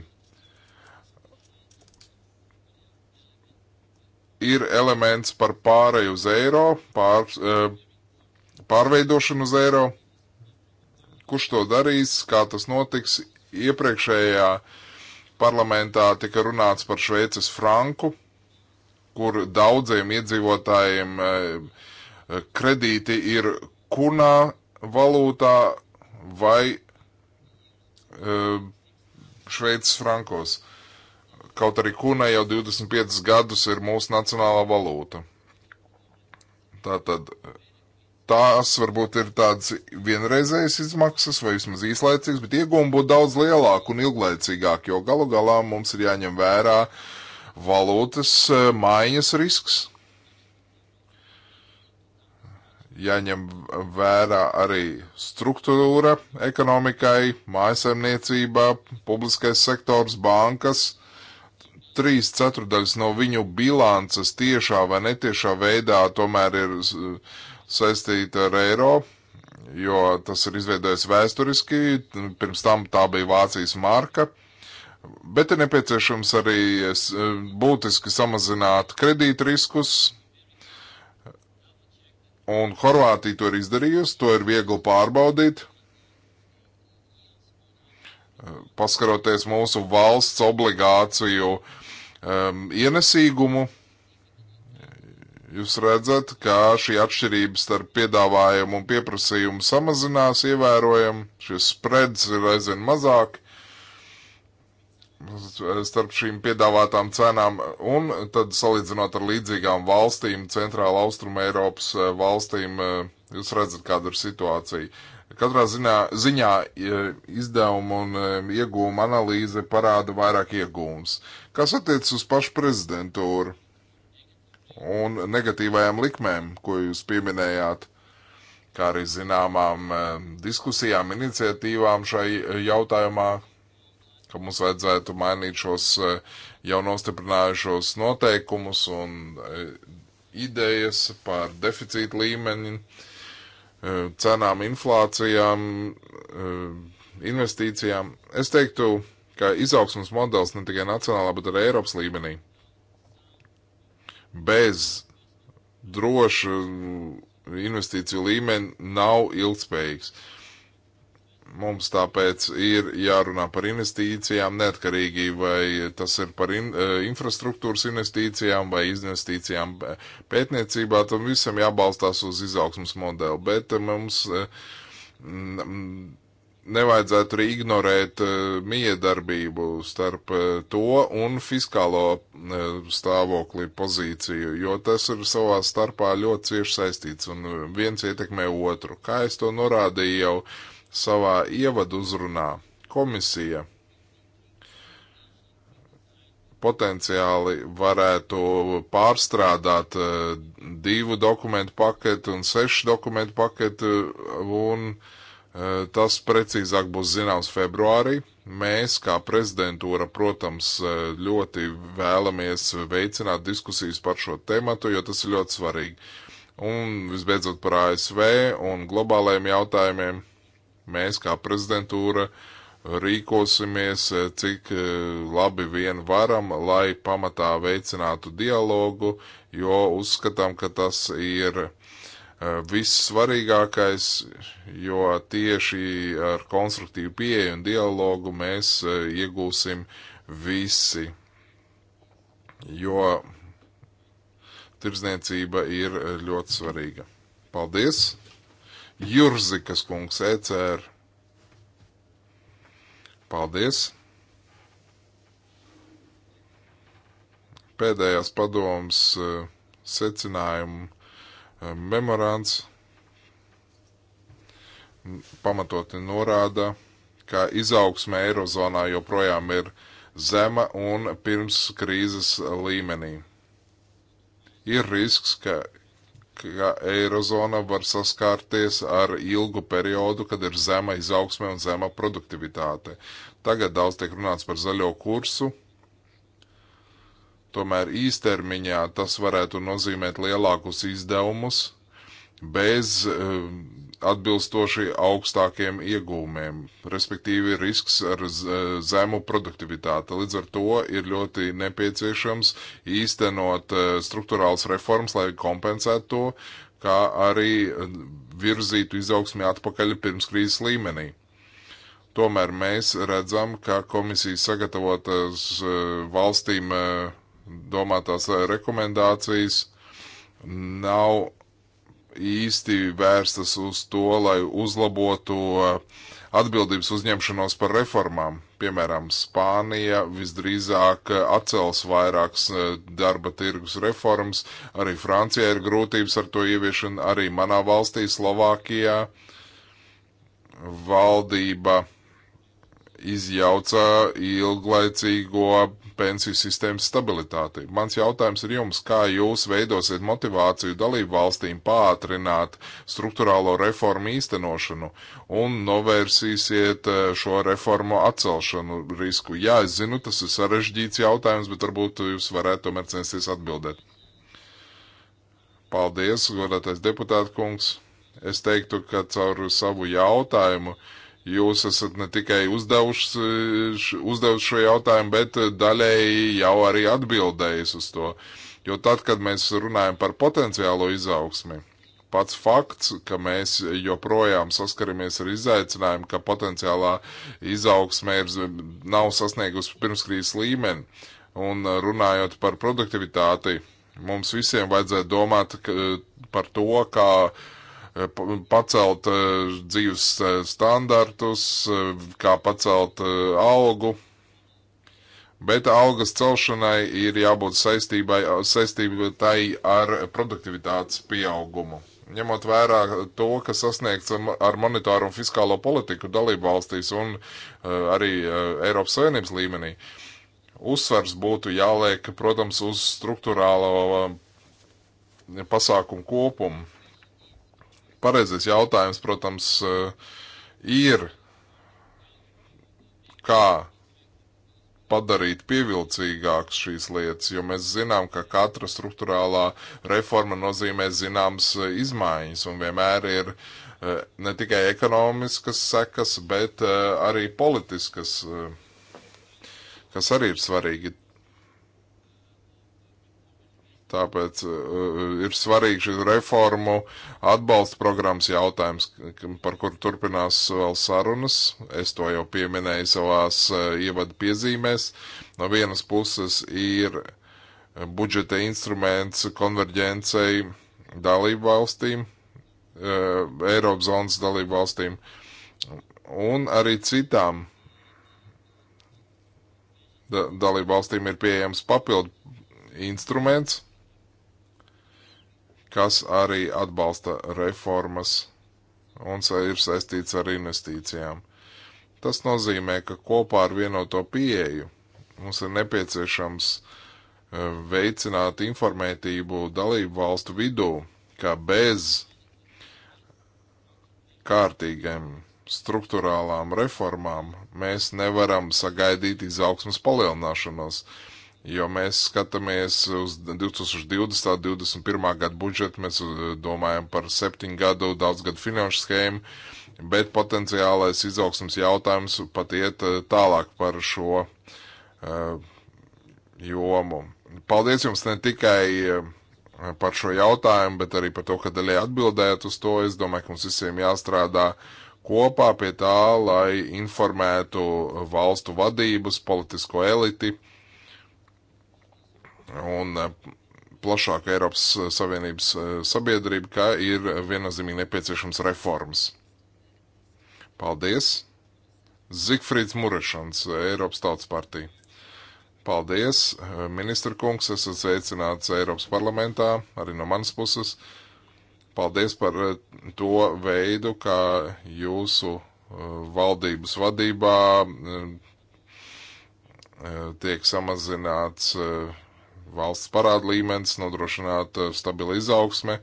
ir elements par pāreju uz eiro, pār, e, pārveidošanu uz eiro. Kurš to darīs, kā tas notiks? Iepriekšējā parlamentā tika runāts par Šveices franku, kur daudziem iedzīvotājiem e, e, kredīti ir kunā valūtā vai Šveices frankos. Kaut arī kuna jau 25 gadus ir mūsu nacionālā valūta. Tātad tās varbūt ir tādas vienreizējas izmaksas vai vismaz īslaicīgas, bet iegūmi būtu daudz lielāki un ilglaicīgāki, jo galu galā mums ir jāņem vērā valūtas eh, maiņas risks. Jāņem vērā arī struktūra ekonomikai, mājasemniecībā, publiskais sektors, bankas trīs ceturdaļas no viņu bilances tiešā vai netiešā veidā tomēr ir saistīta ar eiro, jo tas ir izveidojis vēsturiski, pirms tam tā bija Vācijas marka. Bet ir nepieciešams arī e, būtiski samazināt kredīt riskus, un Horvātija to ir izdarījusi, to ir viegli pārbaudīt. E, paskaroties mūsu valsts obligāciju uh, um, ienesīgumu, jūs redzat, ka šī atšķirība starp piedāvājumu un pieprasījumu samazinās ievērojami, šis spreads ir aizvien mazāk starp šīm piedāvātām cenām un tad salīdzinot ar līdzīgām valstīm, centrāla austruma Eiropas eh, valstīm, eh, jūs redzat, kāda ir situācija. Katrā ziņā, ziņā eh, izdevuma un iegūma analīze parāda vairāk iegūmus. Kas attiecas uz pašu prezidentūru un negatīvajām likmēm, ko jūs pieminējāt, kā arī zināmām eh, diskusijām, iniciatīvām šai eh, jautājumā, ka mums vajadzētu mainīt šos eh, jau nostiprinājušos noteikumus un idejas par deficītu līmeni, cenām, inflācijām, investīcijām. Es teiktu, kā izaugsmas modelis ne tikai nacionālā, bet arī Eiropas līmenī. Bez droša investīciju līmeni nav ilgspējīgs. Mums tāpēc ir jārunā par investīcijām, neatkarīgi vai tas ir par in, e, infrastruktūras investīcijām vai investīcijām pētniecībā, tam visam jābalstās uz izaugsmas modeli. Bet e, mums e, m, m, nevajadzētu arī ignorēt eh, miedarbību starp eh, to un fiskālo eh, stāvokli pozīciju, jo tas ir savā starpā ļoti cieši saistīts un viens ietekmē otru. Kā es to norādīju jau savā ievadu uzrunā, komisija potenciāli varētu pārstrādāt divu dokumentu paketu un sešu dokumentu paketu un uh, Eh, tas precīzāk būs zināms februārī. Mēs, kā prezidentūra, protams, eh, ļoti vēlamies veicināt diskusijas par šo tematu, jo tas ir ļoti svarīgi. Un visbeidzot par ASV un globālajiem jautājumiem, mēs, kā prezidentūra, rīkosimies, eh, cik labi vien varam, lai pamatā veicinātu dialogu, jo uzskatām, ka tas ir Eh, vissvarīgākais, jo tieši ar konstruktīvu pieeju un dialogu mēs eh, iegūsim visi. Jo tirdzniecība ir eh, ļoti svarīga. Paldies! Jurzikas kungs, ECR. Paldies! Pēdējās padomas secinājumu Eh, Memorāns pamatoti norāda, ka izaugsme Eirozonā joprojām ir zema un pirms krīzes līmenī. Ir risks, ka, ka Eirozona var saskārties ar ilgu periodu, kad ir zema izaugsme un zema produktivitāte. Tagad daudz tiek runāts par zaļo kursu Tomēr īstermiņā tas varētu nozīmēt lielākus izdevumus bez eh, atbilstoši augstākiem iegūmiem, respektīvi risks ar zemu produktivitāti. Līdz ar to ir ļoti nepieciešams īstenot eh, struktūrāls reformas, lai kompensētu to, kā arī eh, virzītu izaugsmi atpakaļ pirms krīzes līmenī. Tomēr mēs redzam, ka komisijas sagatavotas valstīm uh, domātās eh, rekomendācijas nav īsti vērstas uz to, lai uzlabotu eh, atbildības uzņemšanos par reformām. Piemēram, Spānija visdrīzāk eh, atcels vairākas darba tirgus reformas, arī Francijā ir grūtības ar to ieviešanu, arī manā valstī, Slovākijā, valdība izjauca ilglaicīgo pensiju sistēmas stabilitāti. Mans jautājums ir jums, kā jūs veidosiet motivāciju dalību valstīm pātrināt struktūrālo reformu īstenošanu un novērsīsiet eh, šo reformu atcelšanu risku? Jā, es zinu, tas ir sarežģīts jautājums, bet varbūt jūs varētu tomēr censties atbildēt. Paldies, godātais deputāta kungs. Es teiktu, ka caur savu jautājumu uh, Jūs esat ne tikai uzdevuši, uzdevuši šo jautājumu, bet eh, daļēji jau arī atbildējis uz to. Jo tad, kad mēs runājam par potenciālo izaugsmi, pats fakts, ka mēs joprojām saskaramies ar izaicinājumu, ka potenciālā izaugsme ir, nav sasniegusi pirmskrīzes līmeni, un eh, runājot par produktivitāti, mums visiem vajadzētu domāt par to, kā Eh, pacelt eh, dzīves eh, standartus, kā pacelt algu. Bet algas celšanai ir jābūt saistībai, saistībai ar produktivitātes pieaugumu. Ņemot vērā to, kas sasniegts ar monetāru un fiskālo politiku dalību valstīs un arī Eiropas Savienības līmenī, uzsvers būtu jāliek, protams, uz struktūrālo pasākumu kopumu Pareizais jautājums, protams, eh, ir, kā padarīt pievilcīgākas šīs lietas, jo mēs zinām, ka katra struktūrālā reforma nozīmē zināmas eh, izmaiņas un vienmēr ir eh, ne tikai ekonomiskas sekas, bet arī politiskas, kas arī ir svarīgi. Tāpēc uh, ir svarīgi šī reformu atbalsta programmas jautājums, par kuru turpinās vēl sarunas. Es to jau pieminēju savās uh, eh, ievada piezīmēs. No vienas puses ir eh, budžeta instruments konverģencei dalību valstīm, uh, Eiropas zonas dalību valstīm un arī citām da dalību valstīm ir pieejams papildu instruments kas arī atbalsta reformas un ir saistīts ar investīcijām. Tas nozīmē, ka kopā ar vienoto pieeju mums ir nepieciešams e, veicināt informētību dalību valstu vidū, ka bez kārtīgiem struktūrālām reformām mēs nevaram sagaidīt izaugsmas palielināšanos. Uh, jo mēs skatāmies uz 2020. 21. gadu budžetu, mēs uh, domājam par septiņu gadu daudzgadu finanšu schēmu, bet potenciālais izaugsmas jautājums pat iet uh, tālāk par šo uh, jomu. Paldies jums ne tikai uh, par šo jautājumu, bet arī par to, ka daļai atbildējat uz to. Es domāju, ka mums visiem jāstrādā kopā pie tā, lai informētu valstu vadības, politisko eliti un eh, plašāka Eiropas eh, Savienības eh, sabiedrība, ka ir viennozīmīgi nepieciešams reformas. Paldies! Zigfrīds Murešans, Eiropas Tautas partija. Paldies, ministra kungs, esat sveicināts Eiropas parlamentā, arī no manas puses. Paldies par to veidu, kā jūsu valdības vadībā tiek samazināts valsts parāda līmenis, nodrošināt eh, stabilu izaugsmi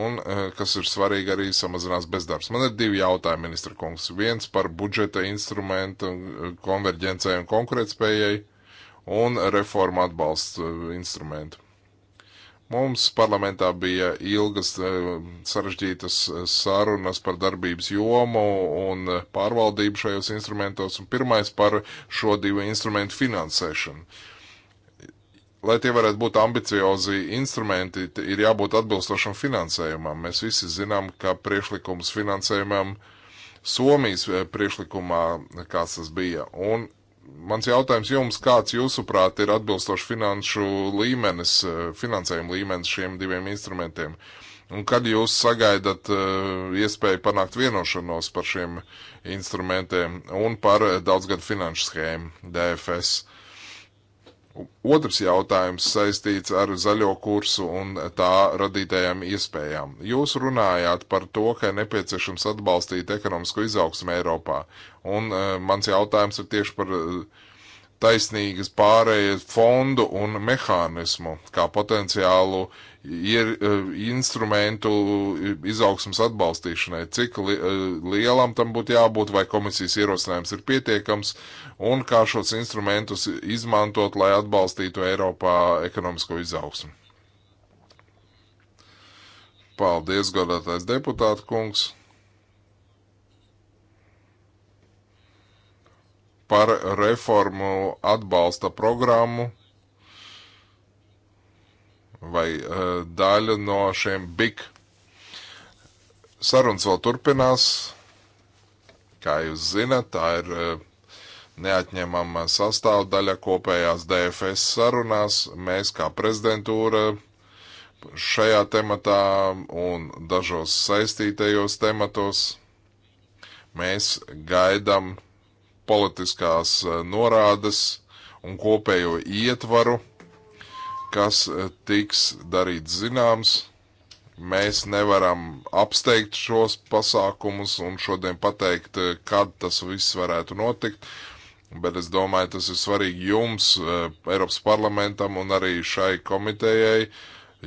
un, eh, kas ir svarīgi, arī samazinās bezdarbs. Man ir divi jautājumi, ministra kungs. Viens par budžeta instrumentu eh, konverģencei un konkurētspējai un reformu atbalstu instrumentu. Mums parlamentā bija ilgas sarežģītas sarunas par darbības jomu un pārvaldību šajos instrumentos, un pirmais par šo divu instrumentu finansēšanu. Uh, lai tie varētu būt ambiciozi instrumenti, ir jābūt atbilstošam finansējumam. Mēs visi zinām, ka priekšlikums finansējumam Somijas eh, priekšlikumā, eh, kāds tas bija. Un mans jautājums jums, kāds jūsuprāt ir atbilstošs finanšu līmenis, eh, finansējuma līmenis šiem diviem instrumentiem? Un kad jūs sagaidat iespēju panākt vienošanos par šiem instrumentiem un par daudzgadu finanšu schēmu DFS? Otrs jautājums saistīts ar zaļo kursu un tā radītajām iespējām. Jūs runājāt par to, ka nepieciešams atbalstīt ekonomisko izaugsmu Eiropā, un uh, mans jautājums ir tieši par uh, taisnīgas pārējas fondu un mehānismu kā potenciālu ir, eh, instrumentu izaugsmas atbalstīšanai, cik li, eh, lielam tam būtu jābūt, vai komisijas ierosinājums ir pietiekams un kā šos instrumentus izmantot, lai atbalstītu Eiropā ekonomisko izaugsmu. Paldies, godātais deputāta kungs! par reformu atbalsta programmu vai eh, daļu no šiem big. Sarunas vēl turpinās. Kā jūs zinat, tā ir eh, neatņemama sastāvdaļa kopējās DFS sarunās. Mēs kā prezidentūra šajā tematā un dažos saistītajos tematos mēs gaidām politiskās eh, norādes un kopējo ietvaru, kas eh, tiks darīts zināms. Mēs nevaram apsteigt šos pasākumus un šodien pateikt, eh, kad tas viss varētu notikt, bet es domāju, tas ir svarīgi jums, Eiropas parlamentam un arī šai komitejai,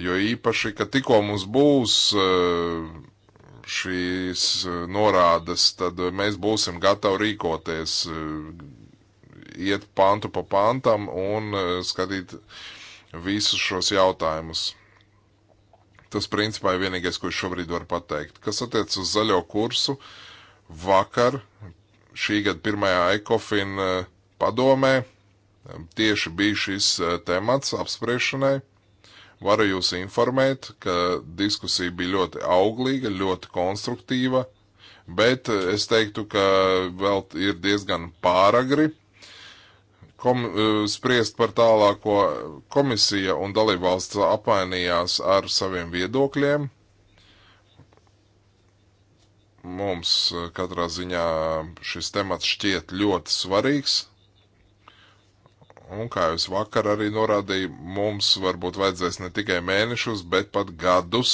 jo īpaši, ka tikko mums būs uh, šīs eh, norādes, tad eh, mēs būsim gatavi rīkoties, eh, iet pantu pa pantam un skatīt visus šos jautājumus. Tas principā ir vienīgais, ko es šobrīd varu pateikt. Kas attiec uz zaļo kursu, vakar šī gada pirmajā ECOFIN padomē tieši bija šis temats apspriešanai Varu jūs informēt, ka diskusija bija ļoti auglīga, ļoti konstruktīva, bet es teiktu, ka vēl ir diezgan pāragri kom, eh, spriest par tālāko komisija un dalībvalsts apmainījās ar saviem viedokļiem. Mums eh, katrā ziņā šis temats šķiet ļoti svarīgs, Un, kā jau es vakar arī norādīju, mums varbūt vajadzēs ne tikai mēnešus, bet pat gadus,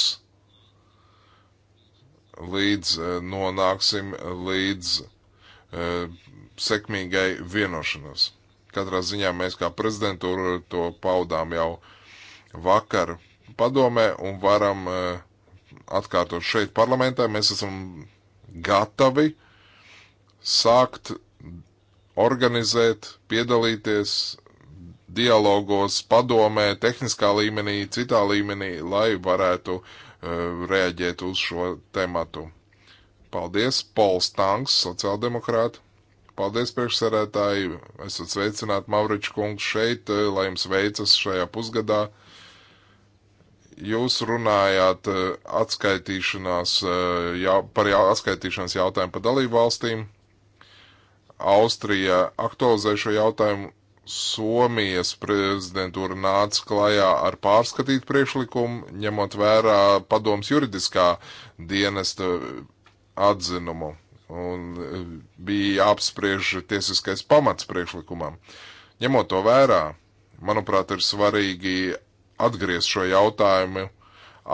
līdz eh, nonāksim līdz uh, sekmīgai vienošanos. Katrā ziņā mēs kā prezidentūra to paudām jau vakar padomē un varam uh, atkārtot šeit parlamentā. Mēs esam gatavi sākt organizēt, piedalīties dialogos, padomē, tehniskā līmenī, citā līmenī, lai varētu uh, reaģēt uz šo tematu. Paldies, Pols Tanks, sociāldemokrāti. Paldies, priekšsarētāji. Esat sveicināti, Mavriča kungs, šeit, eh, lai jums veicas šajā pusgadā. Jūs runājāt eh, atskaitīšanās, jā, par jā, atskaitīšanas jautājumu par dalību valstīm. Austrija aktualizē šo jautājumu Somijas prezidentūra nāca klajā ar pārskatītu priekšlikumu, ņemot vērā padoms juridiskā dienesta atzinumu. Un eh, bija jāapspriež tiesiskais pamats priekšlikumam. Ņemot to vērā, manuprāt, ir svarīgi atgriezt šo jautājumu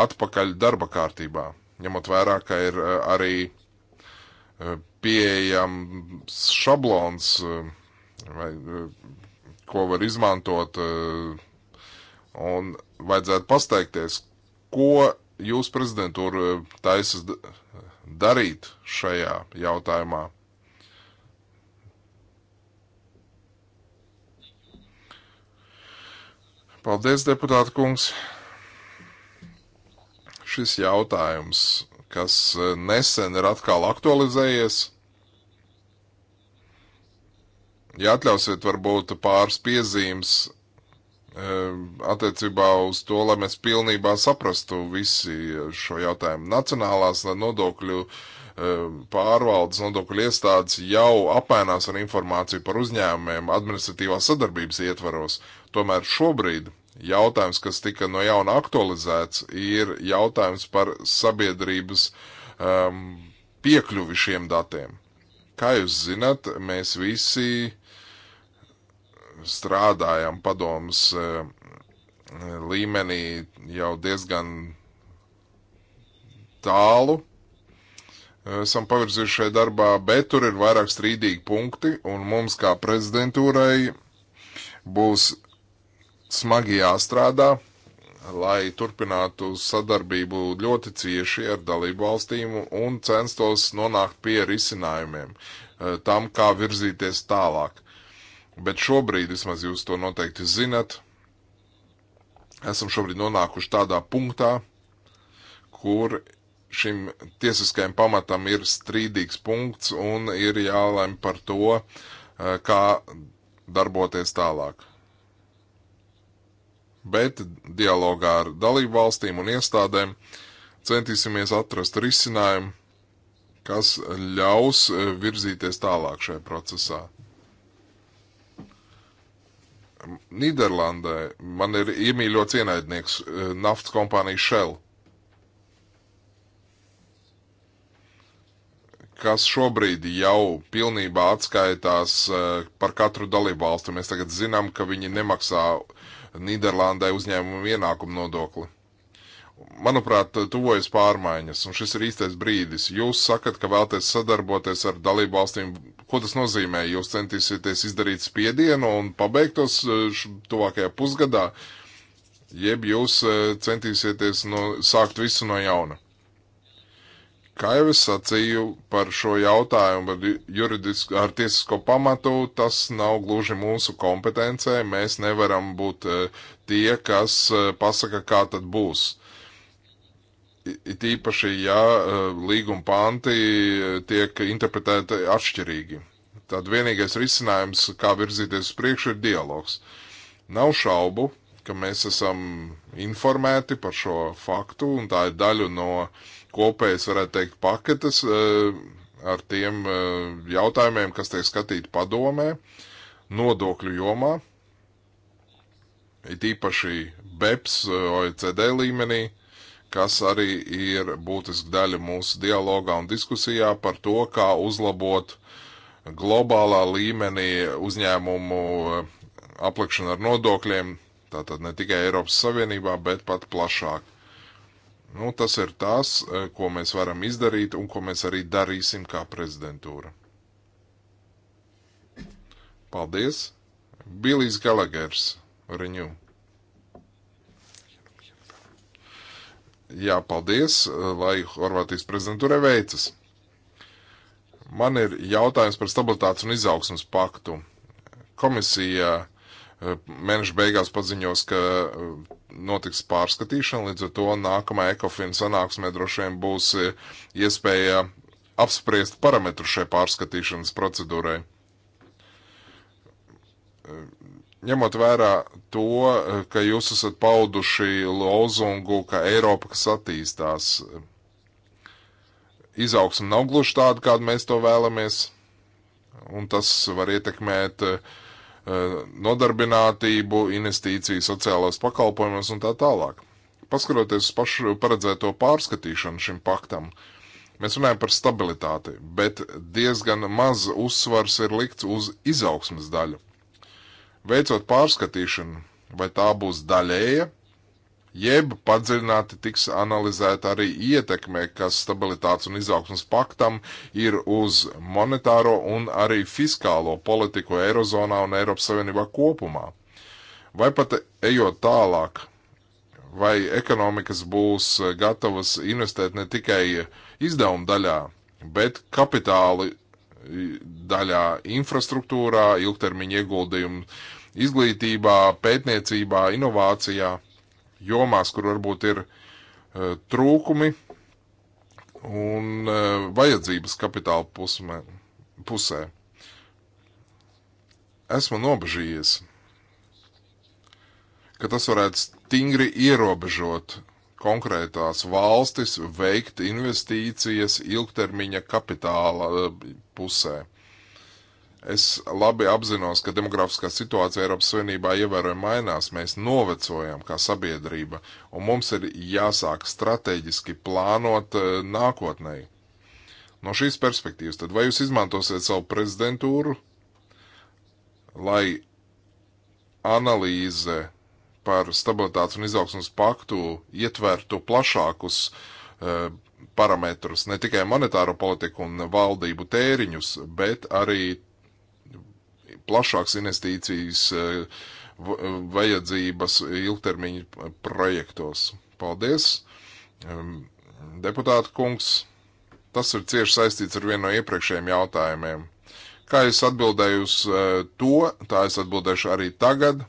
atpakaļ darba kārtībā, ņemot vērā, ka ir eh, arī eh, pieejams šablons vai ko var izmantot, eh, un vajadzētu pasteikties, ko jūs prezidentūra eh, taisas darīt šajā jautājumā. Paldies, deputāta kungs. Šis jautājums, kas eh, nesen ir atkal aktualizējies, Ja atļausiet, varbūt pāris piezīmes ehm, attiecībā uz to, lai mēs pilnībā saprastu visi šo jautājumu. Nacionālās nodokļu ehm, pārvaldes nodokļu iestādes jau apmainās ar informāciju par uzņēmumiem administratīvās sadarbības ietvaros. Tomēr šobrīd jautājums, kas tika no jauna aktualizēts, ir jautājums par sabiedrības um, piekļuvi šiem datiem. Kā jūs zinat, mēs visi uh, strādājam padomus e, līmenī jau diezgan tālu. Esam pavirzījuši šajā darbā, bet tur ir vairāk strīdīgi punkti, un mums kā prezidentūrai būs smagi jāstrādā, lai turpinātu sadarbību ļoti cieši ar dalību valstīm un censtos nonākt pie risinājumiem e, tam, kā virzīties tālāk. Bet šobrīd, vismaz jūs to noteikti zinat, esam šobrīd nonākuši tādā punktā, kur šim tiesiskajam pamatam ir strīdīgs punkts un ir jālem par to, eh, kā darboties tālāk. Bet dialogā ar dalību valstīm un iestādēm centīsimies atrast risinājumu, kas ļaus eh, virzīties tālāk šajā procesā. Nīderlandē man ir iemīļots ienaidnieks eh, naftas kompānija Shell. kas šobrīd jau pilnībā atskaitās eh, par katru dalībvalstu. Mēs tagad zinām, ka viņi nemaksā Nīderlandē uzņēmumu ienākumu nodokli. Manuprāt, tuvojas pārmaiņas, un šis ir īstais brīdis. Jūs sakat, ka vēlaties sadarboties ar dalībvalstīm Ko tas nozīmē? Jūs centīsieties izdarīt spiedienu un pabeigtos eh, tuvākajā pusgadā, jeb jūs eh, centīsieties no, sākt visu no jauna. Kā jau es sacīju par šo jautājumu, ar juridisku, ar tiesisko pamatu, tas nav gluži mūsu kompetencē. Mēs nevaram būt eh, tie, kas pasaka, kā tad būs. Uh, It īpaši, ja eh, līguma panti eh, tiek interpretēti atšķirīgi. Tad vienīgais risinājums, kā virzīties uz priekšu, ir dialogs. Nav šaubu, ka mēs esam informēti par šo faktu, un tā ir daļa no kopējas, varētu teikt, paketes eh, ar tiem jautājumiem, kas tiek skatīti padomē, nodokļu jomā, it īpaši BEPS, OECD līmenī kas arī ir būtiska daļa mūsu dialogā un diskusijā par to, kā uzlabot globālā līmenī uzņēmumu eh, aplikšanu ar nodokļiem, tātad ne tikai Eiropas Savienībā, bet pat plašāk. Nu, tas ir tas, eh, ko mēs varam izdarīt un ko mēs arī darīsim kā prezidentūra. Paldies! Bilijs Galagers, Renew. Jā, paldies, lai Horvātijas prezidentūrai veicas. Man ir jautājums par stabilitātes un izaugsmas paktu. Komisija eh, mēneša beigās paziņos, ka eh, notiks pārskatīšana, līdz ar to nākamā ekofina sanāksmē droši vien būs eh, iespēja apspriest parametru šai pārskatīšanas procedūrai ņemot vērā to, ka jūs esat pauduši lozungu, ka Eiropa, kas attīstās, izaugsme nav gluži tāda, kādu mēs to vēlamies, un tas var ietekmēt eh, nodarbinātību, investīciju sociālās pakalpojumus un tā tālāk. Paskaroties uz pašu paredzēto pārskatīšanu šim paktam, mēs runājam par stabilitāti, bet diezgan maz uzsvars ir likts uz izaugsmas daļu Veicot pārskatīšanu, vai tā būs daļēja, jeb padziļināti tiks analizēta arī ietekme, kas stabilitātes un izaugsmas paktam ir uz monetāro un arī fiskālo politiku Eirozonā un Eiropas Savienībā kopumā. Vai pat ejot tālāk, vai ekonomikas būs gatavas investēt ne tikai izdevuma daļā, bet kapitāli daļā infrastruktūrā, ilgtermiņa ieguldījumu izglītībā, pētniecībā, inovācijā, jomās, kur varbūt ir uh, trūkumi un uh, vajadzības kapitāla pusmē, pusē. Esmu nobežījies, ka tas varētu stingri ierobežot konkrētās valstis veikt investīcijas ilgtermiņa kapitāla e, pusē Es labi apzinos, ka demografiskā situācija Eiropas Savienībā ievērojami mainās. Mēs novecojam kā sabiedrība, un mums ir jāsāk strateģiski plānot eh, nākotnē. No šīs perspektīvas, tad vai jūs izmantosiet savu prezidentūru, lai analīze par stabilitātes un izaugsmas paktu ietvertu plašākus uh, parametrus, ne tikai monetāro politiku un valdību tēriņus, bet arī plašāks investīcijas eh, eh, vajadzības ilgtermiņa projektos. Paldies, deputāta kungs. Tas ir cieši saistīts ar vienu no iepriekšējiem jautājumiem. Kā es atbildēju uz eh, to, tā es atbildēšu arī tagad.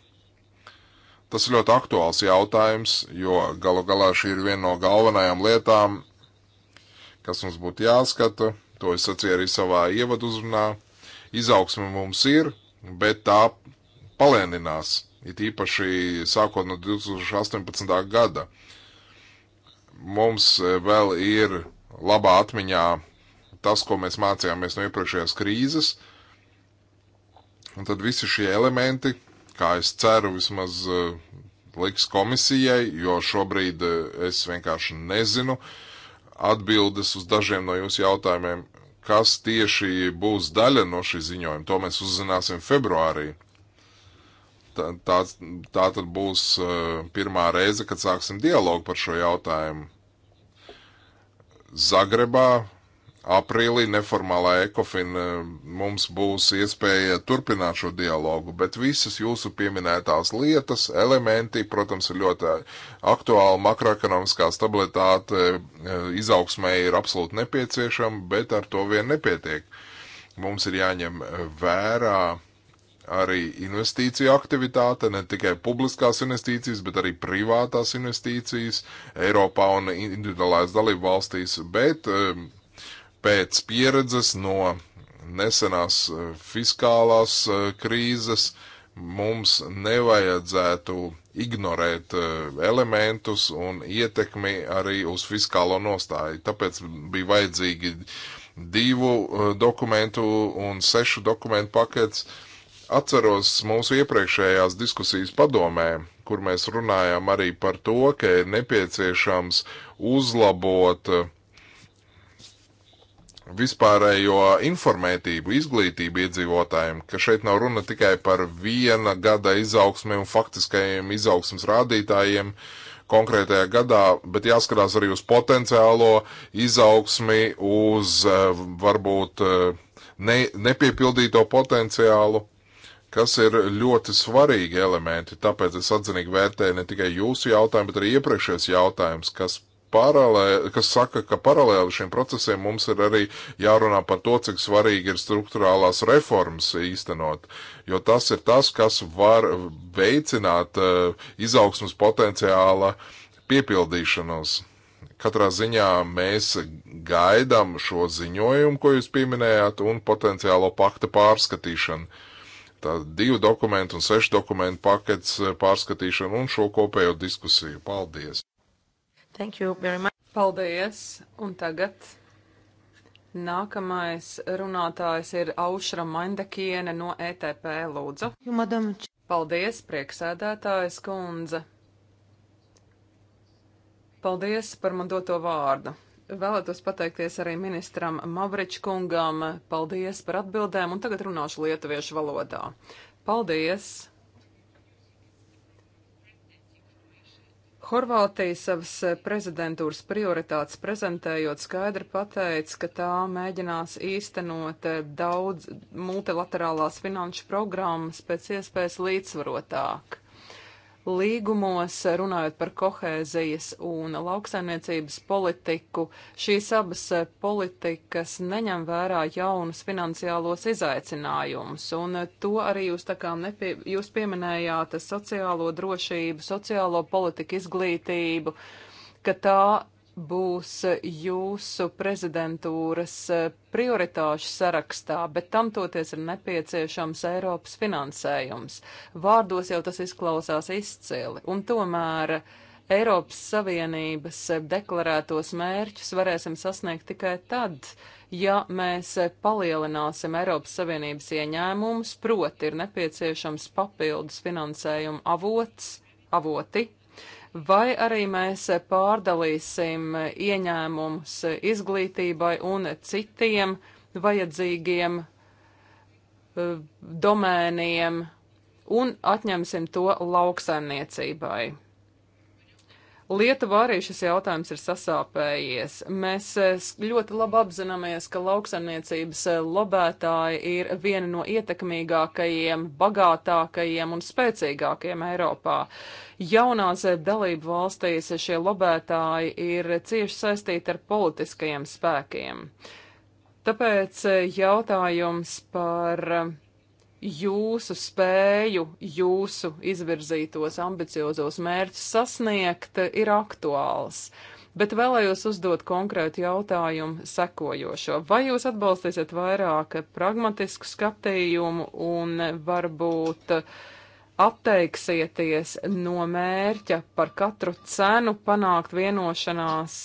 Tas ir ļoti aktuāls jautājums, jo galu galā šī ir viena no galvenajām lietām, kas mums būtu jāskata. To es sacīju arī savā ievadu uzrunā. Izaugsme mums ir, bet tā palēninās, it īpaši sākot no 2018. gada. Mums eh, vēl ir labā atmiņā tas, ko mēs mācījāmies no iepriekšējās krīzes, un tad visi šie elementi, kā es ceru, vismaz eh, liks komisijai, jo šobrīd eh, es vienkārši nezinu atbildes uz dažiem no jūsu jautājumiem kas tieši būs daļa no šī ziņojuma. To mēs uzzināsim februārī. Tā, tā, tā tad būs uh, pirmā reize, kad sāksim dialogu par šo jautājumu. Zagrebā Aprīlī neformālā ekofina mums būs iespēja turpināt šo dialogu, bet visas jūsu pieminētās lietas, elementi, protams, ir ļoti aktuāli. Makroekonomiskā stabilitāte e, izaugsmē ir absolūti nepieciešama, bet ar to vien nepietiek. Mums ir jāņem vērā arī investīciju aktivitāte, ne tikai publiskās investīcijas, bet arī privātās investīcijas Eiropā un individuālās dalību valstīs, bet um, pēc pieredzes no nesenās eh, fiskālās eh, krīzes mums nevajadzētu ignorēt eh, elementus un ietekmi arī uz fiskālo nostāju. Tāpēc bija vajadzīgi divu dokumentu un sešu dokumentu pakets. Atceros mūsu iepriekšējās diskusijas padomē, kur mēs runājām arī par to, ka ir nepieciešams uzlabot uh, vispārējo informētību, izglītību iedzīvotājiem, ka šeit nav runa tikai par viena gada izaugsmi un faktiskajiem izaugsmas rādītājiem konkrētajā gadā, bet jāskatās arī uz potenciālo izaugsmi, uz eh, varbūt eh, ne, nepiepildīto potenciālu, kas ir ļoti svarīgi elementi. Tāpēc es atzinīgi vērtēju ne tikai jūsu jautājumu, bet arī iepriekšējos jautājumus, kas paralēli, kas saka, ka paralēli šiem procesiem mums ir arī jārunā par to, cik svarīgi ir struktūrālās reformas īstenot, jo tas ir tas, kas var veicināt uh, izaugsmas potenciāla piepildīšanos. Katrā ziņā mēs gaidām šo ziņojumu, ko jūs pieminējāt, un potenciālo pakta pārskatīšanu. Tā divu dokumentu un sešu dokumentu pakets eh, pārskatīšanu un šo kopējo diskusiju. Paldies! Thank you very much. Paldies! Un tagad nākamais runātājs ir Aušra Mandekiene no ETP Lūdzu. Paldies, prieksēdētājs kundze! Paldies par man doto vārdu! Vēlētos pateikties arī ministram Mavričkungam. Paldies par atbildēm, un tagad runāšu lietuviešu valodā. Paldies! Horvātija savas eh, prezidentūras prioritātes prezentējot skaidri pateica, ka tā mēģinās īstenot eh, daudz multilaterālās finanšu programmas pēc iespējas līdzsvarotāk līgumos, runājot par kohēzijas un lauksaimniecības politiku, šīs abas eh, politikas neņem vērā jaunus finansiālos izaicinājumus, un eh, to arī jūs tā kā nepie, jūs pieminējāt sociālo drošību, sociālo politiku izglītību, ka tā būs jūsu prezidentūras eh, prioritāšu sarakstā, bet tam toties ir nepieciešams Eiropas finansējums. Vārdos jau tas izklausās izcili, un tomēr Eiropas Savienības deklarētos mērķus varēsim sasniegt tikai tad, ja mēs palielināsim Eiropas Savienības ieņēmumus, proti ir nepieciešams papildus finansējuma avots, avoti, vai arī mēs pārdalīsim ieņēmumus izglītībai un citiem vajadzīgiem e, domēniem un atņemsim to lauksaimniecībai. Lietuva arī šis jautājums ir sasāpējies. Mēs eh, ļoti labi apzināmies, ka lauksaimniecības eh, lobētāji ir viena no ietekmīgākajiem, bagātākajiem un spēcīgākajiem Eiropā. Jaunās eh, dalību valstīs šie lobētāji ir cieši saistīti ar politiskajiem spēkiem. Tāpēc jautājums par jūsu spēju, jūsu izvirzītos ambiciozos mērķus sasniegt ir aktuāls. Bet vēlējos uzdot konkrētu jautājumu sekojošo. Vai jūs atbalstīsiet vairāk pragmatisku skatījumu un varbūt atteiksieties no mērķa par katru cenu panākt vienošanās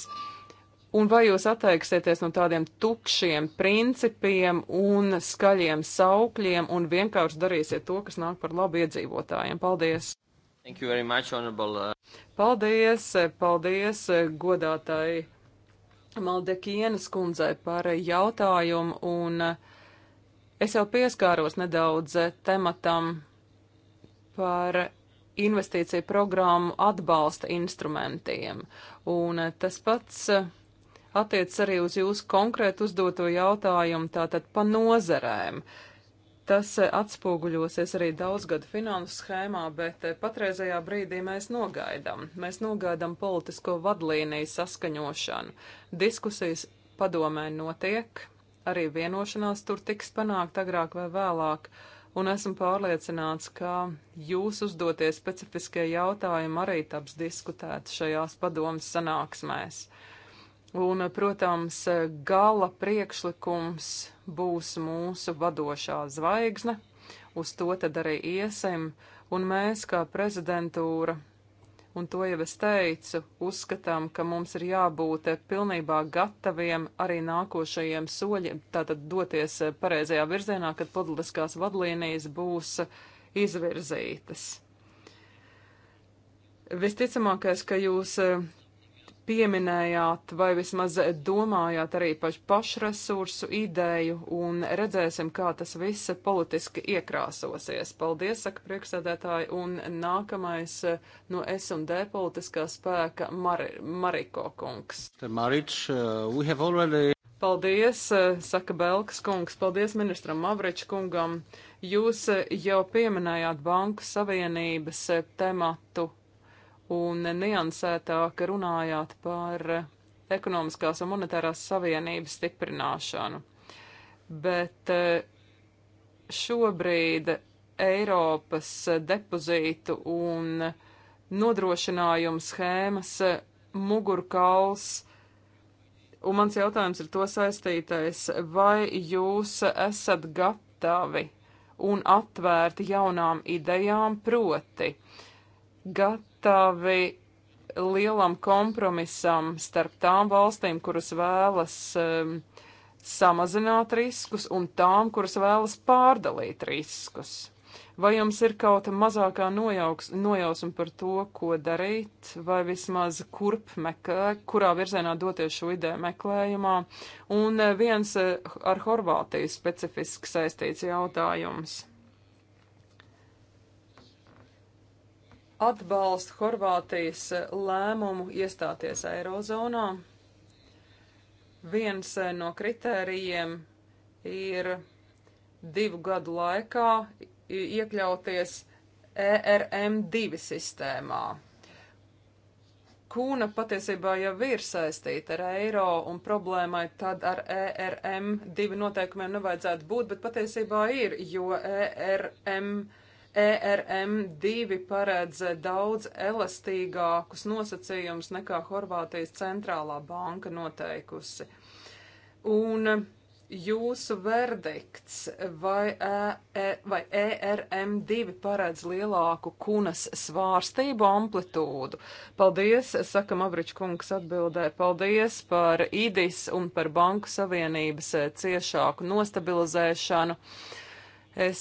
Un vai jūs atteiksieties no tādiem tukšiem principiem un skaļiem saukļiem un vienkārši darīsiet to, kas nāk par labu iedzīvotājiem? Paldies! Much, honorable. Uh, paldies, paldies godātai Maldekienas kundzei par jautājumu un uh, es jau pieskāros nedaudz tematam par investīciju programmu atbalsta instrumentiem. Un uh, tas pats attiec arī uz jūsu konkrētu uzdoto jautājumu, tātad pa nozerēm. Tas eh, atspoguļosies arī daudzgadu finansu schēmā, bet eh, patreizajā brīdī mēs nogaidam. Mēs nogaidam politisko vadlīniju saskaņošanu. Diskusijas padomē notiek, arī vienošanās tur tiks panākt agrāk vai vēlāk un esmu pārliecināts, ka jūs uzdotie specifiskie jautājumi arī taps diskutēti šajās padomas sanāksmēs. Un, protams, gala priekšlikums būs mūsu vadošā zvaigzne, uz to tad arī iesim, un mēs kā prezidentūra, un to jau es teicu, uzskatām, ka mums ir jābūt pilnībā gataviem arī nākošajiem soļiem, tātad doties pareizajā virzienā, kad podliskās vadlīnijas būs izvirzītas. Visticamākais, ka jūs pieminējāt vai vismaz domājāt arī par pašresursu ideju un redzēsim, kā tas viss politiski iekrāsosies. Paldies, saka priekšsēdētāji, un nākamais eh, no S&D politiskā spēka Mar Mariko kungs. Marič, uh, eh, already... Paldies, eh, saka Belkas kungs, paldies ministram Mavrič kungam. Jūs jau pieminējāt Banku Savienības tematu un niansētāk runājāt par ekonomiskās un monetārās savienības stiprināšanu. Bet eh, šobrīd Eiropas depozītu un nodrošinājumu schēmas mugurkauls. Un mans jautājums ir to saistītais, vai jūs esat gatavi un atvērti jaunām idejām proti? Uh, gatavi lielam kompromisam starp tām valstīm, kuras vēlas um, samazināt riskus, un tām, kuras vēlas pārdalīt riskus. Vai jums ir kaut mazākā nojauks, nojausma par to, ko darīt, vai vismaz kurp meklē, kurā virzienā doties šo ideju meklējumā? Un eh, viens eh, ar Horvātiju specifiski saistīts jautājums. atbalstu Horvātijas lēmumu iestāties Eirozonā. Viens eh, no kritērijiem ir divu gadu laikā iekļauties ERM2 sistēmā. Kūna patiesībā jau ir saistīta ar eiro un problēmai tad ar ERM2 noteikumiem nevajadzētu būt, bet patiesībā ir, jo ERM2 ERM2 paredz daudz elastīgākus nosacījumus nekā Horvātijas centrālā banka noteikusi. Un jūsu verdikts vai, e, vai ERM2 paredz lielāku kunas svārstību amplitūdu? Paldies, saka Mavrič kungs atbildē, paldies par IDIS un par Banku Savienības ciešāku nostabilizēšanu. Uh, Es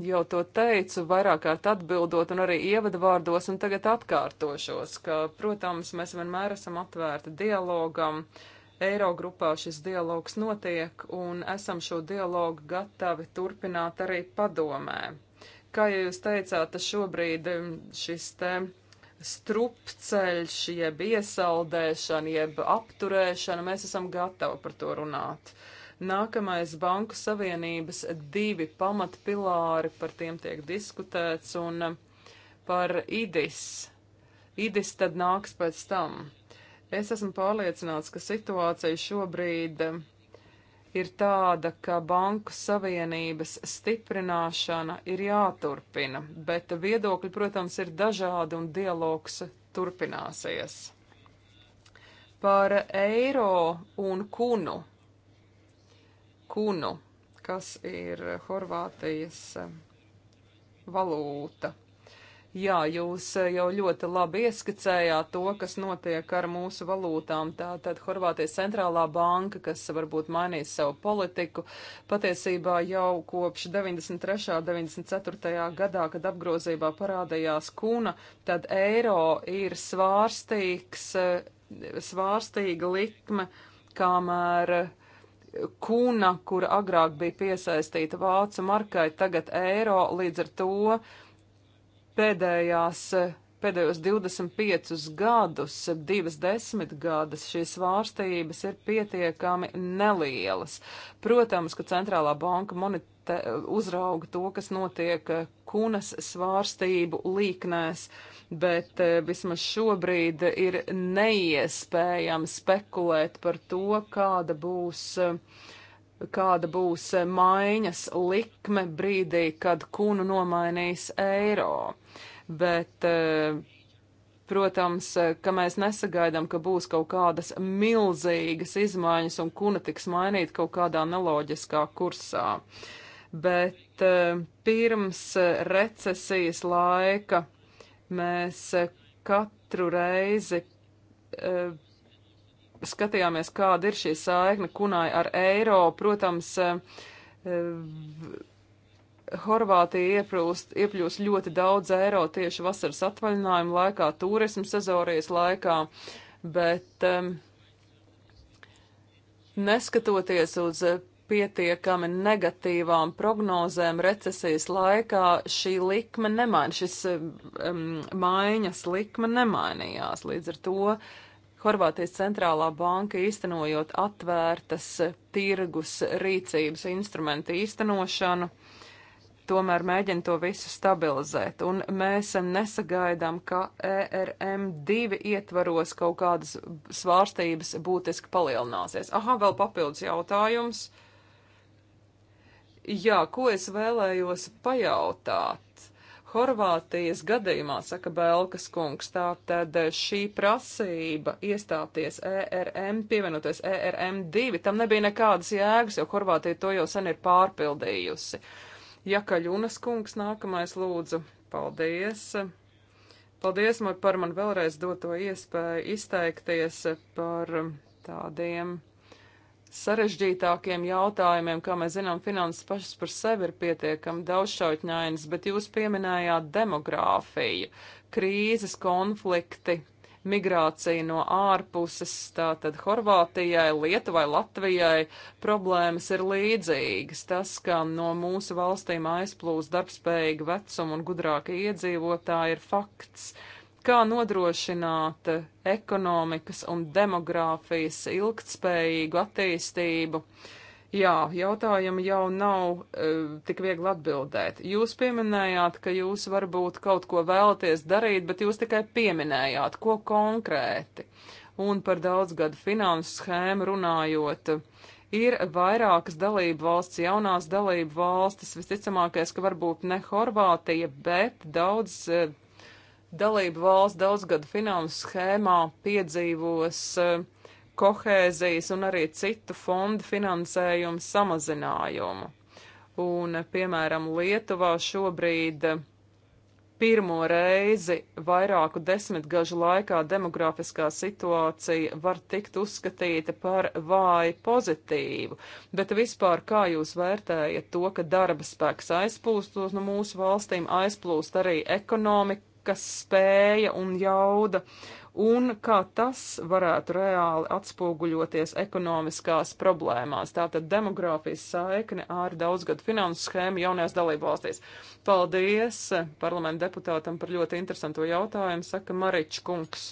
jau to teicu vairāk kārt atbildot un arī ievadvārdos, un tagad atkārtošos, ka, protams, mēs vienmēr esam atvērti dialogam. Eirogrupā šis dialogs notiek, un esam šo dialogu gatavi turpināt arī padomē. Kā jau jūs teicāt, tas šobrīd šis te strupceļš, jeb iesaldēšana, jeb apturēšana, mēs esam gatavi par to runāt. Uh, Nākamais Banku Savienības divi pamatpilāri, par tiem tiek diskutēts, un um, par IDIS. IDIS tad nāks pēc tam. Es esmu pārliecināts, ka situācija šobrīd um, ir tāda, ka Banku Savienības stiprināšana ir jāturpina, bet viedokļi, protams, ir dažādi un dialogs turpināsies. Par eiro un kunu kunu, kas ir Horvātijas eh, valūta. Jā, jūs eh, jau ļoti labi ieskicējāt to, kas notiek ar mūsu valūtām. Tātad Horvātijas centrālā banka, kas varbūt mainīs savu politiku, patiesībā jau kopš 93. un 94. gadā, kad apgrozībā parādījās kuna, tad eiro ir svārstīgs, eh, svārstīga likme, kamēr uh, kuna, kura agrāk bija piesaistīta vācu markai, tagad eiro, līdz ar to pēdējās, pēdējos 25 gadus, divas desmitgades šīs svārstības ir pietiekami nelielas. Protams, ka centrālā banka monit te, uzrauga to, kas notiek eh, kunas svārstību līknēs, bet eh, vismaz šobrīd ir neiespējami spekulēt par to, kāda būs, eh, kāda būs maiņas likme brīdī, kad kunu nomainīs eiro. Bet, protams, ka mēs nesagaidām, ka būs kaut kādas milzīgas izmaiņas un kuna tiks mainīta kaut kādā neloģiskā kursā. Uh, bet eh, pirms eh, recesijas laika mēs eh, katru reizi skatījāmies, kāda ir šī saikne kunai ar eiro. Protams, Horvātija ieplūst, iepļūst ļoti daudz eiro tieši vasaras atvaļinājuma laikā, turismu sezonijas laikā, bet um, neskatoties uz pietiekami negatīvām prognozēm recesijas laikā šī likme nemainījās, šis um, maiņas likme nemainījās. Līdz ar to Horvātijas centrālā banka īstenojot atvērtas tirgus rīcības instrumentu īstenošanu, tomēr mēģina to visu stabilizēt. Un mēs nesagaidām, ka ERM2 ietvaros kaut kādas svārstības būtiski palielināsies. Aha, vēl papildus jautājums. Uh, Jā, ko es vēlējos pajautāt? Horvātijas gadījumā, saka Belkas kungs, tā tad šī prasība iestāties ERM, pievienoties ERM2, tam nebija nekādas jēgas, jo Horvātija to jau sen ir pārpildījusi. Jakaļunas kungs nākamais lūdzu. Paldies! Paldies man par man vēlreiz doto iespēju izteikties par tādiem sarežģītākiem jautājumiem, kā mēs zinām, finanses pašas par sevi ir pietiekami daudzšķautņainas, bet jūs pieminējāt demogrāfiju, krīzes, konflikti, migrācija no ārpuses, tātad Horvātijai, Lietuvai, Latvijai problēmas ir līdzīgas. Tas, ka no mūsu valstīm aizplūst darbspējīgi vecuma un gudrākie iedzīvotāji, ir fakts. Uh, kā nodrošināt ekonomikas un demogrāfijas ilgtspējīgu attīstību. Jā, jautājumu jau nav e, tik viegli atbildēt. Jūs pieminējāt, ka jūs varbūt kaut ko vēlaties darīt, bet jūs tikai pieminējāt, ko konkrēti. Un par daudzgadu finansu schēmu runājot, ir vairākas dalību valsts, jaunās dalību valstis, visticamākais, ka varbūt ne Horvātija, bet daudz e, dalību valsts daudzgadu finanses schēmā piedzīvos e, kohēzijas un arī citu fondu finansējumu samazinājumu. Un, e, piemēram, Lietuvā šobrīd e, pirmo reizi vairāku desmitgažu laikā demografiskā situācija var tikt uzskatīta par vāju pozitīvu, bet vispār kā jūs vērtējat to, ka darba spēks aizplūstos no mūsu valstīm, aizplūst arī ekonomika, kas spēja un jauda, un kā tas varētu reāli atspoguļoties ekonomiskās problēmās. Tātad demogrāfijas saikne ar daudzgadu finansu schēmu jaunajās dalībvalstīs. Paldies parlamentu deputātam par ļoti interesanto jautājumu, saka Maričs kungs.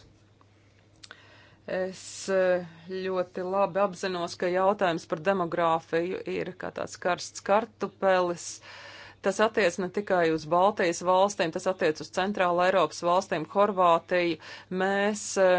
Es eh, ļoti labi apzinos, ka jautājums par demogrāfiju ir kā tāds karsts kartupelis. Uh, Tas attiec ne tikai uz Baltijas valstīm, tas attiec uz Centrāla Eiropas valstīm, Horvātiju. Mēs uh,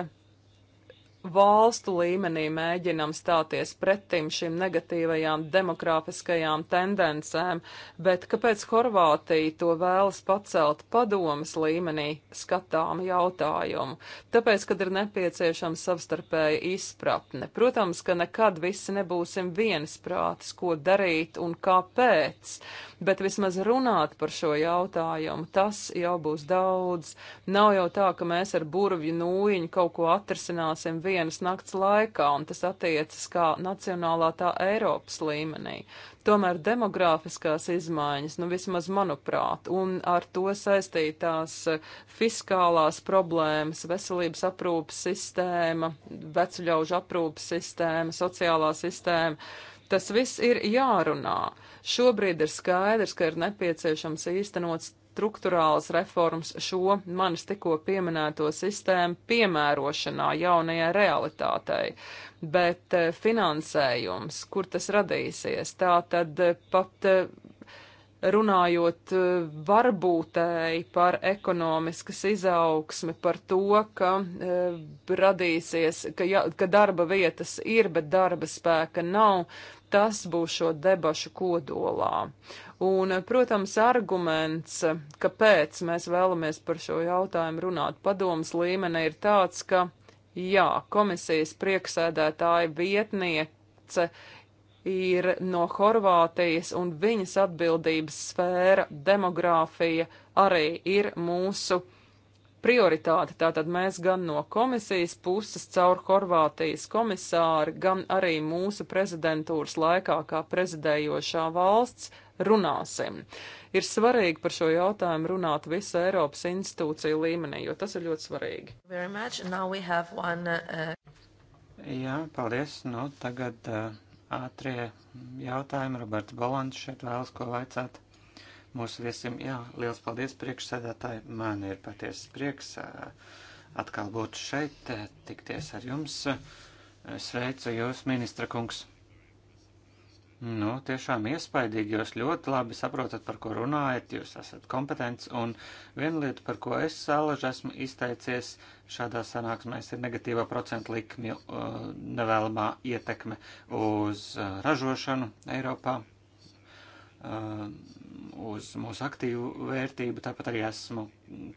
valstu līmenī mēģinam stāties pretim šīm negatīvajām demokrāfiskajām tendencēm, bet kāpēc Horvātija to vēlas pacelt padomas līmenī skatām jautājumu? Tāpēc, kad ir nepieciešama savstarpēja izpratne. Protams, ka nekad visi nebūsim viensprātis, ko darīt un kāpēc, bet vismaz runāt par šo jautājumu, tas jau būs daudz. Nav jau tā, ka mēs ar burvju nūjiņu kaut ko atrasināsim vienas nakts laikā, un tas attiecas kā nacionālā, tā Eiropas līmenī. Tomēr demogrāfiskās izmaiņas, nu vismaz manuprāt, un ar to saistītās eh, fiskālās problēmas, veselības aprūpas sistēma, vecuļaužu aprūpas sistēma, sociālā sistēma, tas viss ir jārunā. Šobrīd ir skaidrs, ka ir nepieciešams īstenots struktūrālas reformas šo manis tikko pieminēto sistēmu piemērošanā jaunajai realitātei, bet eh, finansējums, kur tas radīsies, tā tad eh, pat eh, runājot varbūtēji par ekonomiskas izaugsmi, par to, ka e, radīsies, ka, ja, ka darba vietas ir, bet darba spēka nav, Tas būs šo debašu kodolā. Un, protams, arguments, kāpēc mēs vēlamies par šo jautājumu runāt padomas līmenī, ir tāds, ka, jā, komisijas prieksēdētāja vietniece ir no Horvātijas, un viņas atbildības sfēra, demogrāfija arī ir mūsu prioritāte. Tātad mēs gan no komisijas puses caur Horvātijas komisāri, gan arī mūsu prezidentūras laikā kā prezidējošā valsts runāsim. Ir svarīgi par šo jautājumu runāt visu Eiropas institūciju līmenī, jo tas ir ļoti svarīgi. One, uh... Jā, paldies. Nu, tagad uh, ātrie jautājumi. Roberts Balants šeit vēlas ko vaicāt mūsu viesim. Jā, liels paldies priekšsēdētāji. Man ir patiesi prieks atkal būt šeit, tikties ar jums. Sveicu jūs, ministra kungs. Nu, tiešām iespaidīgi, jūs ļoti labi saprotat, par ko runājat, jūs esat kompetents, un viena lieta, par ko es salaž esmu izteicies šādā sanāksmēs, ir negatīva procentu likmju nevēlamā ietekme uz ražošanu Eiropā uz mūsu aktīvu vērtību, tāpat arī esmu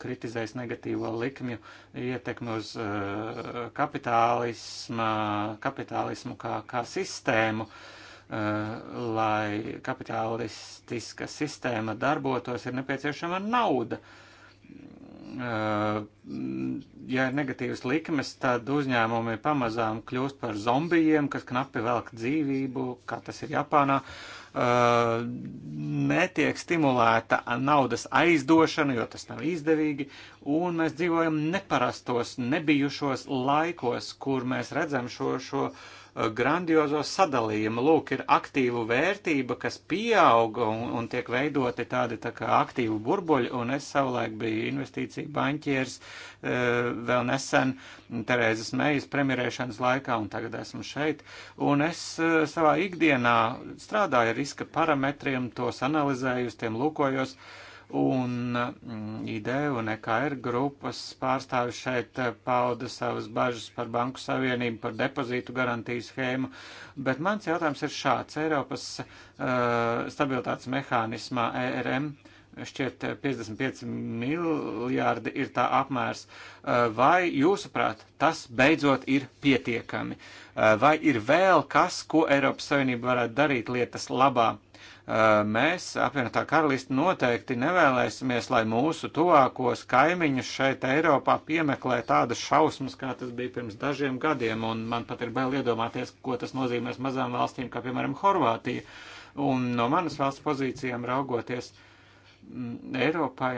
kritizējis negatīvo likmju ietekmi uz uh, kapitālisma, kapitālismu kā, kā sistēmu. Uh, lai kapitalistiska sistēma darbotos, ir nepieciešama nauda. Uh, ja ir negatīvas likmes, tad uzņēmumi pamazām kļūst par zombijiem, kas knapi velk dzīvību, kā tas ir Japānā. Uh, Uh, netiek stimulēta naudas aizdošana, jo tas nav izdevīgi, un mēs dzīvojam neparastos, nebijušos laikos, kur mēs redzam šo, šo uh, grandiozo sadalījumu. Lūk, ir aktīvu vērtība, kas pieauga un, un tiek veidoti tādi tā kā aktīvu burbuļi, un es savulaik biju investīcija baņķieris e, vēl nesen Terēzes Mejas premjerēšanas laikā, un tagad esmu šeit. Un es e, savā ikdienā strādāju ar riska parametriem, tos analizēju, uz tiem lūkojos. Uh, un mm, ideja un EKR grupas pārstāvi šeit eh, pauda savas bažas par banku savienību, par depozītu garantiju schēmu, bet mans jautājums ir šāds. Eiropas uh, stabilitātes mehānismā ERM šķiet 55 eh, miljārdi ir tā apmērs. Vai jūsuprāt, tas beidzot ir pietiekami? Vai ir vēl kas, ko Eiropas Savienība varētu darīt lietas labā, Eh, mēs, apvienotā karalista, noteikti nevēlēsimies, lai mūsu tuvākos kaimiņus šeit Eiropā piemeklē tādas šausmas, kā tas bija pirms dažiem gadiem, un man pat ir bail iedomāties, ko tas nozīmēs mazām valstīm, kā piemēram Horvātija. Un no manas valsts pozīcijām raugoties mm, Eiropai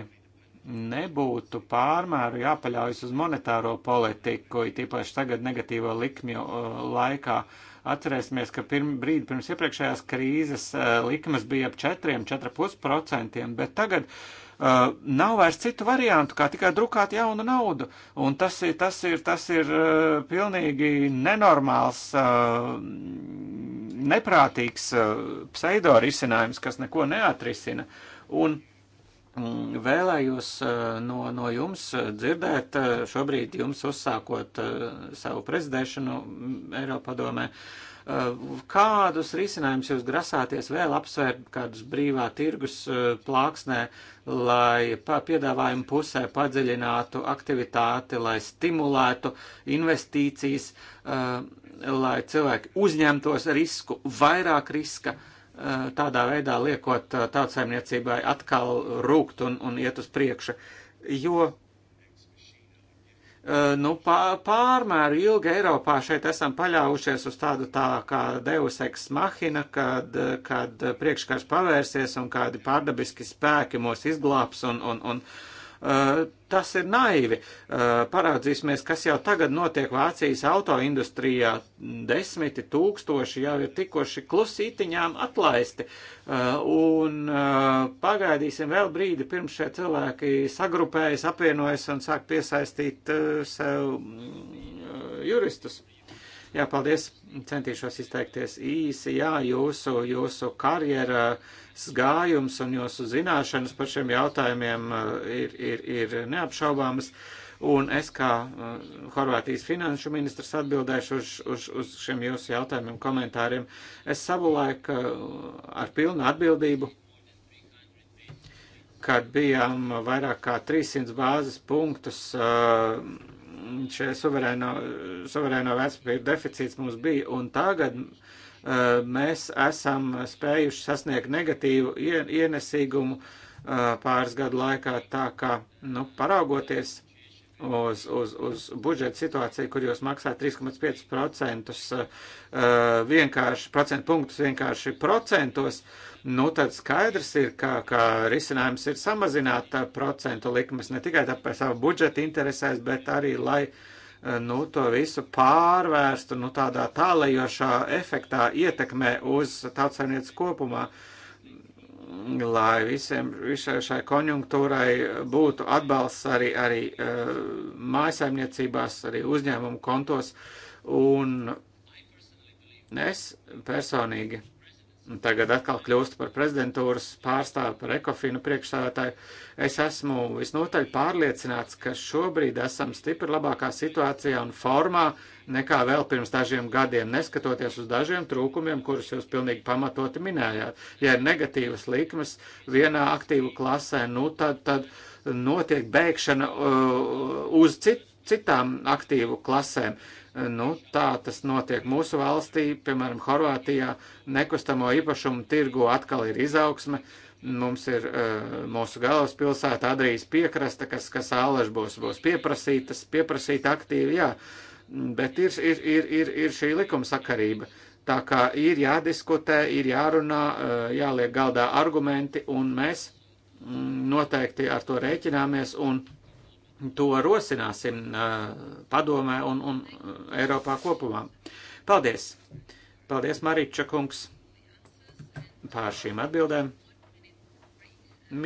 nebūtu pārmēru jāpaļaujas uz monetāro politiku, it īpaši tagad negatīvo likmju eh, laikā. Uh, Atcerēsimies, ka pirm, brīdi pirms iepriekšējās krīzes eh, likmes bija ap 4,5%, bet tagad uh, nav vairs citu variantu, kā tikai drukāt jaunu naudu. Un tas ir, tas ir, tas ir uh, pilnīgi nenormāls, uh, neprātīgs uh, pseido risinājums, kas neko neatrisina. Un, uh, Mm, vēlējos eh, no, no jums eh, dzirdēt, eh, šobrīd jums uzsākot savu prezidēšanu mm, Eiropadomē, kādus risinājumus jūs grasāties vēl apsvērt kādus brīvā tirgus plāksnē, lai piedāvājumu pusē padziļinātu aktivitāti, lai stimulētu investīcijas, lai cilvēki uzņemtos risku, vairāk riska Eh, tādā veidā liekot eh, tautsēmniecībai atkal rūkt un, un iet uz priekšu. Jo eh, nu, pārmēr ilgi Eiropā šeit esam paļaujušies uz tādu tā kā deus ex machina, kad, kad priekškārs pavērsies un kādi pārdabiski spēki mūs izglābs un, un, un, un Eh, tas ir naivi. Eh, Parādzīsimies, kas jau tagad notiek Vācijas autoindustrijā. Desmiti tūkstoši jau ir tikuši klusītiņām atlaisti. Eh, un pagaidīsim vēl brīdi, pirms šie cilvēki sagrupējas, apvienojas un sāk piesaistīt sev mm, juristus. Jā, paldies. Centīšos izteikties īsi. Jā, jūsu, jūsu karjeras gājums un jūsu zināšanas par šiem jautājumiem uh, ir, ir, ir neapšaubāmas. Un es kā uh, Horvātijas finanšu ministrs atbildēšu uz, uz, uz šiem jūsu jautājumiem, komentāriem. Es savulaik uh, ar pilnu atbildību, kad bijām vairāk kā 300 bāzes punktus. Uh, šie suverēno, suverēno vērtspapīru deficīts mums bija, un tagad eh, mēs esam spējuši sasniegt negatīvu ienesīgumu eh, pāris gadu laikā, tā kā, nu, paraugoties uz, uz, uz budžeta situāciju, kur jūs maksājat 3,5% eh, vienkārši procentu punktus vienkārši procentos, nu tad skaidrs ir, ka, ka risinājums ir samazināt uh, procentu likmes ne tikai tāpēc savu budžetu interesēs, bet arī, lai uh, nu, to visu pārvērstu nu, tādā tālajošā efektā ietekmē uz tautsaimniec kopumā lai visiem visai šai konjunktūrai būtu atbalsts arī, arī uh, mājasaimniecībās, arī uzņēmumu kontos. Un es personīgi tagad atkal kļūst par prezidentūras pārstāvu, par ekofinu priekšsādātāju. Es esmu visnotaļ pārliecināts, ka šobrīd esam stipri labākā situācijā un formā nekā vēl pirms dažiem gadiem, neskatoties uz dažiem trūkumiem, kurus jūs pilnīgi pamatoti minējāt. Ja ir negatīvas likmes vienā aktīvu klasē, nu tad, tad notiek bēgšana uh, uz citu citām aktīvu klasēm. Nu, tā tas notiek mūsu valstī, piemēram, Horvātijā nekustamo īpašumu tirgu atkal ir izaugsme. Mums ir eh, mūsu galvaspilsēta Adrijas piekrasta, kas, kas ālež būs, būs pieprasītas, pieprasīta aktīvi, jā. Bet ir, ir, ir, ir, ir šī likumsakarība. Tā kā ir jādiskutē, ir jārunā, eh, jāliek galdā argumenti, un mēs mm, noteikti ar to rēķināmies un to rosināsim uh, padomē un, un uh, Eiropā kopumā. Paldies! Paldies, Marīča kungs, pār šīm atbildēm.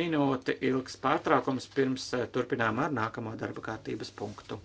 Minūte ilgs pārtraukums pirms uh, turpinām ar nākamo darba kārtības punktu.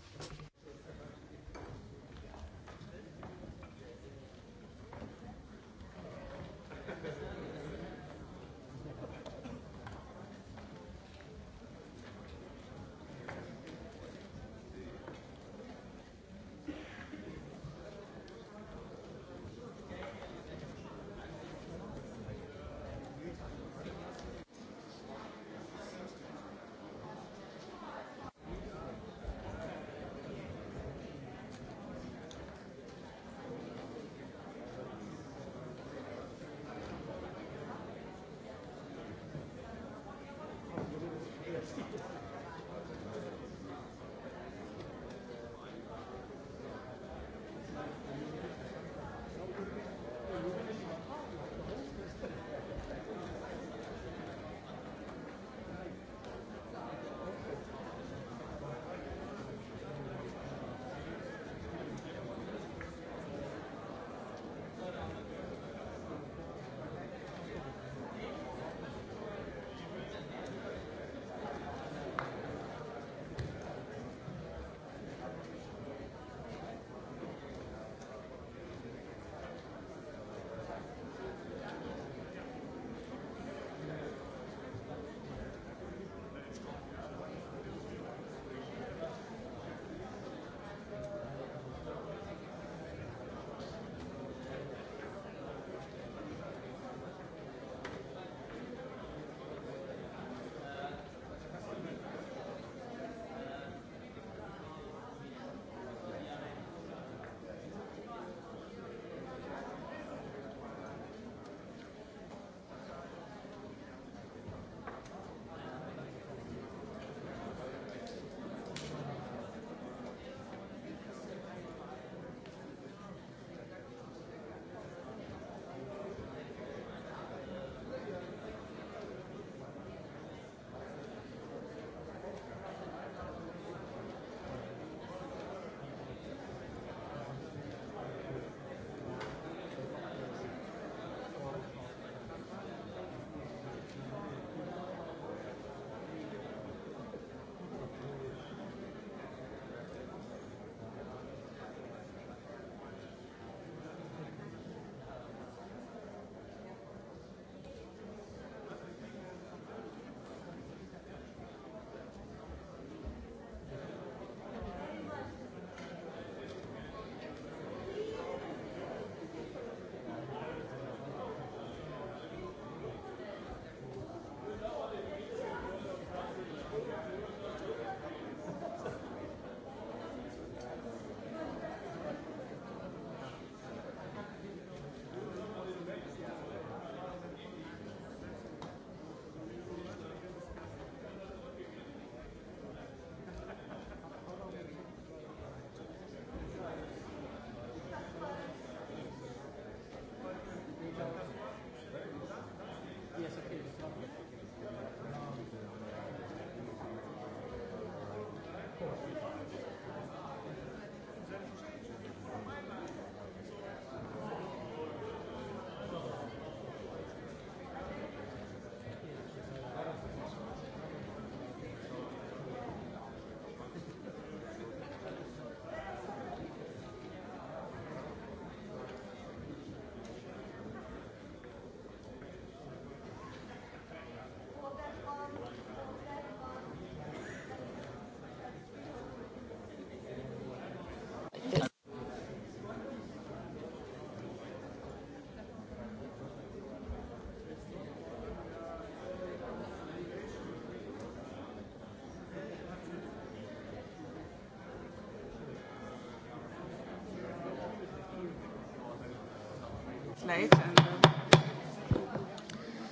late. And, uh...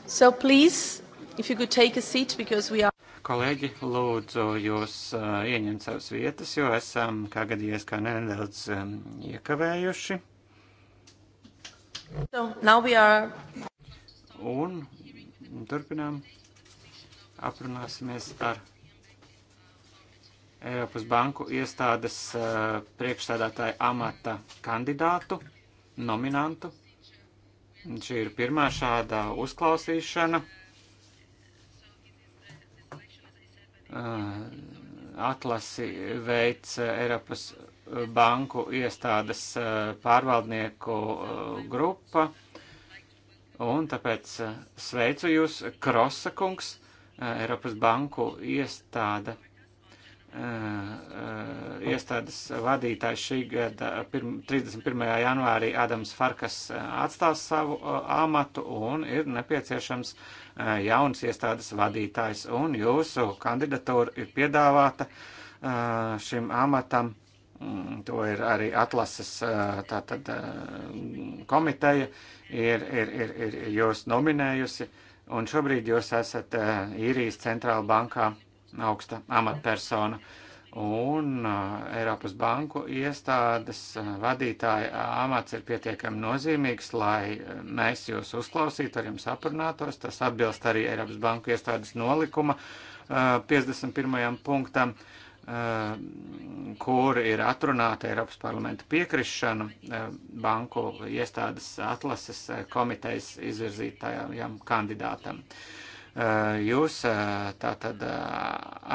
So please, if you could take a seat because we are. Kolēģi, lūdzu jūs uh, ieņemt savas vietas, jo esam, kā gadījies, kā nedaudz um, iekavējuši. So now we are. Un turpinām. Aprunāsimies ar Eiropas Banku iestādes uh, priekšstādātāja amata kandidātu, nominantu. Šī ir pirmā šāda uzklausīšana. Eh, atlasi veids Eiropas banku iestādes eh, pārvaldnieku eh, grupa. Un tāpēc sveicu jūs, Krosa kungs, Eiropas banku iestāde Eh, eh, iestādes vadītājs šī gada 31. janvārī Adams Farkas eh, atstās savu amatu un ir nepieciešams jauns iestādes vadītājs. Un jūsu kandidatūra ir piedāvāta šim amatam. Mm, to ir arī atlases tātad, komiteja, ir, ir, ir, ir jūs nominējusi, un šobrīd jūs esat īrijas centrāla bankā augsta amatpersona. Un uh, Eiropas banku iestādes uh, vadītāja amats ir pietiekami nozīmīgs, lai uh, mēs jūs uzklausītu, ar jums aprunātos. Tas atbilst arī Eiropas banku iestādes nolikuma uh, 51. punktam. Uh, kur ir atrunāta Eiropas parlamenta piekrišana uh, banku iestādes atlases uh, komitejas izvirzītājam kandidātam. Uh, Eh, jūs eh, tātad eh,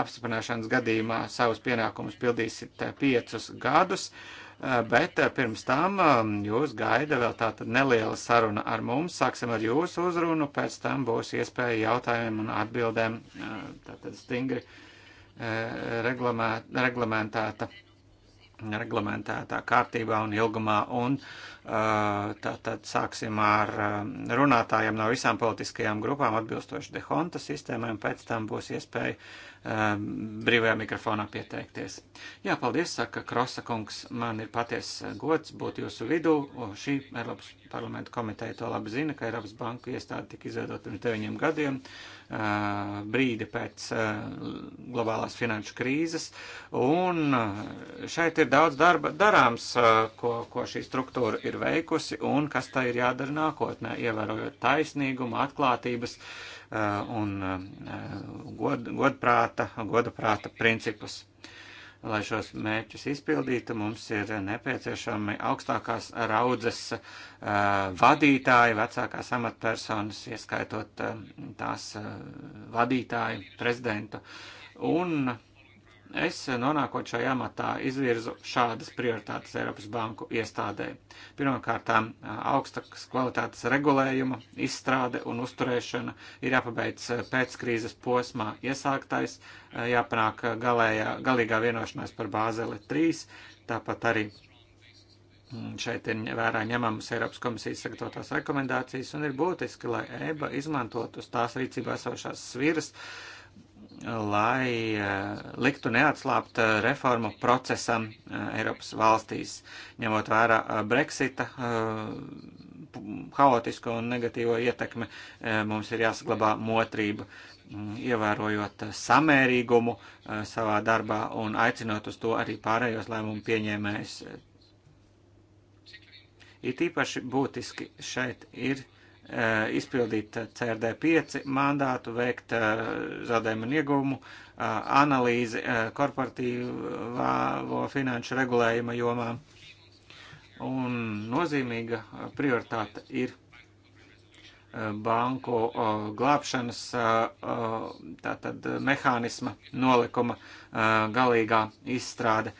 apstiprināšanas gadījumā savus pienākumus pildīsit piecus gadus bet pirms tam jūs gaida vēl tāda neliela saruna ar mums. Sāksim ar jūsu uzrunu, pēc tam būs iespēja jautājumiem un atbildēm tātad stingri reglamentēta reglamentētā kārtībā un ilgumā. Un uh, tātad sāksim ar uh, runātājiem no visām politiskajām grupām atbilstoši dehonta sistēmai, un pēc tam būs iespēja Um, brīvajā mikrofonā pieteikties. Jā, paldies, saka Krosa kungs. Man ir paties uh, gods būt jūsu vidū. Šī Eiropas parlamenta komiteja to labi zina, ka Eiropas banku iestāde tika izveidota pirms deviņiem gadiem, uh, brīdi pēc uh, globālās finanšu krīzes. Un šeit ir daudz darba darāms, ko, ko šī struktūra ir veikusi un kas tā ir jādara nākotnē, ievērojot taisnīgumu, atklātības. Uh, Uh, un uh, god, godprāta, godaprāta principus. Lai šos mērķus izpildītu, mums ir nepieciešami augstākās raudzes uh, vadītāji, vecākās amatpersonas, ieskaitot uh, tās uh, vadītāju, prezidentu. Un uh, Es, eh, nonākot šajā amatā, izvirzu šādas prioritātes Eiropas Banku iestādē. Pirmkārtām, eh, augstas kvalitātes regulējuma, izstrāde un uzturēšana ir jāpabeidz eh, pēc krīzes posmā iesāktais, jāpanāk galējā, galīgā vienošanās par Bāzeli 3, tāpat arī mm, Šeit ir vērā ņemamas Eiropas komisijas sagatavotās rekomendācijas un ir būtiski, lai EBA izmantotu uz tās rīcībā esošās sviras, uh, lai eh, liktu neatslāpt eh, reformu procesam eh, Eiropas valstīs, ņemot vērā Brexita haotisko un negatīvo ietekmi, mums ir jāsaglabā motrība, mm, ievērojot samērīgumu savā darbā un aicinot uz to arī pārējos lēmumu pieņēmējus. It īpaši būtiski šeit ir Eh, izpildīt eh, CRD5 mandātu, veikt eh, zaudējumu un ieguvumu analīzi korporatīvā finanšu regulējuma jomā. Un nozīmīga prioritāte ir banku glābšanas tātad mehānisma nolikuma galīgā izstrāde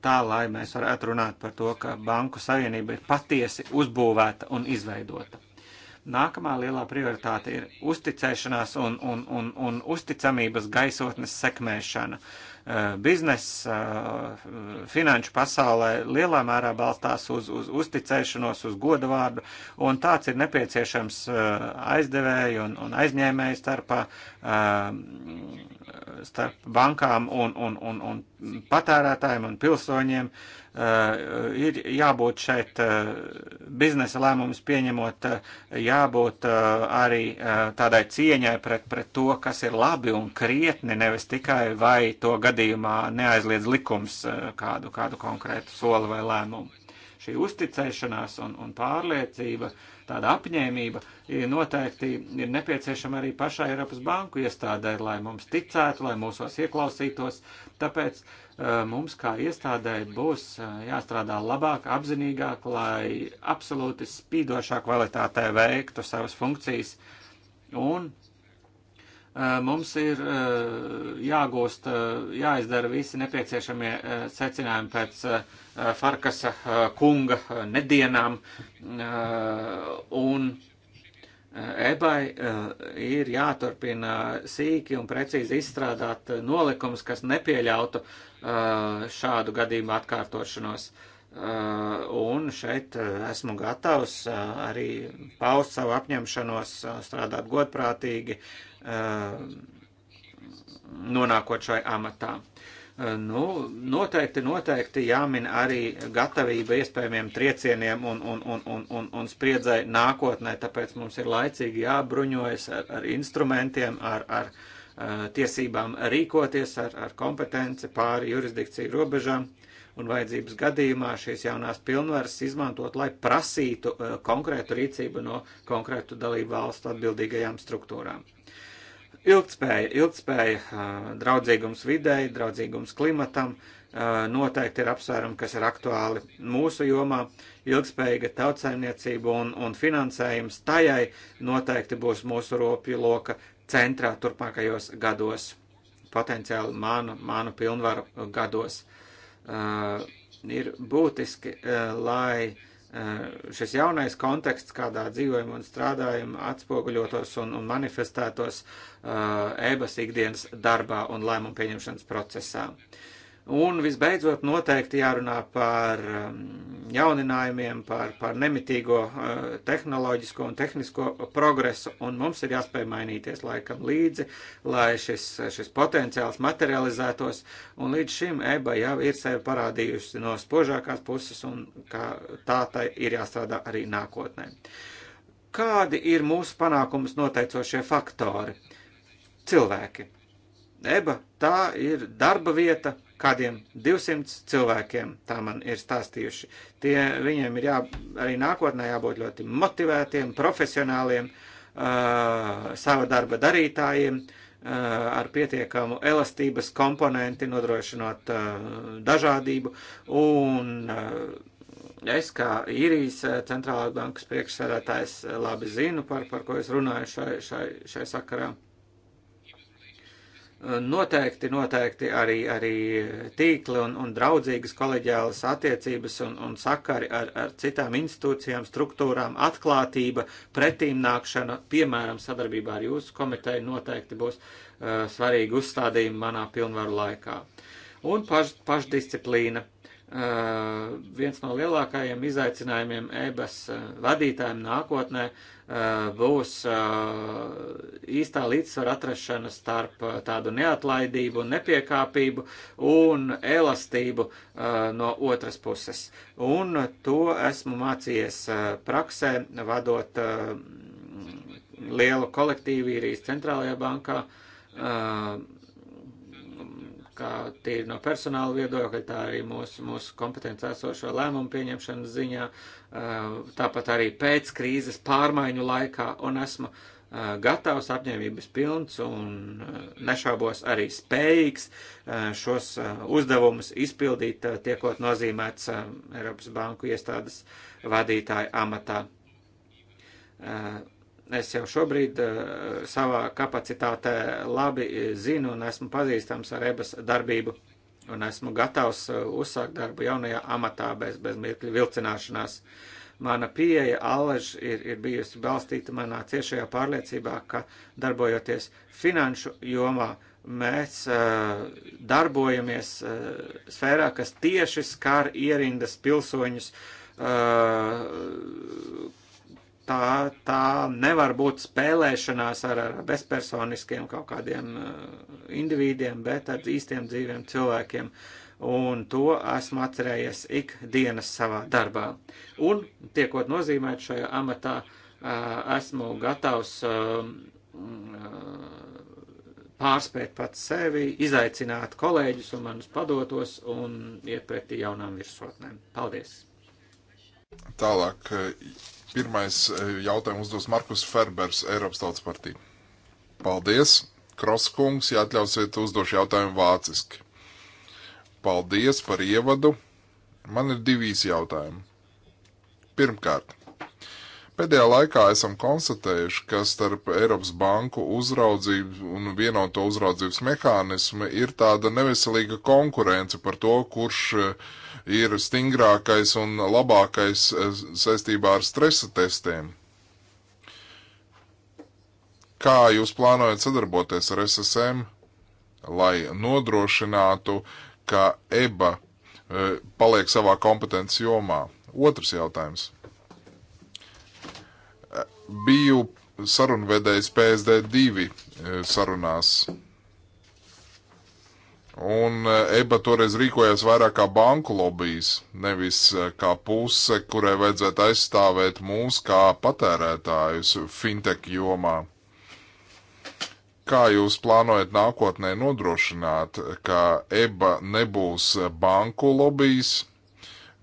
tā, lai mēs varētu runāt par to, ka banku savienība ir patiesi uzbūvēta un izveidota. Nākamā lielā prioritāte ir uzticēšanās un, un, un, un uzticamības gaisotnes sekmēšana. Eh, Bizness eh, finanšu pasaulē lielā mērā balstās uz, uz uzticēšanos, uz godavārdu, un tāds ir nepieciešams eh, aizdevēju un, un aizņēmēju starpā, starp bankām un, un, un, un patērētājiem un pilsoņiem. Uh, Eh, ir jābūt šeit eh, biznesa lēmumus pieņemot, eh, jābūt arī tādai cieņai pret, pret to, kas ir labi un krietni, nevis tikai vai to gadījumā neaizliedz likums kādu, kādu konkrētu soli vai lēmumu. Šī uzticēšanās un, un pārliecība, tāda apņēmība ir noteikti ir nepieciešama arī pašai Eiropas banku iestādē, lai mums ticētu, lai mūsos ieklausītos. Tāpēc uh, Eh, mums kā iestādē būs eh, jāstrādā labāk, apzinīgāk, lai absolūti spīdošā kvalitātē veiktu savas funkcijas. Un eh, mums ir jāgūst, jāizdara visi nepieciešamie secinājumi pēc Farkasa kunga nedienām, un EBAI ir jāturpina sīki un precīzi izstrādāt nolikums, kas nepieļautu Uh, šādu gadījumu atkārtošanos. Uh, un šeit uh, esmu gatavs arī paust savu apņemšanos strādāt godprātīgi, nonākot šai amatā. Nu, noteikti, noteikti jāmin arī gatavība iespējamiem triecieniem un, un, un, un, un, un spriedzai nākotnē, tāpēc mums ir laicīgi jābruņojas ar, ar instrumentiem, ar, ar uh, Uh, tiesībām rīkoties ar, ar kompetenci pāri jurisdikciju robežām un vajadzības gadījumā šīs jaunās pilnvaras izmantot, lai prasītu uh, konkrētu rīcību no konkrētu dalību valstu atbildīgajām struktūrām. Ilgtspēja, ilgtspēja, uh, draudzīgums videi, draudzīgums klimatam uh, noteikti ir apsvērumi, kas ir aktuāli mūsu jomā. Ilgtspējīga tautsaimniecība un, un finansējums tajai noteikti būs mūsu ropju loka centrā turpmākajos gados, potenciāli mānu, mānu pilnvaru gados. Uh, ir būtiski, uh, lai uh, šis jaunais konteksts, kādā dzīvojam un strādājam, atspoguļotos un, un manifestētos uh, ebas ikdienas darbā un lēmumu pieņemšanas procesā. Uh, Un visbeidzot, noteikti jārunā par um, jauninājumiem, par, par nemitīgo uh, tehnoloģisko un tehnisko progresu, un mums ir jāspēj mainīties laikam līdzi, lai šis, šis potenciāls materializētos, un līdz šim EBA jau ir sevi parādījusi no spožākās puses, un tā tai ir jāstrādā arī nākotnē. Kādi ir mūsu panākumus noteicošie faktori? Cilvēki. EBA tā ir darba vieta, kādiem 200 cilvēkiem, tā man ir stāstījuši. Tie viņiem ir jā, arī nākotnē jābūt ļoti motivētiem, profesionāliem, uh, sava darba darītājiem, uh, ar pietiekamu elastības komponenti, nodrošinot uh, dažādību. Un uh, es, kā īrijas uh, centrālā bankas priekšsēdētājs, uh, labi zinu, par, par ko es runāju šai, šai, šai sakarā noteikti, noteikti arī, arī tīkli un, un draudzīgas koleģiālas attiecības un, un sakari ar, ar citām institūcijām, struktūrām, atklātība, pretīmnākšana, piemēram, sadarbībā ar jūsu komiteju noteikti būs uh, svarīgi uzstādījumi manā pilnvaru laikā. Un paš, pašdisciplīna Eh, viens no lielākajiem izaicinājumiem EBAS eh, vadītājiem nākotnē eh, būs īstā līdzsvara atrašana starp tādu neatlaidību, nepiekāpību un elastību no otras puses. Un to esmu mācījies praksē, vadot lielu kolektīvu īrijas centrālajā bankā kā tīri no personāla viedokļa, tā arī mūsu, mūsu kompetenci esošo lēmumu pieņemšanas ziņā, uh, tāpat arī pēc krīzes pārmaiņu laikā, un esmu uh, gatavs, apņēmības pilns un uh, nešaubos arī spējīgs šos uzdevumus izpildīt, tiekot nozīmēts Eiropas Banku iestādes vadītāja amatā Es jau šobrīd eh, savā kapacitātē labi zinu un esmu pazīstams ar EBAS darbību un esmu gatavs eh, uzsākt darbu jaunajā amatā bez, bez mirkļa vilcināšanās. Mana pieeja Allež ir, ir bijusi balstīta manā ciešajā pārliecībā, ka darbojoties finanšu jomā, mēs uh, darbojamies uh, sfērā, kas tieši skar ierindas pilsoņus, uh, tā, tā nevar būt spēlēšanās ar, ar bezpersoniskiem kaut kādiem uh, individiem, bet ar īstiem dzīviem cilvēkiem. Un to esmu atcerējies ik dienas savā darbā. Un, tiekot nozīmēt šajā amatā, uh, esmu gatavs um, uh, pārspēt pats sevi, izaicināt kolēģus un manus padotos un iet pretī jaunām virsotnēm. Paldies! Tālāk Pirmais eh, jautājums uzdos Markus Ferbers, Eiropas Tautas partija. Paldies! Kroskungs, ja atļausiet, uzdošu jautājumu vāciski. Paldies par ievadu. Man ir divi īsi jautājumi. Pirmkārt, Pēdējā laikā esam konstatējuši, ka starp Eiropas banku uzraudzību un vienoto uzraudzības mehānismu ir tāda neveselīga konkurence par to, kurš eh, ir stingrākais un labākais eh, saistībā ar stresa testiem. Kā jūs plānojat sadarboties ar SSM, lai nodrošinātu, ka EBA eh, paliek savā kompetences jomā? Otrs jautājums biju sarunvedējs PSD2 e, sarunās. Un e, EBA toreiz rīkojās vairāk kā banku lobbyis, nevis e, kā puse, kurai vajadzētu aizstāvēt mūs kā patērētājus fintech jomā. Kā jūs plānojat nākotnē nodrošināt, ka EBA nebūs banku lobbyis?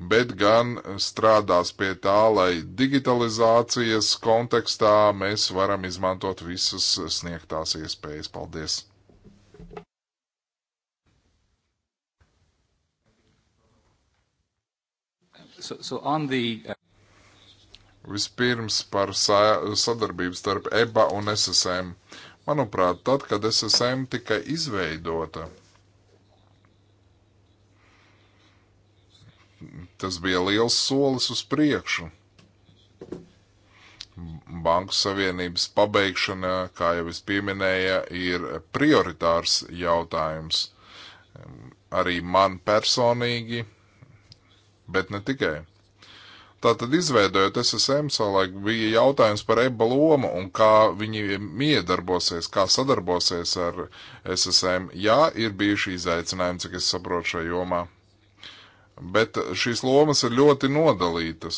bet gan strādās pie tā, lai digitalizācijas kontekstā mēs varam izmantot visas sniegtās iespējas. Paldies! So, so on the, uh... Vispirms par sa sadarbību starp EBA un SSM. Manuprāt, tad, kad SSM tika izveidota, Tas bija liels solis uz priekšu. Banku savienības pabeigšana, kā jau es pieminēju, ir prioritārs jautājums arī man personīgi, bet ne tikai. Tātad, izveidojot SSM, savulaik bija jautājums par EBA lomu un kā viņi miedarbosies, kā sadarbosies ar SSM. Jā, ir bijuši izaicinājumi, cik es saprotu šajā jomā bet šīs lomas ir ļoti nodalītas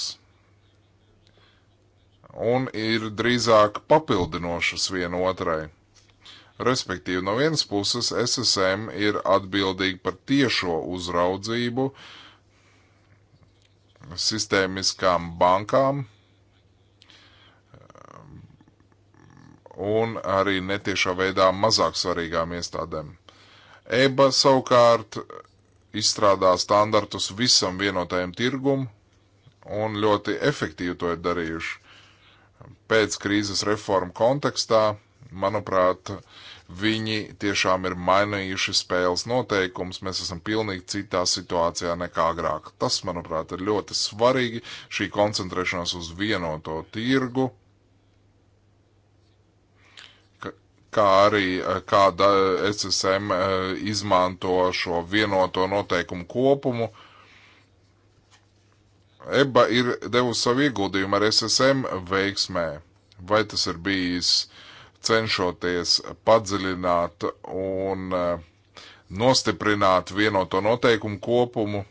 un ir drīzāk papildinošas vienotrai. Respektīvi, no vienas puses SSM ir atbildīgi par tiešo uzraudzību sistēmiskām bankām un arī netiešā veidā mazāk svarīgām iestādēm. EBA savukārt izstrādā standartus visam vienotajam tirgum un ļoti efektīvi to ir darījuši. Pēc krīzes reformu kontekstā, manuprāt, viņi tiešām ir mainījuši spēles noteikumus. Mēs esam pilnīgi citā situācijā nekā agrāk. Tas, manuprāt, ir ļoti svarīgi šī koncentrēšanās uz vienoto tirgu kā arī eh, kāda eh, SSM eh, izmanto šo vienoto noteikumu kopumu. EBA ir devusi savu ieguldījumu ar SSM veiksmē. Vai tas ir bijis cenšoties padziļināt un nostiprināt vienoto noteikumu kopumu,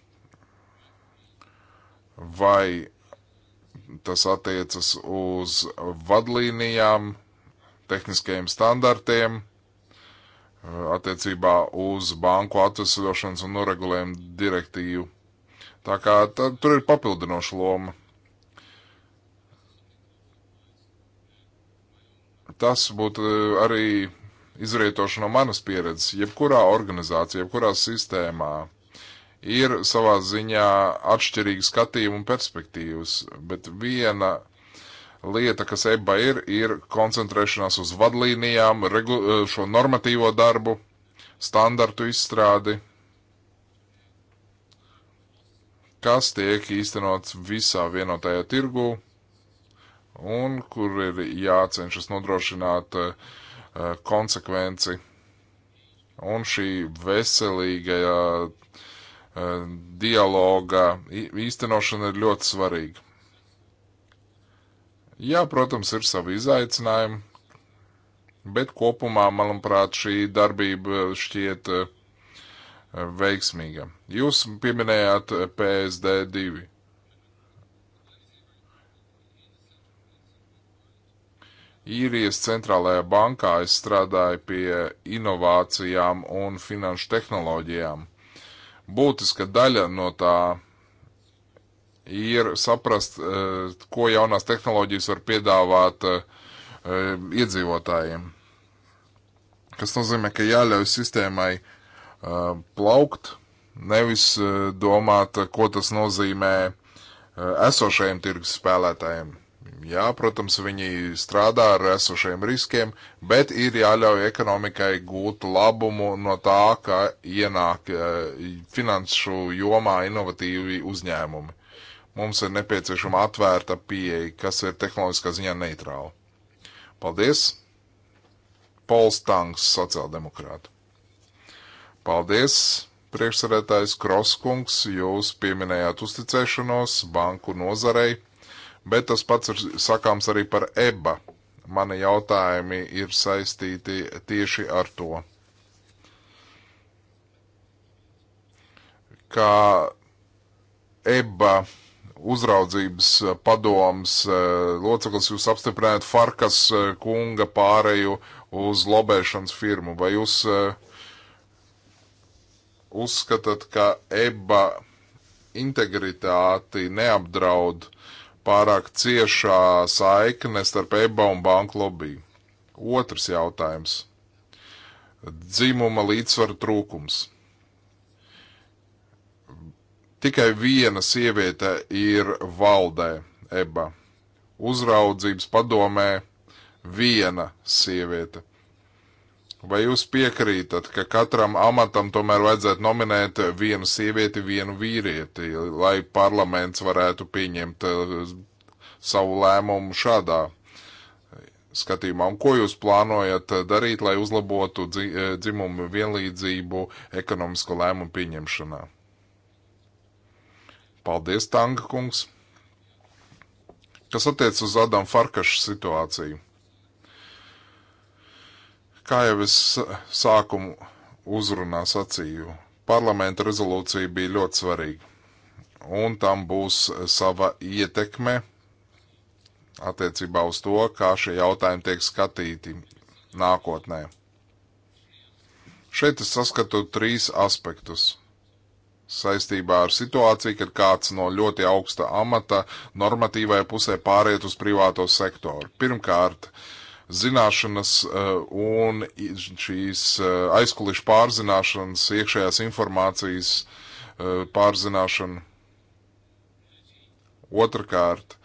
vai tas attiecas uz vadlīnijām, tehniskajiem standartiem eh, attiecībā uz banku atvesļošanas un noregulējumu direktīvu. Tā kā tā, tur ir papildinoša loma. Tas būtu eh, arī izrietoši no manas pieredzes. Jebkurā organizācijā, jebkurā sistēmā ir savā ziņā atšķirīgi skatījumi un perspektīvas, bet viena lieta, kas EBA ir, ir koncentrēšanās uz vadlīnijām, regu, eh, šo normatīvo darbu, standartu izstrādi, kas tiek īstenots visā vienotajā tirgū un kur ir jācenšas nodrošināt uh, konsekvenci un šī veselīgajā uh, dialoga īstenošana ir ļoti svarīga. Jā, protams, ir savi izaicinājumi, bet kopumā, manuprāt, šī darbība šķiet eh, veiksmīga. Jūs pieminējāt eh, PSD2. īrijas centrālajā bankā es strādāju pie inovācijām un finanšu tehnoloģijām. Būtiska daļa no tā ir saprast, eh, ko jaunās tehnoloģijas var piedāvāt eh, eh, iedzīvotājiem. Kas nozīmē, ka jāļauj sistēmai plaukt, nevis domāt, ko tas nozīmē esošajiem tirgus spēlētājiem. Jā, protams, viņi strādā ar esošiem riskiem, bet ir jāļauj ekonomikai gūt labumu no tā, ka ienāk finanšu jomā inovatīvi uzņēmumi. Mums ir nepieciešama atvērta pieeja, kas ir tehnoloģiskā ziņā neitrāla. Paldies! Pols Tanks, sociāldemokrāta. Paldies, priekšsarētājs Kroskungs, jūs pieminējāt uzticēšanos banku nozarei, bet tas pats ir sakāms arī par EBA. Mani jautājumi ir saistīti tieši ar to. Kā EBA uzraudzības eh, padoms eh, loceklis, jūs apstiprinājāt Farkas eh, kunga pāreju uz lobēšanas firmu. Vai jūs uzskatāt, ka EBA integritāti neapdraud pārāk ciešā saikne starp EBA un banku lobiju? Otrs jautājums. Dzimuma līdzsvara trūkums Tikai viena sieviete ir valdē, Eba. Uzraudzības padomē viena sieviete. Vai jūs piekrītat, ka katram amatam tomēr vajadzētu nominēt vienu sievieti, vienu vīrieti, lai parlaments varētu pieņemt eh, savu lēmumu šādā skatījumā? Un ko jūs plānojat darīt, lai uzlabotu eh, dzimumu vienlīdzību ekonomisko lēmumu pieņemšanā? Paldies, Tanga kungs! Kas attiec uz Adamu Farkašu situāciju? Kā jau es sākumu uzrunā sacīju, parlamenta rezolūcija bija ļoti svarīga, un tam būs sava ietekme attiecībā uz to, kā šie jautājumi tiek skatīti nākotnē. Šeit es saskatu trīs aspektus saistībā ar situāciju, kad kāds no ļoti augsta amata normatīvajā pusē pāriet uz privāto sektoru. Pirmkārt, zināšanas eh, un šīs eh, aizkulišu pārzināšanas, iekšējās informācijas eh, pārzināšana. Otrakārt,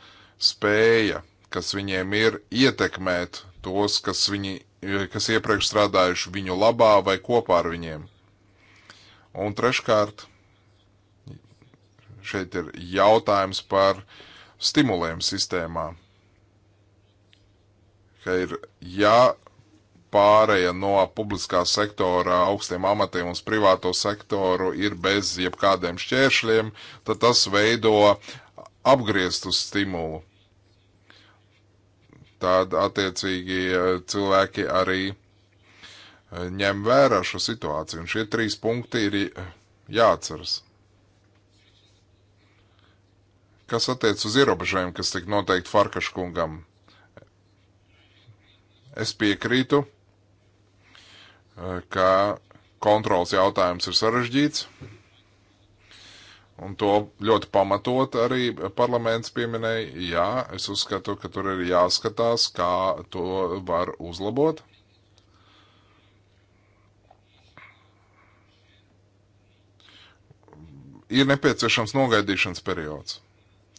spēja, kas viņiem ir, ietekmēt tos, kas, viņi, kas iepriekš strādājuši viņu labā vai kopā ar viņiem. Un treškārt, Šeit ir jautājums par stimuliem sistēmā. Ka ir ja pārēja no publiskā sektora augstiem amatiem uz privāto sektoru ir bez jebkādiem šķēršļiem, tad tas veido apgrieztu stimulu. Tad attiecīgi cilvēki arī eh, ņem vērā šo situāciju, un šie trīs punkti ir eh, jāatceras. Kas attiec uz ierobežojumu, kas tik noteikti Farkaškungam? Es piekrītu, ka kontrols jautājums ir sarežģīts, un to ļoti pamatot arī parlaments pieminēja. Jā, es uzskatu, ka tur ir jāskatās, kā to var uzlabot. ir nepieciešams nogaidīšanas periods.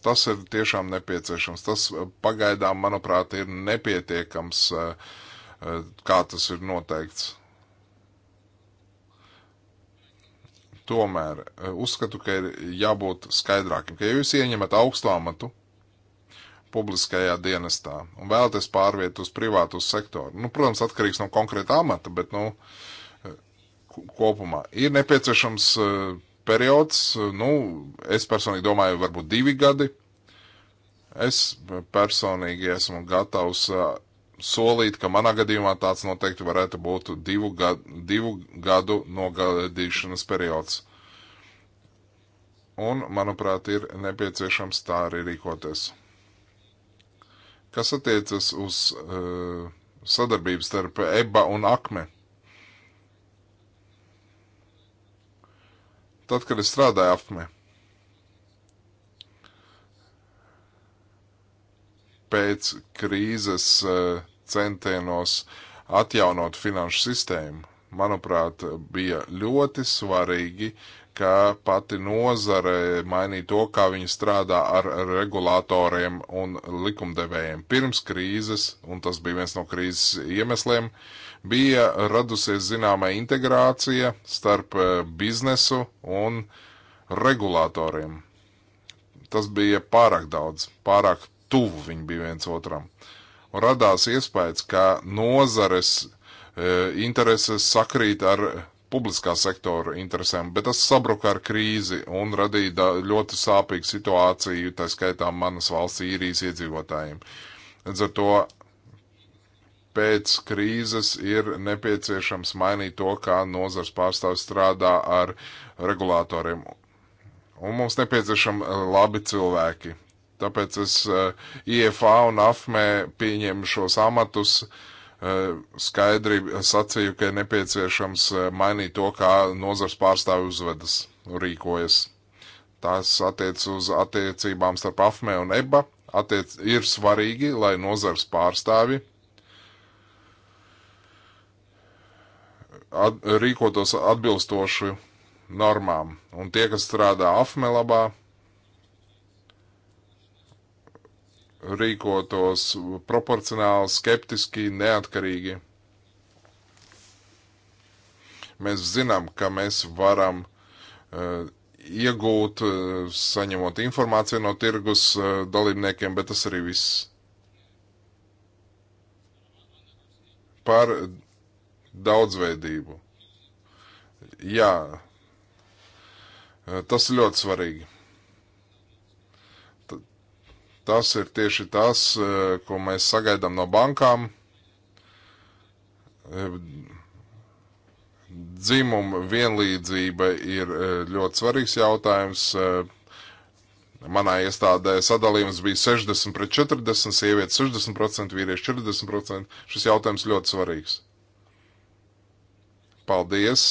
Tas ir tiešām nepieciešams. Tas eh, pagaidām, manuprāt, ir nepietiekams, eh, eh, kā tas ir noteikts. Tomēr uzskatu, ka ir jābūt skaidrākiem, ka ja jūs ieņemat augstu amatu publiskajā dienestā un vēlaties pārviet uz privātu sektoru, nu, protams, atkarīgs no konkrēta amata, bet, nu, kopumā ir nepieciešams uh, periods. Nu, es personīgi domāju, varbūt divi gadi. Es personīgi esmu gatavs solīt, ka manā gadījumā tāds noteikti varētu būt divu gadu, divu gadu nogadīšanas periods. Un, manuprāt, ir nepieciešams tā arī rīkoties. Kas attiecas uz uh, sadarbību starp EBA un AKME? tad, kad es strādāju apmē. Pēc krīzes eh, centienos atjaunot finanšu sistēmu, manuprāt, bija ļoti svarīgi, ka pati nozare mainīja to, kā viņi strādā ar regulātoriem un likumdevējiem pirms krīzes, un tas bija viens no krīzes iemesliem. Uh, bija radusies zināmā integrācija starp eh, biznesu un regulātoriem. Tas bija pārāk daudz, pārāk tuvu viņi bija viens otram. Un radās iespējas, ka nozares e, intereses sakrīt ar publiskā sektora interesēm, bet tas sabruka ar krīzi un radīja da, ļoti sāpīgu situāciju, tā skaitā manas valsts īrijas iedzīvotājiem. Līdz ar to pēc krīzes ir nepieciešams mainīt to, kā nozars pārstāvis strādā ar regulātoriem. Un mums nepieciešami eh, labi cilvēki. Tāpēc es uh, eh, IFA un AFME pieņēmu šos amatus, uh, skaidri sacīju, ka ir nepieciešams uh, mainīt to, kā nozars pārstāvi uzvedas, rīkojas. Tas attiec uz attiecībām starp AFME un EBA. Attiec, ir svarīgi, lai nozars pārstāvi at, rīkotos atbilstoši normām. Un tie, kas strādā afme labā, rīkotos proporcionāli, skeptiski, neatkarīgi. Mēs zinām, ka mēs varam uh, iegūt, uh, saņemot informāciju no tirgus uh, dalībniekiem, bet tas arī viss. Par daudzveidību. Jā, eh, tas ir ļoti svarīgi. Tas ir tieši tas, eh, ko mēs sagaidām no bankām. Eh, dzimuma vienlīdzība ir ļoti svarīgs jautājums. Manā iestādē sadalījums bija 60 pret 40, sievietes 60%, vīrieši 40%. Šis jautājums ļoti svarīgs. Paldies!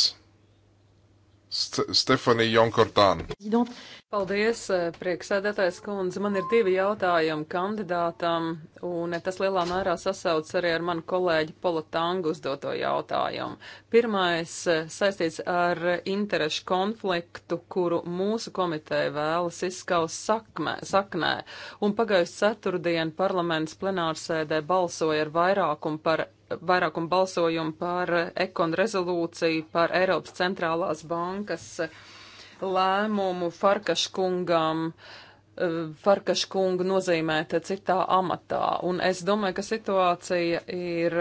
St Stefanija Jonkortāna. Paldies, eh, prieksēdētājs kundze. Man ir divi jautājumi kandidātam, un eh, tas lielā mērā sasauc arī ar manu kolēģi Polotangu uzdoto jautājumu. Pirmais eh, saistīts ar interešu konfliktu, kuru mūsu komiteja vēlas izskaust sakmē, saknē, un pagājušajā ceturtdien parlaments plenārsēdē balsoja ar vairākumu par vairākumu balsojumu par ekon rezolūciju par Eiropas centrālās bankas uh, lēmumu Farkaškungam. Eh, Farkaškungu nozīmēt citā amatā. Un es domāju, ka situācija ir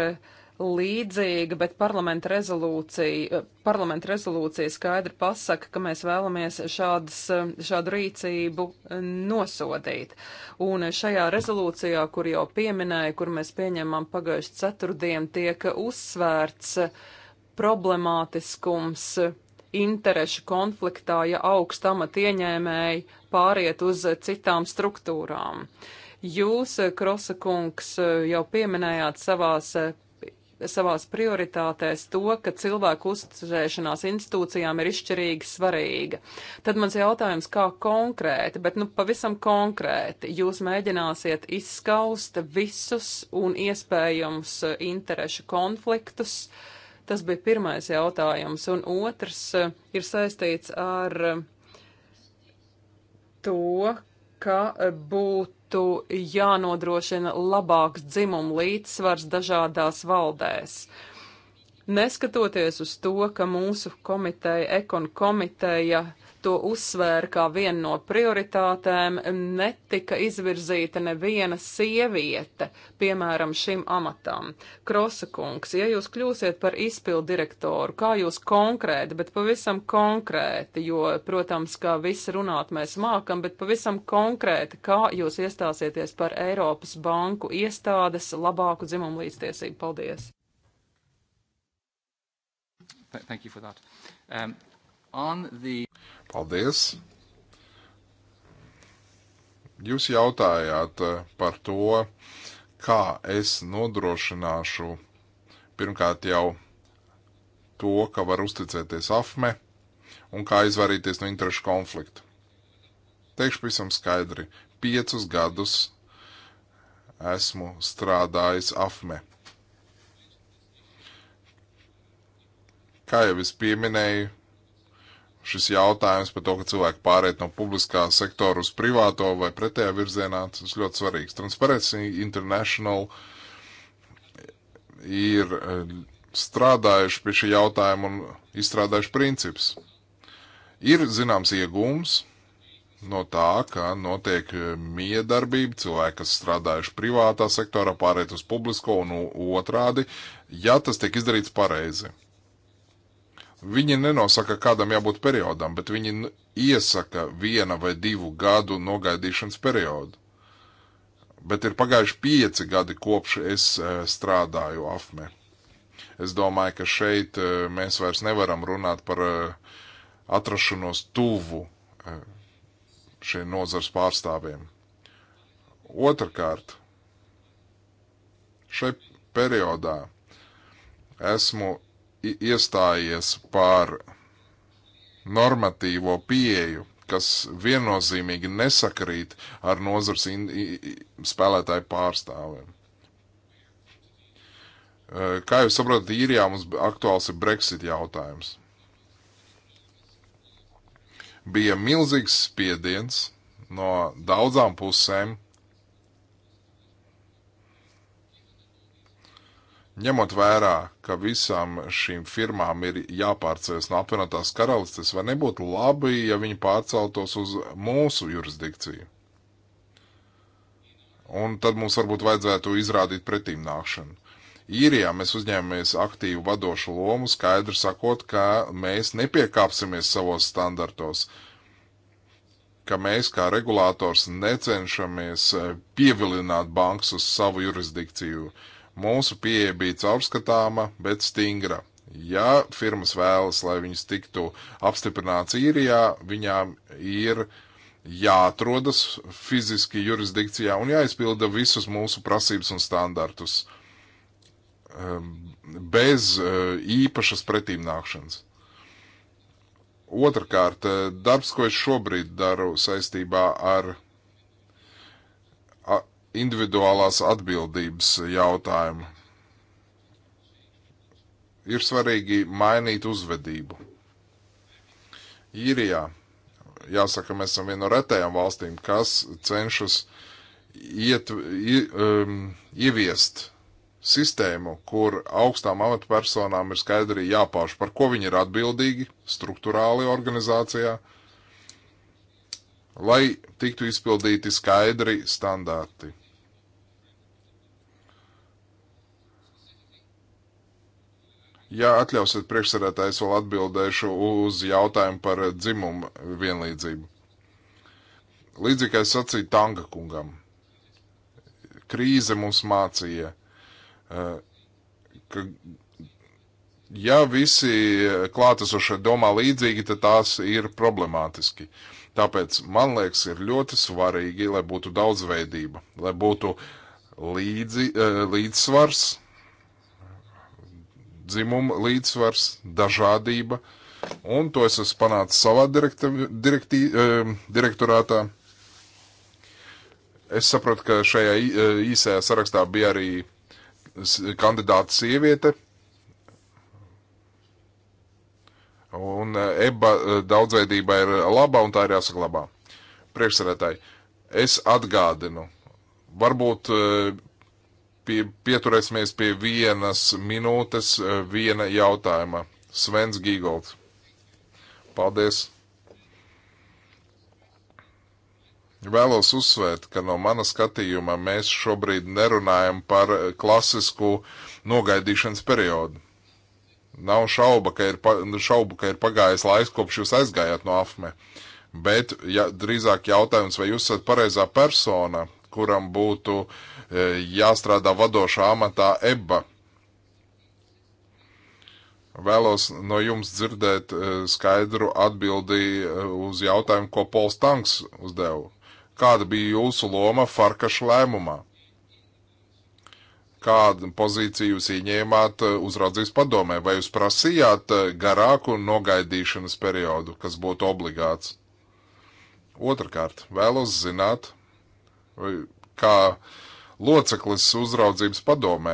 līdzīga, bet parlamenta rezolūcija, eh, parlamenta rezolūcija skaidri pasaka, ka mēs vēlamies šādas, eh, šādu rīcību nosodīt. Un šajā rezolūcijā, kur jau pieminēja, kur mēs pieņemam pagājuši ceturtdien, tiek uzsvērts problemātiskums interešu konfliktā, ja augsta amata ieņēmēji pāriet uz citām struktūrām. Jūs, Krosa kungs, jau pieminējāt savās, savās prioritātēs to, ka cilvēku uzticēšanās institūcijām ir izšķirīgi svarīga. Tad mans jautājums, kā konkrēti, bet nu pavisam konkrēti, jūs mēģināsiet izskaust visus un iespējams interešu konfliktus, uh, Tas bija pirmais jautājums, un otrs e, ir saistīts ar e, to, ka e, būtu jānodrošina labāks dzimumu līdzsvars dažādās valdēs. Neskatoties uz to, ka mūsu komiteja, ekon komiteja, uh, to uzsvēra kā vienu no prioritātēm, netika izvirzīta neviena sieviete, piemēram, šim amatam. Krosakungs, ja jūs kļūsiet par izpildu direktoru, kā jūs konkrēti, bet pavisam konkrēti, jo, protams, kā visi runāt mēs mākam, bet pavisam konkrēti, kā jūs iestāsieties par Eiropas banku iestādes labāku dzimumu līdztiesību. Paldies! Thank you for that. Um, the... Paldies! Jūs jautājāt eh, par to, kā es nodrošināšu pirmkārt jau to, ka var uzticēties afme un kā izvairīties no interešu konflikta. Teikšu pavisam skaidri, piecus gadus esmu strādājis afme. Kā jau es pieminēju, šis jautājums par to, ka cilvēki pāriet no publiskā sektora uz privāto vai pretējā virzienā, tas ļoti svarīgs. Transparency International ir eh, strādājuši pie šī jautājuma un izstrādājuši princips. Ir zināms iegūms no tā, ka notiek eh, miedarbība, cilvēki, kas strādājuši privātā sektorā, pāriet uz publisko un otrādi, ja tas tiek izdarīts pareizi Viņi nenosaka, kādam jābūt periodam, bet viņi iesaka viena vai divu gadu nogaidīšanas periodu. Bet ir pagājuši pieci gadi kopš es e, strādāju AFME. Es domāju, ka šeit e, mēs vairs nevaram runāt par e, atrašanos tuvu šiem nozars pārstāvjiem. Otrakārt, šai periodā esmu iestājies par normatīvo pieeju, kas viennozīmīgi nesakrīt ar nozars spēlētāju pārstāvjiem. Eh, kā jūs saprotat, īrijā mums aktuāls ir Brexit jautājums. Bija milzīgs spiediens no daudzām pusēm ņemot vērā, ka visām šīm firmām ir jāpārcēlas no apvienotās karalistes, vai nebūtu labi, ja viņi pārceltos uz mūsu jurisdikciju? Un tad mums varbūt vajadzētu izrādīt pretīm nākšanu. Īrijā mēs uzņēmamies aktīvu vadošu lomu, skaidri sakot, ka mēs nepiekāpsimies savos standartos, ka mēs kā regulators necenšamies pievilināt bankas uz savu jurisdikciju. Uh, Mūsu pieeja bija caurskatāma, bet stingra. Ja firmas vēlas, lai viņas tiktu apstiprināts īrijā, viņām ir jāatrodas fiziski jurisdikcijā un jāizpilda visus mūsu prasības un standartus ehm, bez eh, īpašas pretīmnākšanas. Otrakārt, eh, darbs, ko es šobrīd daru saistībā ar individuālās atbildības jautājumu. Ir svarīgi mainīt uzvedību. Īrijā, jāsaka, mēs esam viena no retajām valstīm, kas cenšas iet, i, um, ieviest sistēmu, kur augstām amatpersonām ir skaidri jāpauž, par ko viņi ir atbildīgi struktūrāli organizācijā, uh, lai tiktu izpildīti skaidri standarti. Ja atļausiet priekšsarētājs, vēl atbildēšu uz jautājumu par dzimumu vienlīdzību. Līdzīgi kā es sacīju Tanga kungam, krīze mums mācīja, ka ja visi klātesošie domā līdzīgi, tad tās ir problemātiski. Tāpēc, man liekas, ir ļoti svarīgi, lai būtu daudzveidība, lai būtu līdzi, e, līdzsvars, dzimuma līdzsvars, dažādība. Un to es esmu panācis savā direkti, direkti, e, direktorātā. Es saprotu, ka šajā e, īsajā sarakstā bija arī kandidāta sieviete, Un e, eba e, daudzveidība ir laba un tā ir jāsaglabā. Priekšsēdētāji, es atgādinu, varbūt e, pie, pieturēsimies pie vienas minūtes, viena jautājuma. Svens Gīgolds. Paldies! Vēlos uzsvērt, ka no mana skatījuma mēs šobrīd nerunājam par klasisku nogaidīšanas periodu. Nav šauba, ka ir, pa, nu, šaubu, ka ir pagājis laiks, kopš jūs aizgājāt no AFME. Bet ja, drīzāk jautājums, vai jūs esat pareizā persona, kuram būtu e, jāstrādā vadošā amatā EBA. Vēlos no jums dzirdēt e, skaidru atbildi e, uz jautājumu, ko Pols Tanks uzdeva. Kāda bija jūsu loma Farkaša lēmumā? kādu pozīciju jūs ieņēmāt eh, uzraudzības padomē, vai jūs prasījāt eh, garāku nogaidīšanas periodu, kas būtu obligāts? Otrakārt, vēlos zināt, kā loceklis uzraudzības padomē,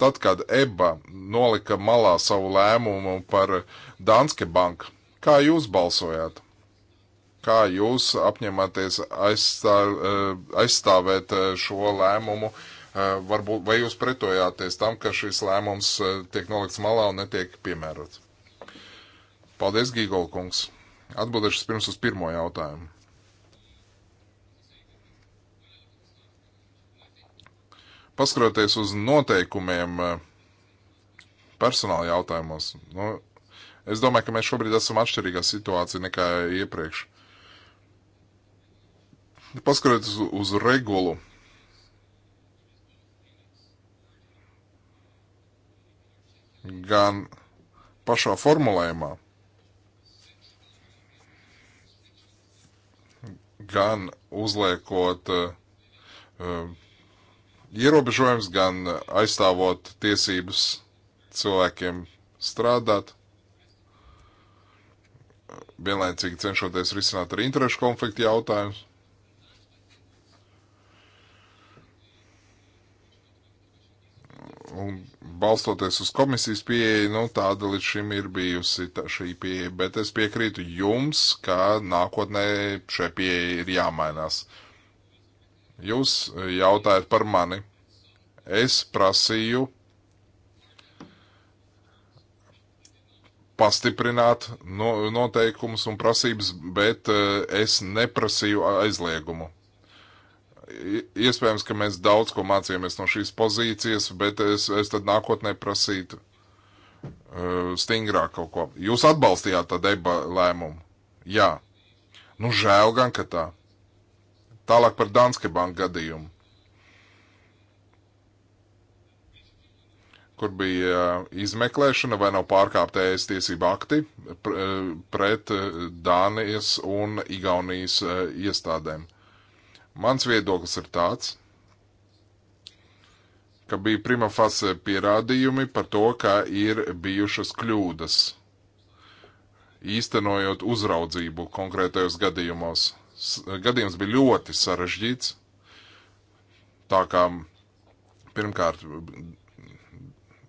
tad, kad EBA nolika malā savu lēmumu par Danske banku, kā jūs balsojāt? Kā jūs apņematies aizstāv, eh, aizstāvēt šo lēmumu uh, Eh, varbūt, vai jūs pretojāties tam, ka šis lēmums eh, tiek nolikts malā un netiek piemērots? Paldies, Gīgola kungs. Atbildēšu pirms uz pirmo jautājumu. Paskatoties uz noteikumiem eh, personāla jautājumos, nu, es domāju, ka mēs šobrīd esam atšķirīgā situācija nekā iepriekš. Paskatoties uz regulu, gan pašā formulējumā, gan uzliekot uh, ierobežojums, gan aizstāvot tiesības cilvēkiem strādāt, vienlaicīgi cenšoties risināt arī interešu konfliktu jautājumus. Un balstoties uz komisijas pieeju, nu, tāda līdz šim ir bijusi tā, šī pieeja, bet es piekrītu jums, ka nākotnē šai pieeja ir jāmainās. Jūs jautājat par mani. Es prasīju pastiprināt no, noteikumus un prasības, bet eh, es neprasīju aizliegumu iespējams, ka mēs daudz ko mācījāmies no šīs pozīcijas, bet es, es tad nākotnē prasītu uh, stingrāk kaut ko. Jūs atbalstījāt tā deba lēmumu? Jā. Nu, žēl gan, ka tā. Tālāk par Danske banku gadījumu. Kur bija uh, izmeklēšana vai nav pārkāpta ES tiesība akti uh, pret uh, Dānijas un Igaunijas iestādēm. Uh, Mans viedoklis ir tāds, ka bija prima fase pierādījumi par to, ka ir bijušas kļūdas, īstenojot uzraudzību konkrētajos gadījumos. Gadījums bija ļoti sarežģīts, tā kā pirmkārt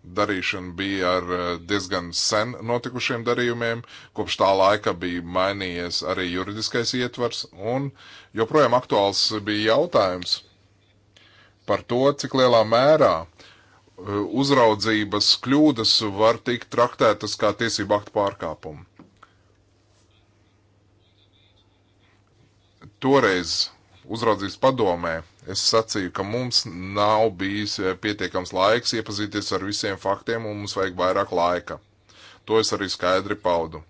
darīšana bija ar eh, diezgan sen notikušiem darījumiem. Kopš tā laika bija mainījies arī juridiskais ietvars, un joprojām aktuāls bija jautājums par to, cik lielā mērā eh, uzraudzības kļūdas var tikt traktētas kā tiesību aktu pārkāpumu. Toreiz uzraudzības padomē Es sacīju, ka mums nav bijis eh, pietiekams laiks iepazīties ar visiem faktiem, un mums vajag vairāk laika. To es arī skaidri paudu.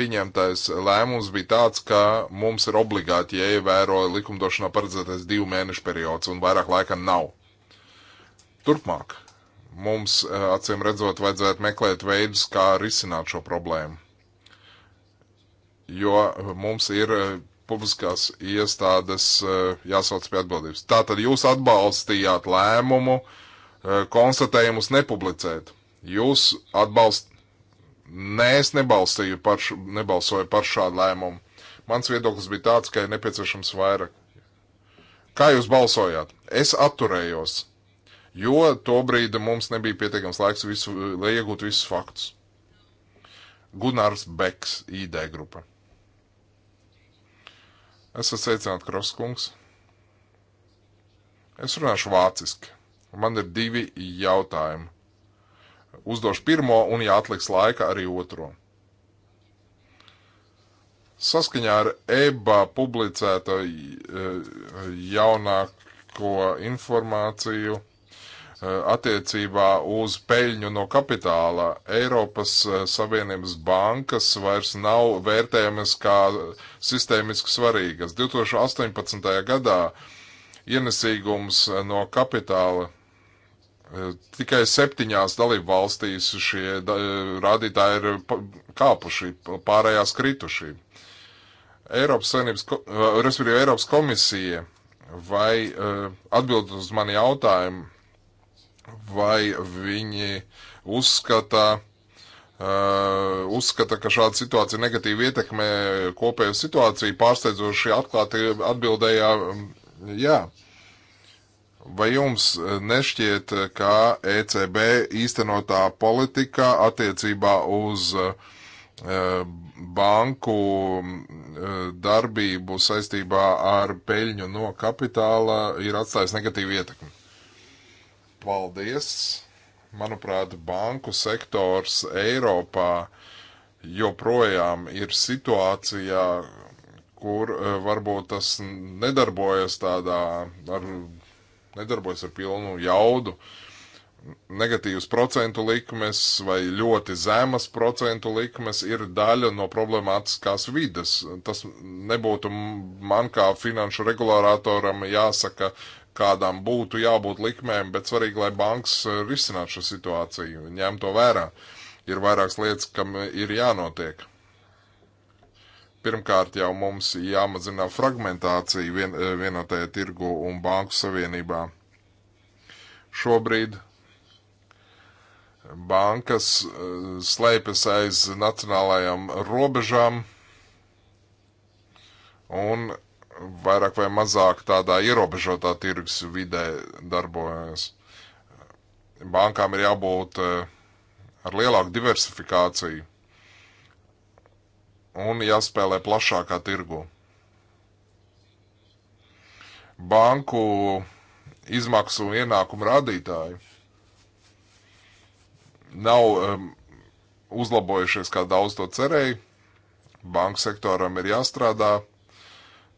Pieņemtais lēmums bija tāds, ka mums ir obligāti jāievēro likumdošanā paredzētais divu mēnešu periods, un vairāk laika nav. Turpmāk mums, eh, acīm redzot, vajadzētu meklēt veidus, kā risināt šo problēmu. Jo eh, mums ir publiskās iestādes eh, jāsauc pie atbildības. Tātad jūs atbalstījāt lēmumu eh, konstatējumus nepublicēt. Jūs atbalst... Nē, es nebalstīju par, š... nebalsoju par šādu lēmumu. Mans viedoklis bija tāds, ka ir nepieciešams vairāk. Kā jūs balsojāt? Es atturējos, jo to brīdi mums nebija pietiekams laiks, visu, lai iegūtu visus faktus. Gunārs Beks, ID grupa. Esat sveicināti, Kroskungs. Es runāšu vāciski. Man ir divi jautājumi. Uzdošu pirmo un, ja atliks laika, arī otro. Saskaņā ar EBA publicēto e, jaunāko informāciju Eh, attiecībā uz peļņu no kapitāla Eiropas eh, Savienības bankas vairs nav vērtējamas kā sistēmiski svarīgas. 2018. gadā ienesīgums eh, no kapitāla tikai septiņās dalību valstīs šie rādītāji ir kāpuši, pārējās krituši. Eiropas Savienības, respektīvi Eiropas komisija vai atbild uz mani jautājumu, vai viņi uzskata, Uh, uzskata, ka šāda situācija negatīvi ietekmē kopējo situāciju, pārsteidzoši atklāti atbildējā mm, jā. Vai jums eh, nešķiet, ka ECB īstenotā politika attiecībā uz uh, banku mm, darbību saistībā ar peļņu no kapitāla ir atstājis negatīvu ietekmi? Paldies! Manuprāt, banku sektors Eiropā joprojām ir situācijā, kur e, varbūt tas nedarbojas tādā, ar, nedarbojas ar pilnu jaudu. Negatīvas procentu likmes vai ļoti zemas procentu likmes ir daļa no problemātiskās vides. Tas nebūtu man kā finanšu regulārātoram jāsaka kādām būtu jābūt likmēm, bet svarīgi, lai bankas eh, risinātu šo situāciju, ņem to vērā. Ir vairākas lietas, kam eh, ir jānotiek. Pirmkārt, jau mums jāmazina fragmentācija vien, eh, vienotajā tirgu un banku savienībā. Šobrīd bankas slēpjas aiz nacionālajām robežām un vairāk vai mazāk tādā ierobežotā tirgus vidē darbojas. Bankām ir jābūt eh, ar lielāku diversifikāciju un jāspēlē plašākā tirgu. Banku izmaksu un ienākumu rādītāji nav um, uzlabojušies, kā daudz to cerēja. Banku sektoram ir jāstrādā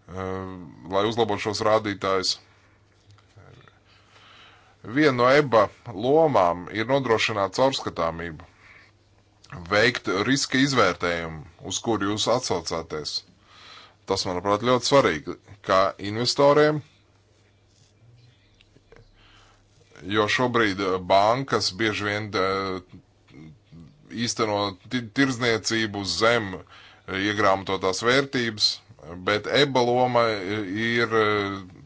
Ehm, lai uzlabotu šos rādītājus. Viena no EBA lomām ir nodrošināt caurskatāmību, veikt riska izvērtējumu, uz kuru jūs atsaucāties. Tas, manuprāt, ļoti svarīgi kā investoriem, jo šobrīd bankas bieži vien eh, īsteno tirdzniecību zem iegrāmatotās vērtības Bet EBA loma ir e,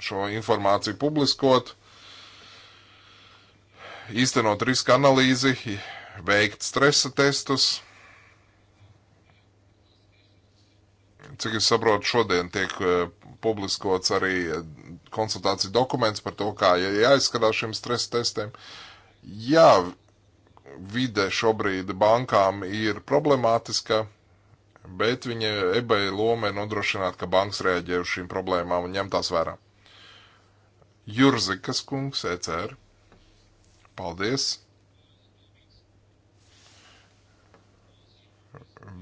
šo informāciju publiskot, īstenot riska analīzi, veikt stresa testus. Cik es saprotu, šodien tiek e, publiskots arī e, konsultāciju dokuments par to, kā jāizskatās šiem stresa testiem. Jā, vide šobrīd bankām ir problemātiska bet viņa ebai loma ir nodrošināt, ka banks reaģē uz šīm problēmām un ņem tās vērā. Jurzikas kungs, ECR. Paldies!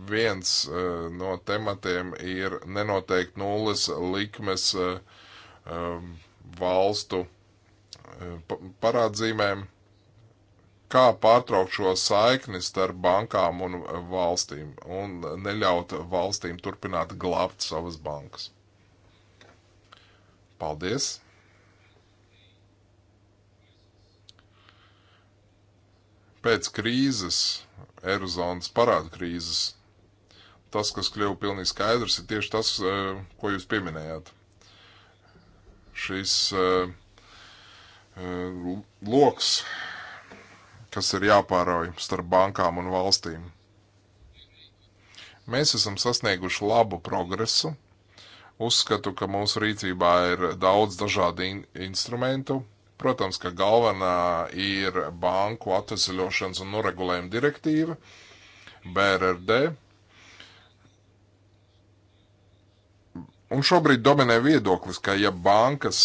viens uh, no tematiem ir nenoteikti nulles likmes uh, um, valstu uh, parādzīmēm kā pārtraukt šo saikni starp bankām un valstīm un neļaut valstīm turpināt glābt savas bankas. Paldies! Pēc krīzes, Eirozonas parāda krīzes, tas, kas kļuva pilnīgi skaidrs, ir tieši tas, eh, ko jūs pieminējāt. Šis eh, eh, loks, kas ir jāpārauj starp bankām un valstīm. Mēs esam sasnieguši labu progresu. Uzskatu, ka mūsu rīcībā ir daudz dažādu in instrumentu. Protams, ka galvenā ir banku atvesaļošanas un noregulējuma direktīva, BRRD. Un šobrīd dominē viedoklis, ka ja bankas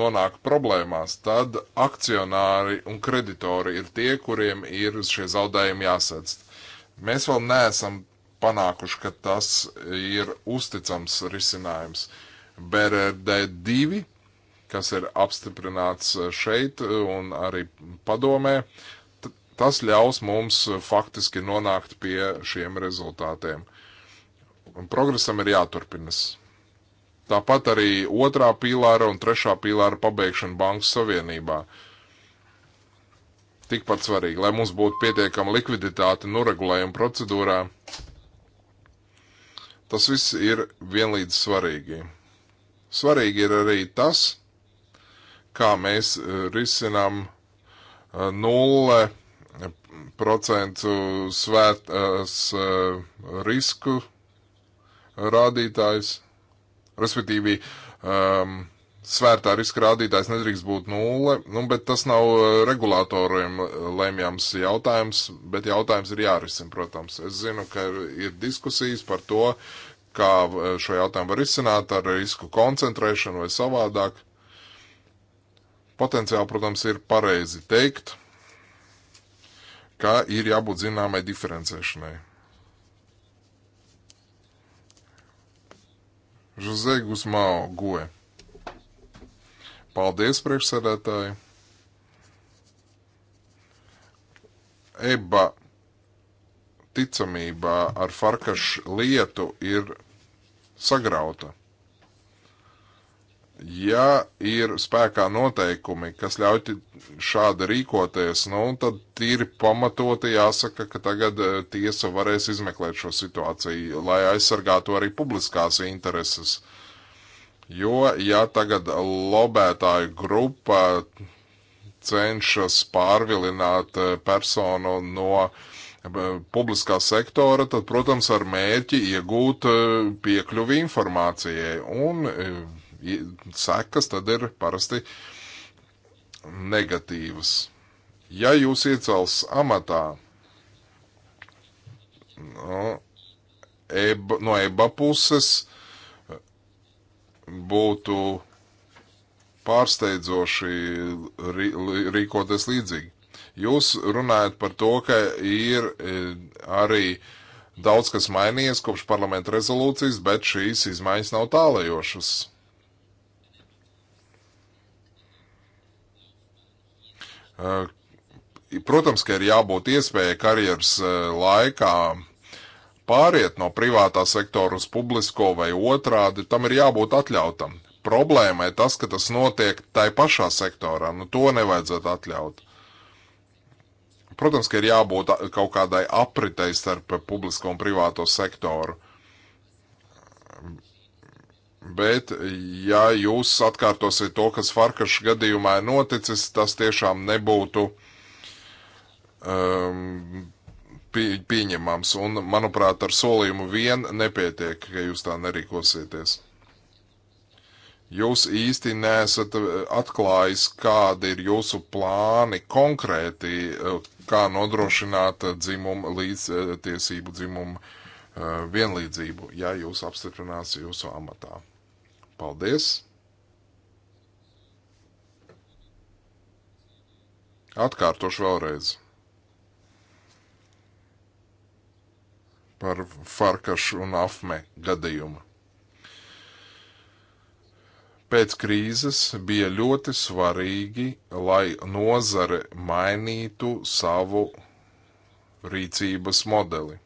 nonāk problēmās, tad akcionāri un kreditori ir tie, kuriem ir šie zaudējumi jāsadz. Mēs vēl neesam panākuši, ka tas ir uzticams risinājums. BRD2, kas ir apstiprināts šeit un arī padomē, tas ļaus mums faktiski nonākt pie šiem rezultātiem. Un progresam ir jāturpinas. Tāpat arī otrā pīlāra un trešā pīlāra pabeigšana Bankas Savienībā. Tikpat svarīgi, lai mums būtu pietiekama likviditāte noregulējuma procedūrā. Tas viss ir vienlīdz svarīgi. Svarīgi ir arī tas, kā mēs eh, risinām eh, nulle procentu svētas eh, risku rādītājs. Respektīvi, um, svērtā riska rādītājs nedrīkst būt nulle, nu, bet tas nav uh, regulātoriem lemjams jautājums, bet jautājums ir jārisina, protams. Es zinu, ka ir diskusijas par to, kā uh, šo jautājumu var izsināt ar risku koncentrēšanu vai savādāk. Potenciāli, protams, ir pareizi teikt, ka ir jābūt zināmai diferencēšanai. Žozē Guzmao Goe. Paldies, priekšsēdētāji! EBA ticamība ar farkašu lietu ir sagrauta ja ir spēkā noteikumi, kas ļauj šādi rīkoties, nu, tad tīri pamatoti jāsaka, ka tagad e, tiesa varēs izmeklēt šo situāciju, lai aizsargātu arī publiskās intereses. Jo, ja tagad lobētāju grupa cenšas pārvilināt e, personu no e, publiskā sektora, tad, protams, ar mērķi iegūt piekļuvi informācijai. Un sekas tad ir parasti negatīvas. Ja jūs iecels amatā no eba, no eba puses, būtu pārsteidzoši rīkoties līdzīgi. Jūs runājat par to, ka ir e, arī daudz kas mainījies kopš parlamenta rezolūcijas, bet šīs izmaiņas nav tālajošas. Protams, ka ir jābūt iespējai karjeras laikā pāriet no privātā sektora uz publisko vai otrādi, tam ir jābūt atļautam. Problēma ir tas, ka tas notiek tai pašā sektorā, nu to nevajadzētu atļaut. Protams, ka ir jābūt kaut kādai apritei starp publisko un privāto sektoru. Bet, ja jūs atkārtosiet to, kas Farkašs gadījumā ir noticis, tas tiešām nebūtu um, pieņemams. Un, manuprāt, ar solījumu vien nepietiek, ka jūs tā nerīkosieties. Jūs īsti nesat uh, atklājis, kādi ir jūsu plāni konkrēti, uh, kā nodrošināt uh, dzimumu līdz tiesību dzimumu Uh, vienlīdzību, ja jūs apstiprinās jūsu amatā. Paldies! Atkārtošu vēlreiz par Farkašu un Afme gadījumu. Pēc krīzes bija ļoti svarīgi, lai nozare mainītu savu rīcības modeli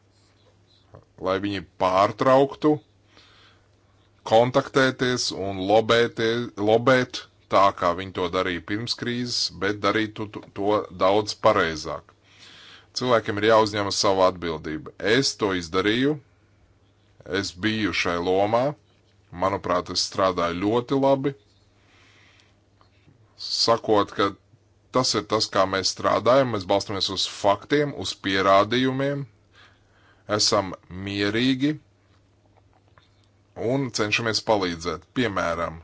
lai viņi pārtrauktu kontaktēties un lobēt tā, kā viņi to darīja pirms krīzes, bet darītu to daudz pareizāk. Cilvēkiem ir jāuzņemas savu atbildību. Es to izdarīju, es biju šai lomā, manuprāt, es strādāju ļoti labi, sakot, ka tas ir tas, kā mēs strādājam, mēs balstamies uz faktiem, uz pierādījumiem, esam mierīgi un cenšamies palīdzēt. Piemēram,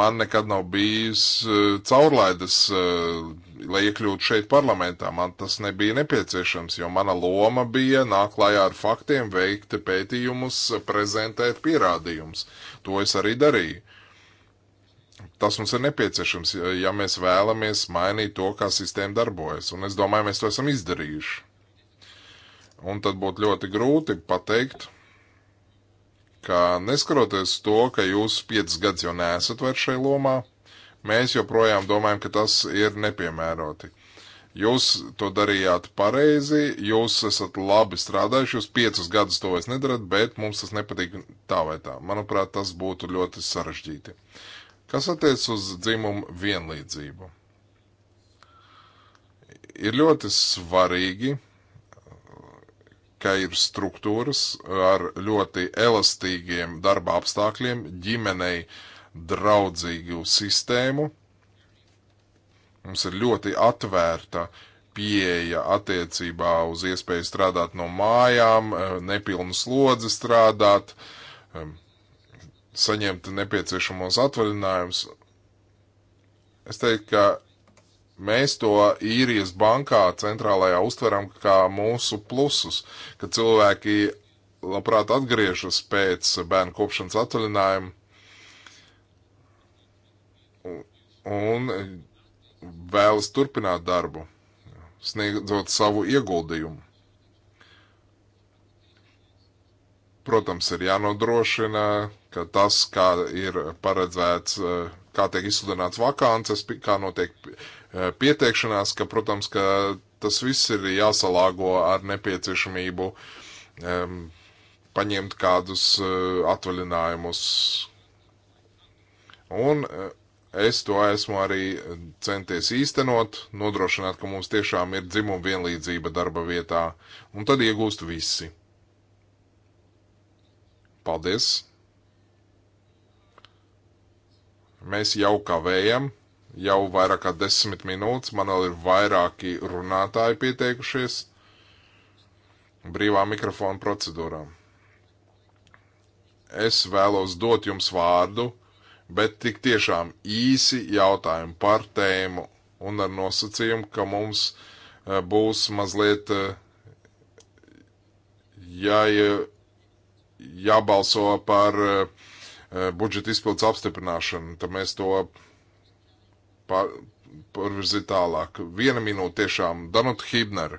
man nekad nav bijis eh, caurlaides, eh, lai iekļūtu šeit parlamentā. Man tas nebija nepieciešams, jo mana loma bija nāk klajā ar faktiem, veikt pētījumus, prezentēt pierādījumus. To es arī darīju. Tas mums ir nepieciešams, ja mēs vēlamies mainīt to, kā sistēma darbojas, un es domāju, mēs to esam izdarījuši. Un tad būtu ļoti grūti pateikt, ka neskaroties to, ka jūs piecas gadus jau nesat vairs šai lomā, mēs joprojām domājam, ka tas ir nepiemēroti. Jūs to darījāt pareizi, jūs esat labi strādājuši, jūs piecus gadus to vairs nedarat, bet mums tas nepatīk tā vai tā. Manuprāt, tas būtu ļoti sarežģīti. Kas attiec uz dzimumu vienlīdzību? Ir ļoti svarīgi, ka ir struktūras ar ļoti elastīgiem darba apstākļiem, ģimenei draudzīgu sistēmu. Mums ir ļoti atvērta pieeja attiecībā uz iespēju strādāt no mājām, nepilnu slodzi strādāt, um, saņemt nepieciešamos atvaļinājumus. Es teiktu, ka Mēs to īrijas bankā centrālajā uztveram kā mūsu plusus, ka cilvēki labprāt atgriežas pēc bērnu kopšanas atvaļinājuma un vēlas turpināt darbu, sniedzot savu ieguldījumu. Protams, ir jānodrošina, ka tas, kā ir paredzēts, kā tiek izsludināts vakances, kā notiek Eh, pieteikšanās, ka, protams, ka tas viss ir jāsalāgo ar nepieciešamību um, paņemt kādus uh, atvaļinājumus. Un uh, es to esmu arī centies īstenot, nodrošināt, ka mums tiešām ir dzimuma vienlīdzība darba vietā, un tad iegūst visi. Paldies! Mēs jau kavējam jau vairāk kā desmit minūtes. Man vēl ir vairāki runātāji pieteikušies brīvā mikrofona procedūrām. Es vēlos dot jums vārdu, bet tik tiešām īsi jautājumu par tēmu un ar nosacījumu, ka mums eh, būs mazliet eh, jā, jābalso par eh, budžeta izpildes apstiprināšanu, tad mēs to pārvirzīt tālāk. Viena minūte tiešām Danuta Hibnera.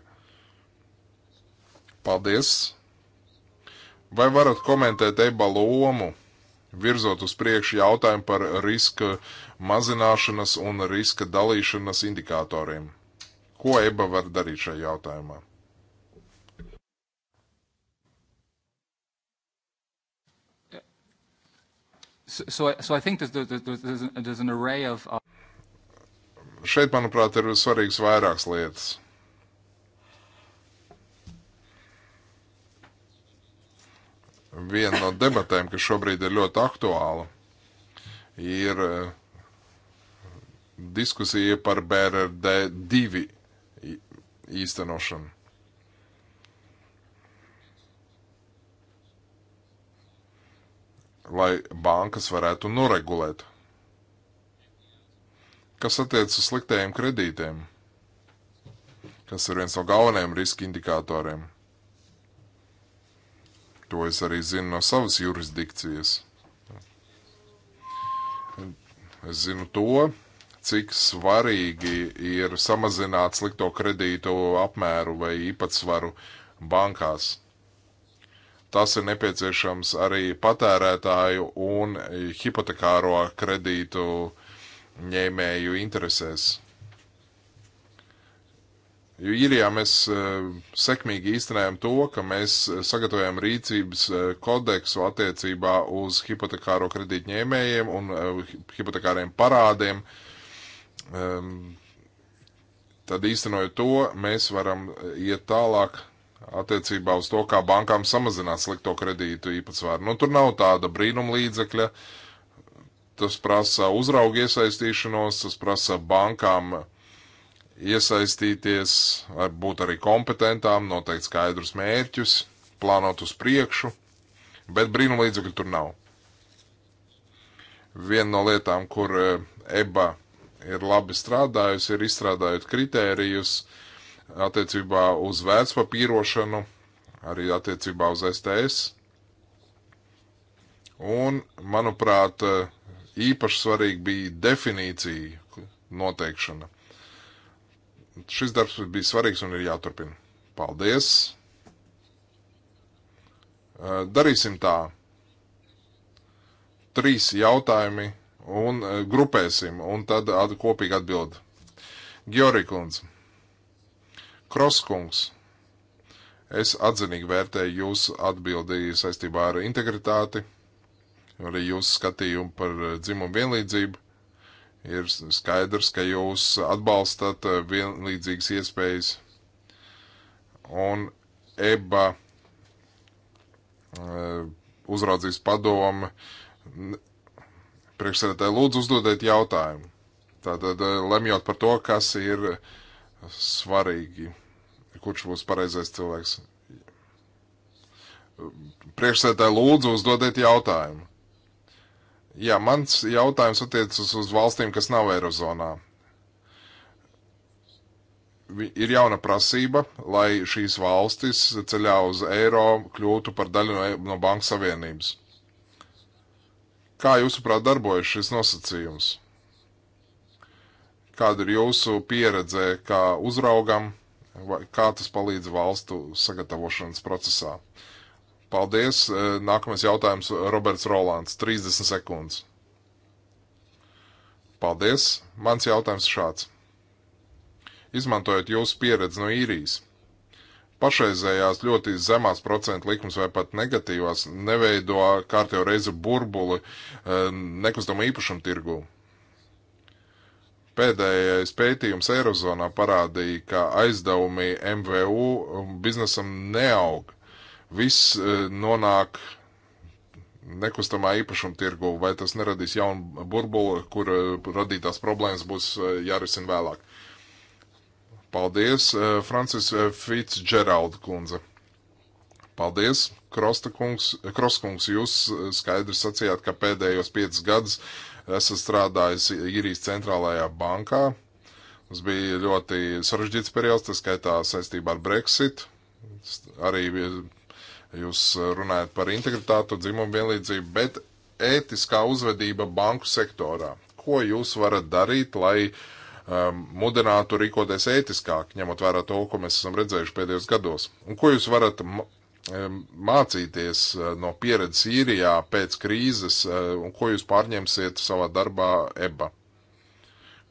Paldies! Vai varat komentēt eba lomu, virzot uz priekšu jautājumu par riska mazināšanas un riska dalīšanas indikatoriem? Ko eba var darīt šajā jautājumā? So, so I think there's, there's, there's, there's an array of šeit, manuprāt, ir svarīgs vairākas lietas. Viena no debatēm, kas šobrīd ir ļoti aktuāla, ir eh, diskusija par BRD divi īstenošanu. lai bankas varētu noregulēt Kas attiecas uz sliktajiem kredītiem, kas ir viens no galvenajiem riska indikatoriem. To es arī zinu no savas jurisdikcijas. Es zinu to, cik svarīgi ir samazināt slikto kredītu apmēru vai īpatsvaru bankās. Tas ir nepieciešams arī patērētāju un hipotekāro kredītu ņēmēju interesēs. Jo īrijā mēs e, sekmīgi īstenējam to, ka mēs e, sagatavojam rīcības e, kodeksu attiecībā uz hipotekāro kredītņēmējiem un hipotekāriem parādiem. Ehm, tad īstenojot to, mēs varam iet tālāk attiecībā uz to, kā bankām samazināt slikto kredītu īpatsvaru. Nu, tur nav tāda brīnuma līdzekļa. Uh, tas prasa uzraugu iesaistīšanos, tas prasa bankām iesaistīties, ar būt arī kompetentām, noteikt skaidrus mērķus, plānot uz priekšu, bet brīnuma līdzekļu tur nav. Viena no lietām, kur eh, EBA ir labi strādājusi, ir izstrādājot kritērijus attiecībā uz vērtspapīrošanu, arī attiecībā uz STS. Un, manuprāt, eh, īpaši svarīgi bija definīcija noteikšana. Šis darbs bija svarīgs un ir jāturpina. Paldies! Darīsim tā. Trīs jautājumi un grupēsim, un tad at kopīgi atbild. Georgikunds, Kroskungs, es atzinīgi vērtēju jūsu atbildi saistībā ar integritāti arī jūsu skatījumu par eh, dzimumu vienlīdzību. Ir skaidrs, ka jūs atbalstat eh, vienlīdzīgas iespējas. Un EBA eh, uzraudzīs padomu priekšsēdētāji lūdzu uzdodiet jautājumu. Tātad lemjot par to, kas ir svarīgi, kurš būs pareizais cilvēks. Priekšsēdētāji lūdzu uzdodiet jautājumu. Jā, mans jautājums attiecas uz valstīm, kas nav Eirozonā. Ir jauna prasība, lai šīs valstis ceļā uz eiro kļūtu par daļu no, no Banka Savienības. Kā jūsuprāt darbojas šis nosacījums? Kāda ir jūsu pieredze kā uzraugam, vai kā tas palīdz valstu sagatavošanas procesā? Paldies. Eh, nākamais jautājums - Roberts Rolands. 30 sekundes. Paldies. Mans jautājums šāds. Izmantojot jūsu pieredzi no īrijas, pašreizējās ļoti zemās procentu likmes vai pat negatīvās neveido kārtējo reizi burbuli eh, nekustamo īpašumu tirgū. Pēdējais pētījums Eirozonā parādīja, ka aizdevumi MVU um, biznesam neauga viss eh, nonāk nekustamā īpašuma tirgu, vai tas neradīs jaunu burbuli, kur eh, radītās problēmas būs eh, jārisina vēlāk. Paldies, Francis Fitzgerald kundze. Paldies, Kroskungs, Kroskungs, jūs skaidri sacījāt, ka pēdējos piecus gadus esat strādājis īrijas centrālajā bankā. Tas bija ļoti sarežģīts periods, tas skaitā saistībā ar Brexit, arī Jūs eh, runājat par integritātu, dzimumu vienlīdzību, bet ētiskā uzvedība banku sektorā. Ko jūs varat darīt, lai um, mudinātu rīkoties ētiskāk, ņemot vērā to, ko mēs esam redzējuši pēdējos gados? Un ko jūs varat ehm, mācīties eh, no pieredzes īrijā pēc krīzes, eh, un ko jūs pārņemsiet savā darbā EBA?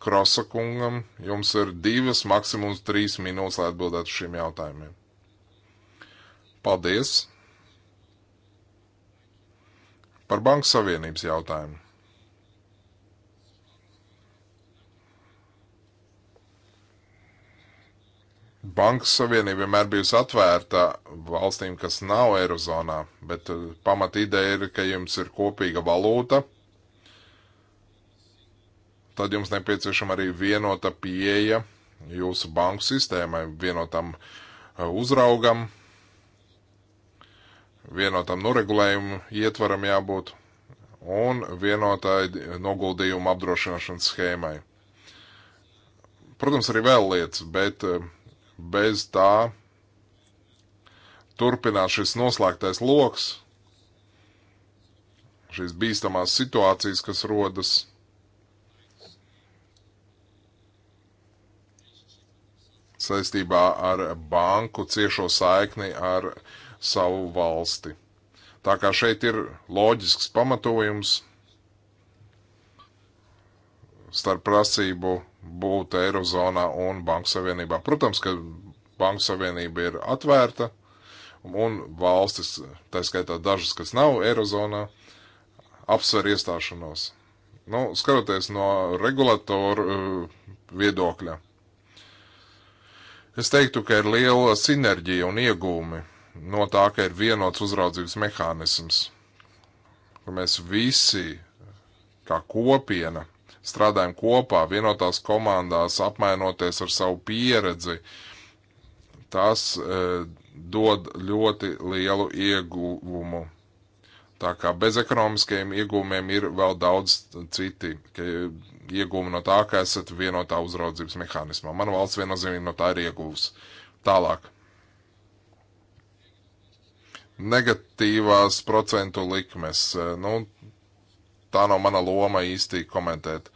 Krosa kungam, jums ir divas, maksimums trīs minūtes, lai atbildētu šiem jautājumiem. Paldies! Par Banku Savienības jautājumu. Bankas savienība vienmēr bijusi atvērta valstīm, kas nav Eirozonā, bet eh, pamat ideja ir, ka jums ir kopīga valūta, tad jums nepieciešama arī vienota pieeja jūsu banku sistēmai, vienotam eh, uzraugam, vienotam noregulējumu ietvaram jābūt un vienotai noguldījumu apdrošināšanas schēmai. Protams, arī vēl lietas, bet eh, bez tā turpinās šis noslēgtais loks, šīs bīstamās situācijas, kas rodas. saistībā ar banku ciešo saikni ar uh, savu valsti. Tā kā šeit ir loģisks pamatojums starp prasību būt Eirozonā un Banku Savienībā. Protams, ka Banku Savienība ir atvērta un valstis, tā skaitā dažas, kas nav Eirozonā, apsver iestāšanos. Nu, skatoties no regulatoru eh, viedokļa, es teiktu, ka ir liela sinerģija un iegūmi no tā, ka ir vienots uzraudzības mehānisms, ka mēs visi kā kopiena strādājam kopā, vienotās komandās, apmainoties ar savu pieredzi, tas e, dod ļoti lielu ieguvumu. Tā kā bez ekonomiskajiem iegūmiem ir vēl daudz citi iegūmi no tā, ka esat vienotā uzraudzības mehānismā. Mana valsts viennozīmīgi no tā ir iegūs. Tālāk negatīvās procentu likmes. Nu, tā nav mana loma īsti komentēt.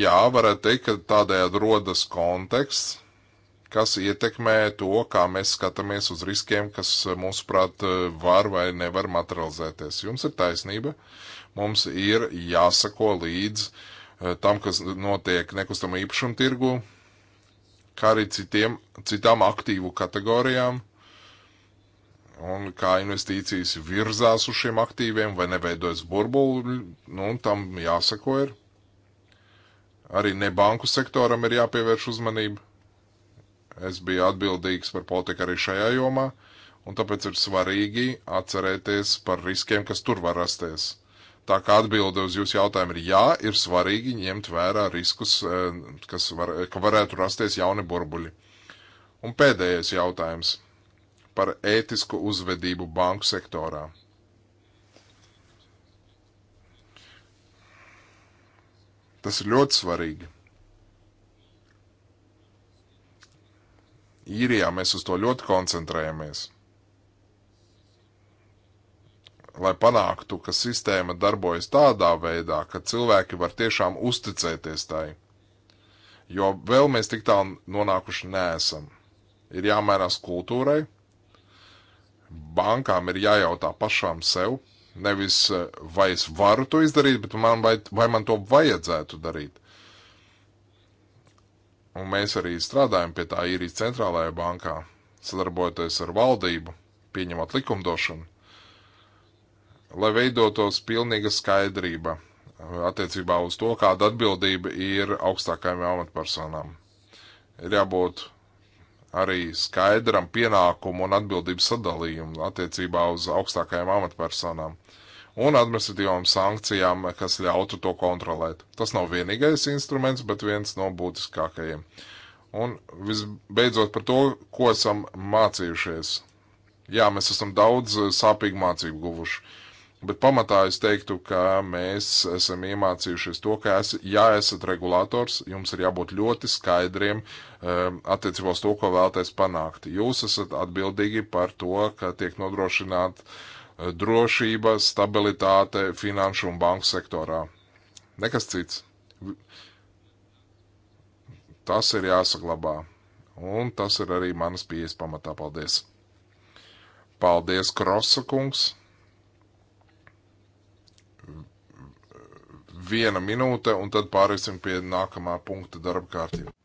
Jā, varētu teikt, ka tādējādi rodas konteksts, kas ietekmē to, kā mēs skatāmies uz riskiem, kas mūsuprāt var vai nevar materializēties. Jums ir taisnība, mums ir jāsako līdz eh, tam, kas notiek nekustamā īpašuma tirgu, kā arī citiem, citām aktīvu kategorijām un kā investīcijas virzās uz šiem aktīviem vai neveidojas burbuli, nu, tam jāsako ir. Arī ne banku sektoram ir jāpievērš uzmanība. Es biju atbildīgs par politiku arī šajā jomā, un tāpēc ir svarīgi atcerēties par riskiem, kas tur var rasties. Tā kā atbilde uz jūsu jautājumu ir jā, ir svarīgi ņemt vērā riskus, eh, kas var, ka varētu rasties jauni burbuļi. Un pēdējais jautājums par ētisku uzvedību banku sektorā. Tas ir ļoti svarīgi. Īrijā mēs uz to ļoti koncentrējamies. Lai panāktu, ka sistēma darbojas tādā veidā, ka cilvēki var tiešām uzticēties tai. Jo vēl mēs tik tālu nonākuši neesam. Ir jāmainās kultūrai, bankām ir jājautā pašām sev, nevis eh, vai es varu to izdarīt, bet man vai, vai man to vajadzētu darīt. Un mēs arī strādājam pie tā īrijas centrālajā bankā, sadarbojoties ar valdību, pieņemot likumdošanu, lai veidotos pilnīga skaidrība eh, attiecībā uz to, kāda atbildība ir augstākajām amatpersonām. Ir jābūt arī skaidram pienākumu un atbildības sadalījumu attiecībā uz augstākajām amatpersonām un administratīvām sankcijām, kas ļautu to kontrolēt. Tas nav vienīgais instruments, bet viens no būtiskākajiem. Un visbeidzot par to, ko esam mācījušies. Jā, mēs esam daudz sāpīgu mācību guvuši. Uh, Bet pamatā es teiktu, ka mēs esam iemācījušies to, ka es, ja esat regulators, jums ir jābūt ļoti skaidriem um, attiecībā uz to, ko vēlaties panākt. Jūs esat atbildīgi par to, ka tiek nodrošināta uh, drošība, stabilitāte finanšu un banku sektorā. Nekas cits. Tas ir jāsaglabā. Un tas ir arī manas pieejas pamatā. Paldies! Paldies, Krosa kungs! viena minūte, un tad pārēsim pie nākamā punkta darba kārtībā.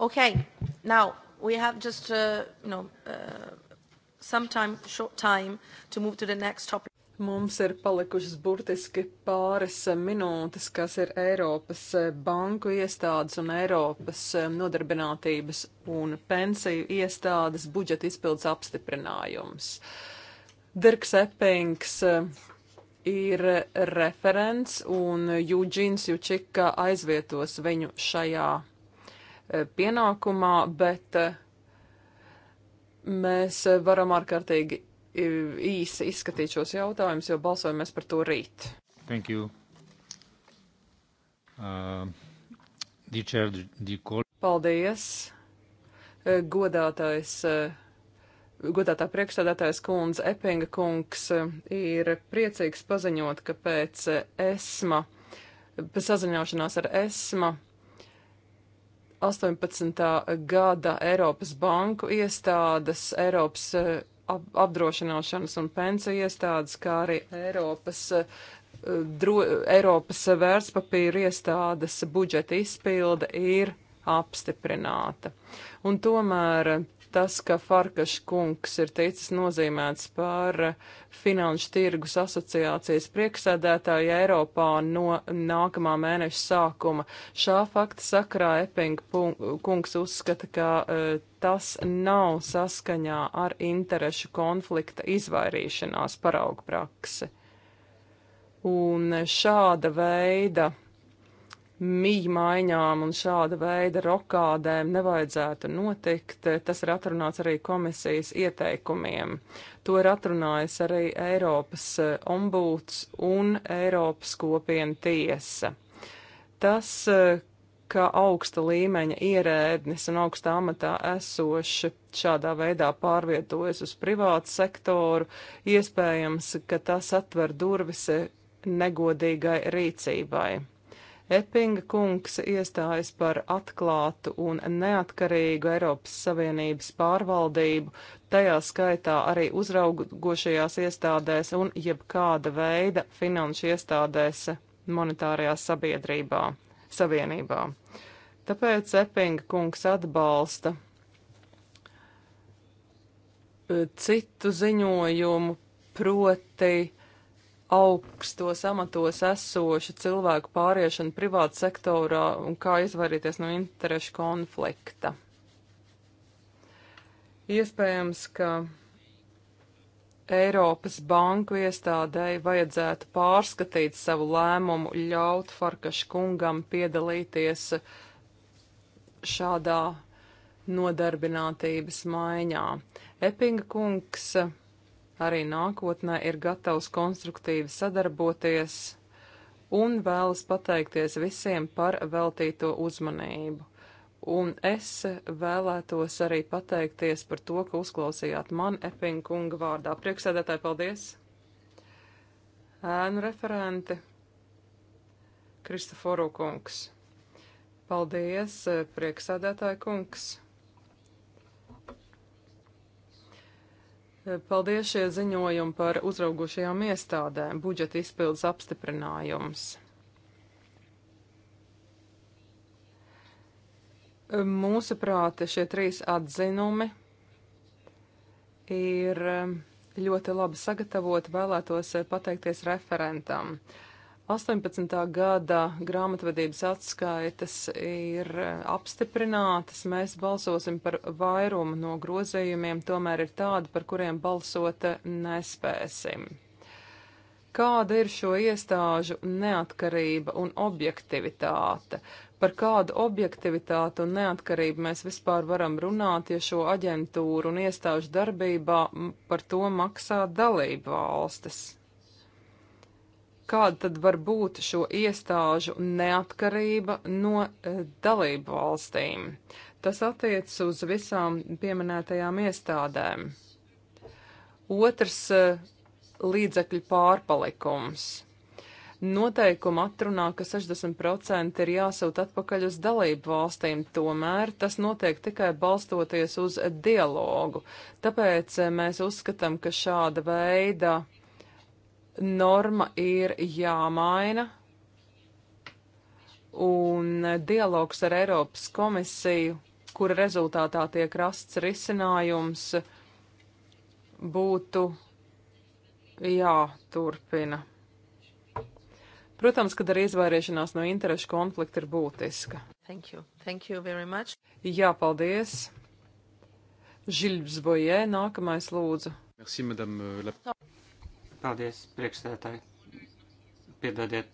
Okay, now we have just, uh, you know, uh, some time, short time to move to the next topic. Mums ir palikušas burtiski pāris uh, minūtes, kas ir Eiropas uh, banku iestādes un Eiropas uh, nodarbinātības un pensiju iestādes budžeta izpildes apstiprinājums. Dirks Eppings ir referents un Jūģins Jučika aizvietos viņu šajā Eh, pienākumā, bet eh, mēs eh, varam ārkārtīgi īsi izskatīt šos jautājumus, jo balsojamies par to rīt. Thank you. Uh, the chair, the call. Paldies. Godātais, godātā priekšstādātājs kundze Epinga kungs ir priecīgs paziņot, ka pēc ESMA, pēc saziņošanās ar ESMA 18. gada Eiropas banku iestādes, Eiropas eh, apdrošināšanas un pensiju iestādes, kā arī Eiropas, eh, dro, Eiropas vērtspapīra iestādes budžeta izpilde ir apstiprināta. Un tomēr tas, ka Farkaš kungs ir ticis nozīmēts par Finanšu tirgus asociācijas priekšsēdētāju Eiropā no nākamā mēneša sākuma. Šā fakta sakrā Epinga kungs uzskata, ka uh, tas nav saskaņā ar interešu konflikta izvairīšanās paraugu praksi. Un šāda veida mīmaiņām un šāda veida rokādēm nevajadzētu notikt. Tas ir atrunāts arī komisijas ieteikumiem. To ir atrunājis arī Eiropas eh, ombuds un Eiropas kopiena tiesa. Tas, eh, ka augsta līmeņa ierēdnis un augstā amatā esoši šādā veidā pārvietojas uz privātu sektoru, iespējams, ka tas atver durvis negodīgai rīcībai. Epinga kungs iestājas par atklātu un neatkarīgu Eiropas Savienības pārvaldību, tajā skaitā arī uzraugošajās iestādēs un jebkāda veida finanšu iestādēs monetārajā sabiedrībā, savienībā. Tāpēc Epinga kungs atbalsta eh, citu ziņojumu proti augstos amatos esošu cilvēku pāriešanu privātu sektorā un kā izvairīties no interešu konflikta. Iespējams, ka Eiropas banku iestādēji vajadzētu pārskatīt savu lēmumu, ļaut Farkašu kungam piedalīties šādā nodarbinātības maiņā. Epinga kungs arī nākotnē ir gatavs konstruktīvi sadarboties un vēlas pateikties visiem par veltīto uzmanību. Un es vēlētos arī pateikties par to, ka uzklausījāt man Epinga kunga vārdā. Prieksēdētāji, paldies! Ēnu referenti Kristoforu kungs. Paldies, prieksēdētāji kungs! Paldies šie ziņojumi par uzraugošajām iestādēm, budžeta izpildes apstiprinājums. Mūsuprāt, šie trīs atzinumi ir um, ļoti labi sagatavoti, vēlētos uh, pateikties referentam. Uh, 18. gada grāmatvedības atskaitas ir e, apstiprinātas, mēs balsosim par vairumu no grozījumiem, tomēr ir tādi, par kuriem balsot e, nespēsim. Kāda ir šo iestāžu neatkarība un objektivitāte? Par kādu objektivitāti un neatkarību mēs vispār varam runāt, ja šo aģentūru un iestāžu darbībā par to maksā dalību valstis? kāda tad var būt šo iestāžu neatkarība no uh, dalību valstīm. Tas attiec uz visām pieminētajām iestādēm. Otrs uh, līdzekļu pārpalikums. Noteikuma atrunā, ka 60% ir jāsūt atpakaļ uz dalību valstīm, tomēr tas notiek tikai balstoties uz dialogu. Tāpēc e, mēs uzskatām, ka šāda veida uh, norma ir jāmaina, un dialogs ar Eiropas komisiju, kura rezultātā tiek rasts risinājums, būtu jāturpina. Protams, kad arī izvairīšanās no interešu konflikta ir būtiska. Thank you. Thank you very much. Jā, paldies. Žilbs Bojē, nākamais lūdzu. Merci, madame. Euh, la... Paldies, priekšstādātāji. Piedodiet,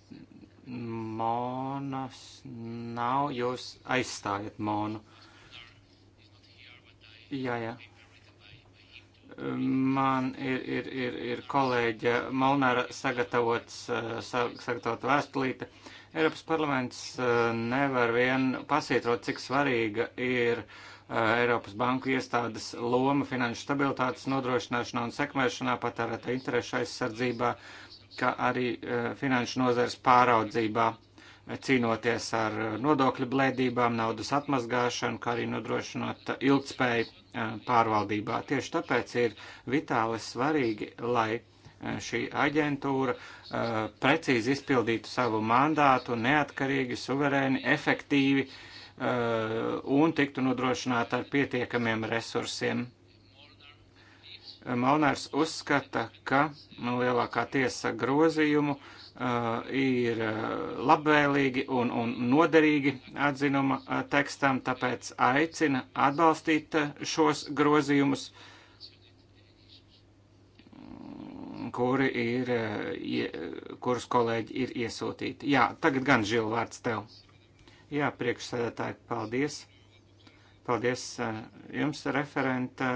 monas nav, jūs aizstājat monu. Jā, jā. Man ir, ir, ir, ir kolēģa Molnara sagatavots, eh, sagatavot vēstulīte. Eiropas parlaments eh, nevar vien pasītrot, cik svarīga ir uh, Eiropas banku iestādes loma finanšu stabilitātes nodrošināšanā un sekmēšanā, patērēta interešu aizsardzībā, kā arī finanšu nozares pāraudzībā, cīnoties ar nodokļu blēdībām, naudas atmazgāšanu, kā arī nodrošinot ilgtspēju pārvaldībā. Tieši tāpēc ir vitāli svarīgi, lai šī aģentūra precīzi izpildītu savu mandātu, neatkarīgi, suverēni, efektīvi, uh, un tiktu nodrošināta ar pietiekamiem resursiem. Malnārs uzskata, ka lielākā tiesa grozījumu uh, ir uh, labvēlīgi un, un noderīgi atzinuma uh, tekstam, tāpēc aicina atbalstīt uh, šos grozījumus, kuri ir, kurus kolēģi ir iesūtīti. Jā, tagad gan Žil vārds tev. Jā, priekšsēdētāji, paldies. Paldies eh, jums, referenta,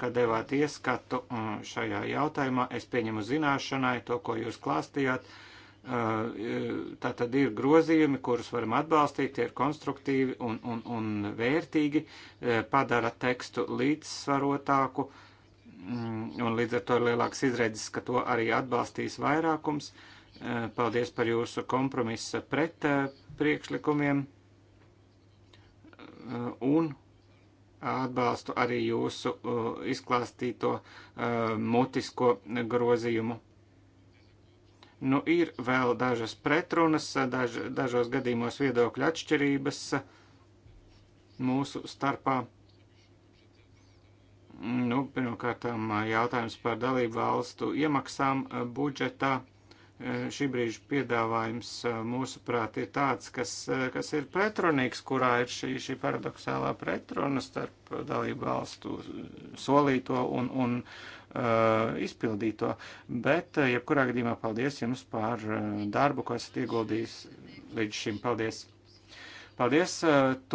ka devāt ieskatu eh, šajā jautājumā. Es pieņemu zināšanai to, ko jūs klāstījāt. Eh, tā tad ir grozījumi, kurus varam atbalstīt, tie ir konstruktīvi un, un, un vērtīgi, padara tekstu līdzsvarotāku, mm, un līdz ar to ir lielāks izredzes, ka to arī atbalstīs vairākums. Uh, Eh, paldies par jūsu kompromisa pret eh, priekšlikumiem eh, un atbalstu arī jūsu izklāstīto mutisko grozījumu. Nu, ir vēl dažas pretrunas, daž, dažos gadījumos viedokļu atšķirības mūsu starpā. Nu, pirmkārt, jautājums par dalību valstu iemaksām budžetā Eh, šī brīža piedāvājums eh, mūsuprāt ir tāds, kas, eh, kas ir pretrunīgs, kurā ir šī, šī paradoxālā pretruna starp dalību valstu solīto un, un uh, izpildīto. Bet, jebkurā gadījumā, paldies jums par darbu, ko esat ieguldījis līdz šim. Paldies! Paldies,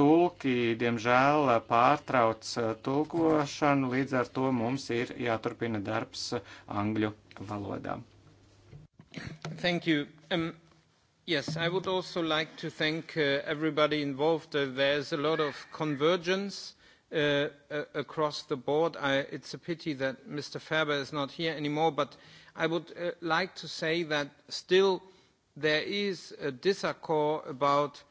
tulki, diemžēl pārtrauc tulkošanu, līdz ar to mums ir jāturpina darbs angļu valodā. Thank you. Um, yes, I would also like to thank uh, everybody involved. Uh, there's a lot of convergence uh, across the board. I, it's a pity that Mr. Ferber is not here anymore, but I would uh, like to say that still there is a disaccord about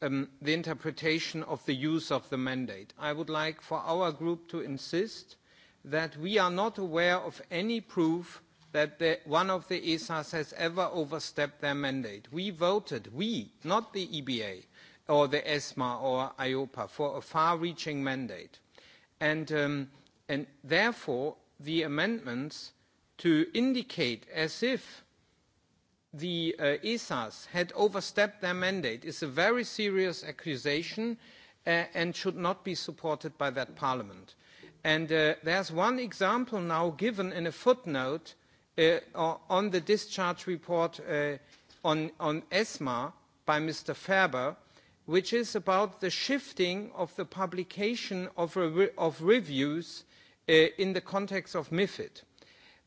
um, the interpretation of the use of the mandate. I would like for our group to insist that we are not aware of any proof that the, one of the ESAs has ever overstepped their mandate. We voted, we, not the EBA or the ESMA or IOPA, for a far-reaching mandate. And, um, and therefore, the amendments to indicate as if the uh, ESAs had overstepped their mandate is a very serious accusation uh, and should not be supported by that parliament. And uh, there's one example now given in a footnote uh, uh, on the discharge report uh, on, on ESMA by Mr. Ferber, which is about the shifting of the publication of, re of reviews uh, in the context of MIFID.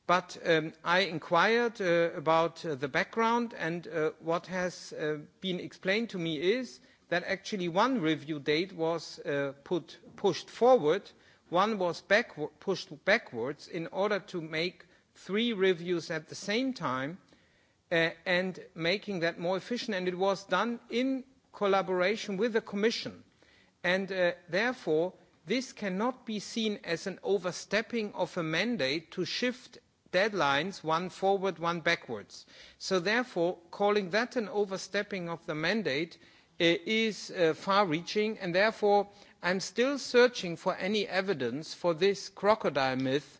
But um, I inquired uh, about uh, the background, and uh, what has uh, been explained to me is that actually one review date was uh, put, pushed forward, one was back, pushed backwards in order to make three reviews at the same time uh, and making that more efficient. And it was done in collaboration with the Commission. And uh, therefore, this cannot be seen as an overstepping of a mandate to shift deadlines, one forward, one backwards. So therefore, calling that an overstepping of the mandate uh, is uh, far-reaching, and therefore I'm still searching for any evidence for this crocodile myth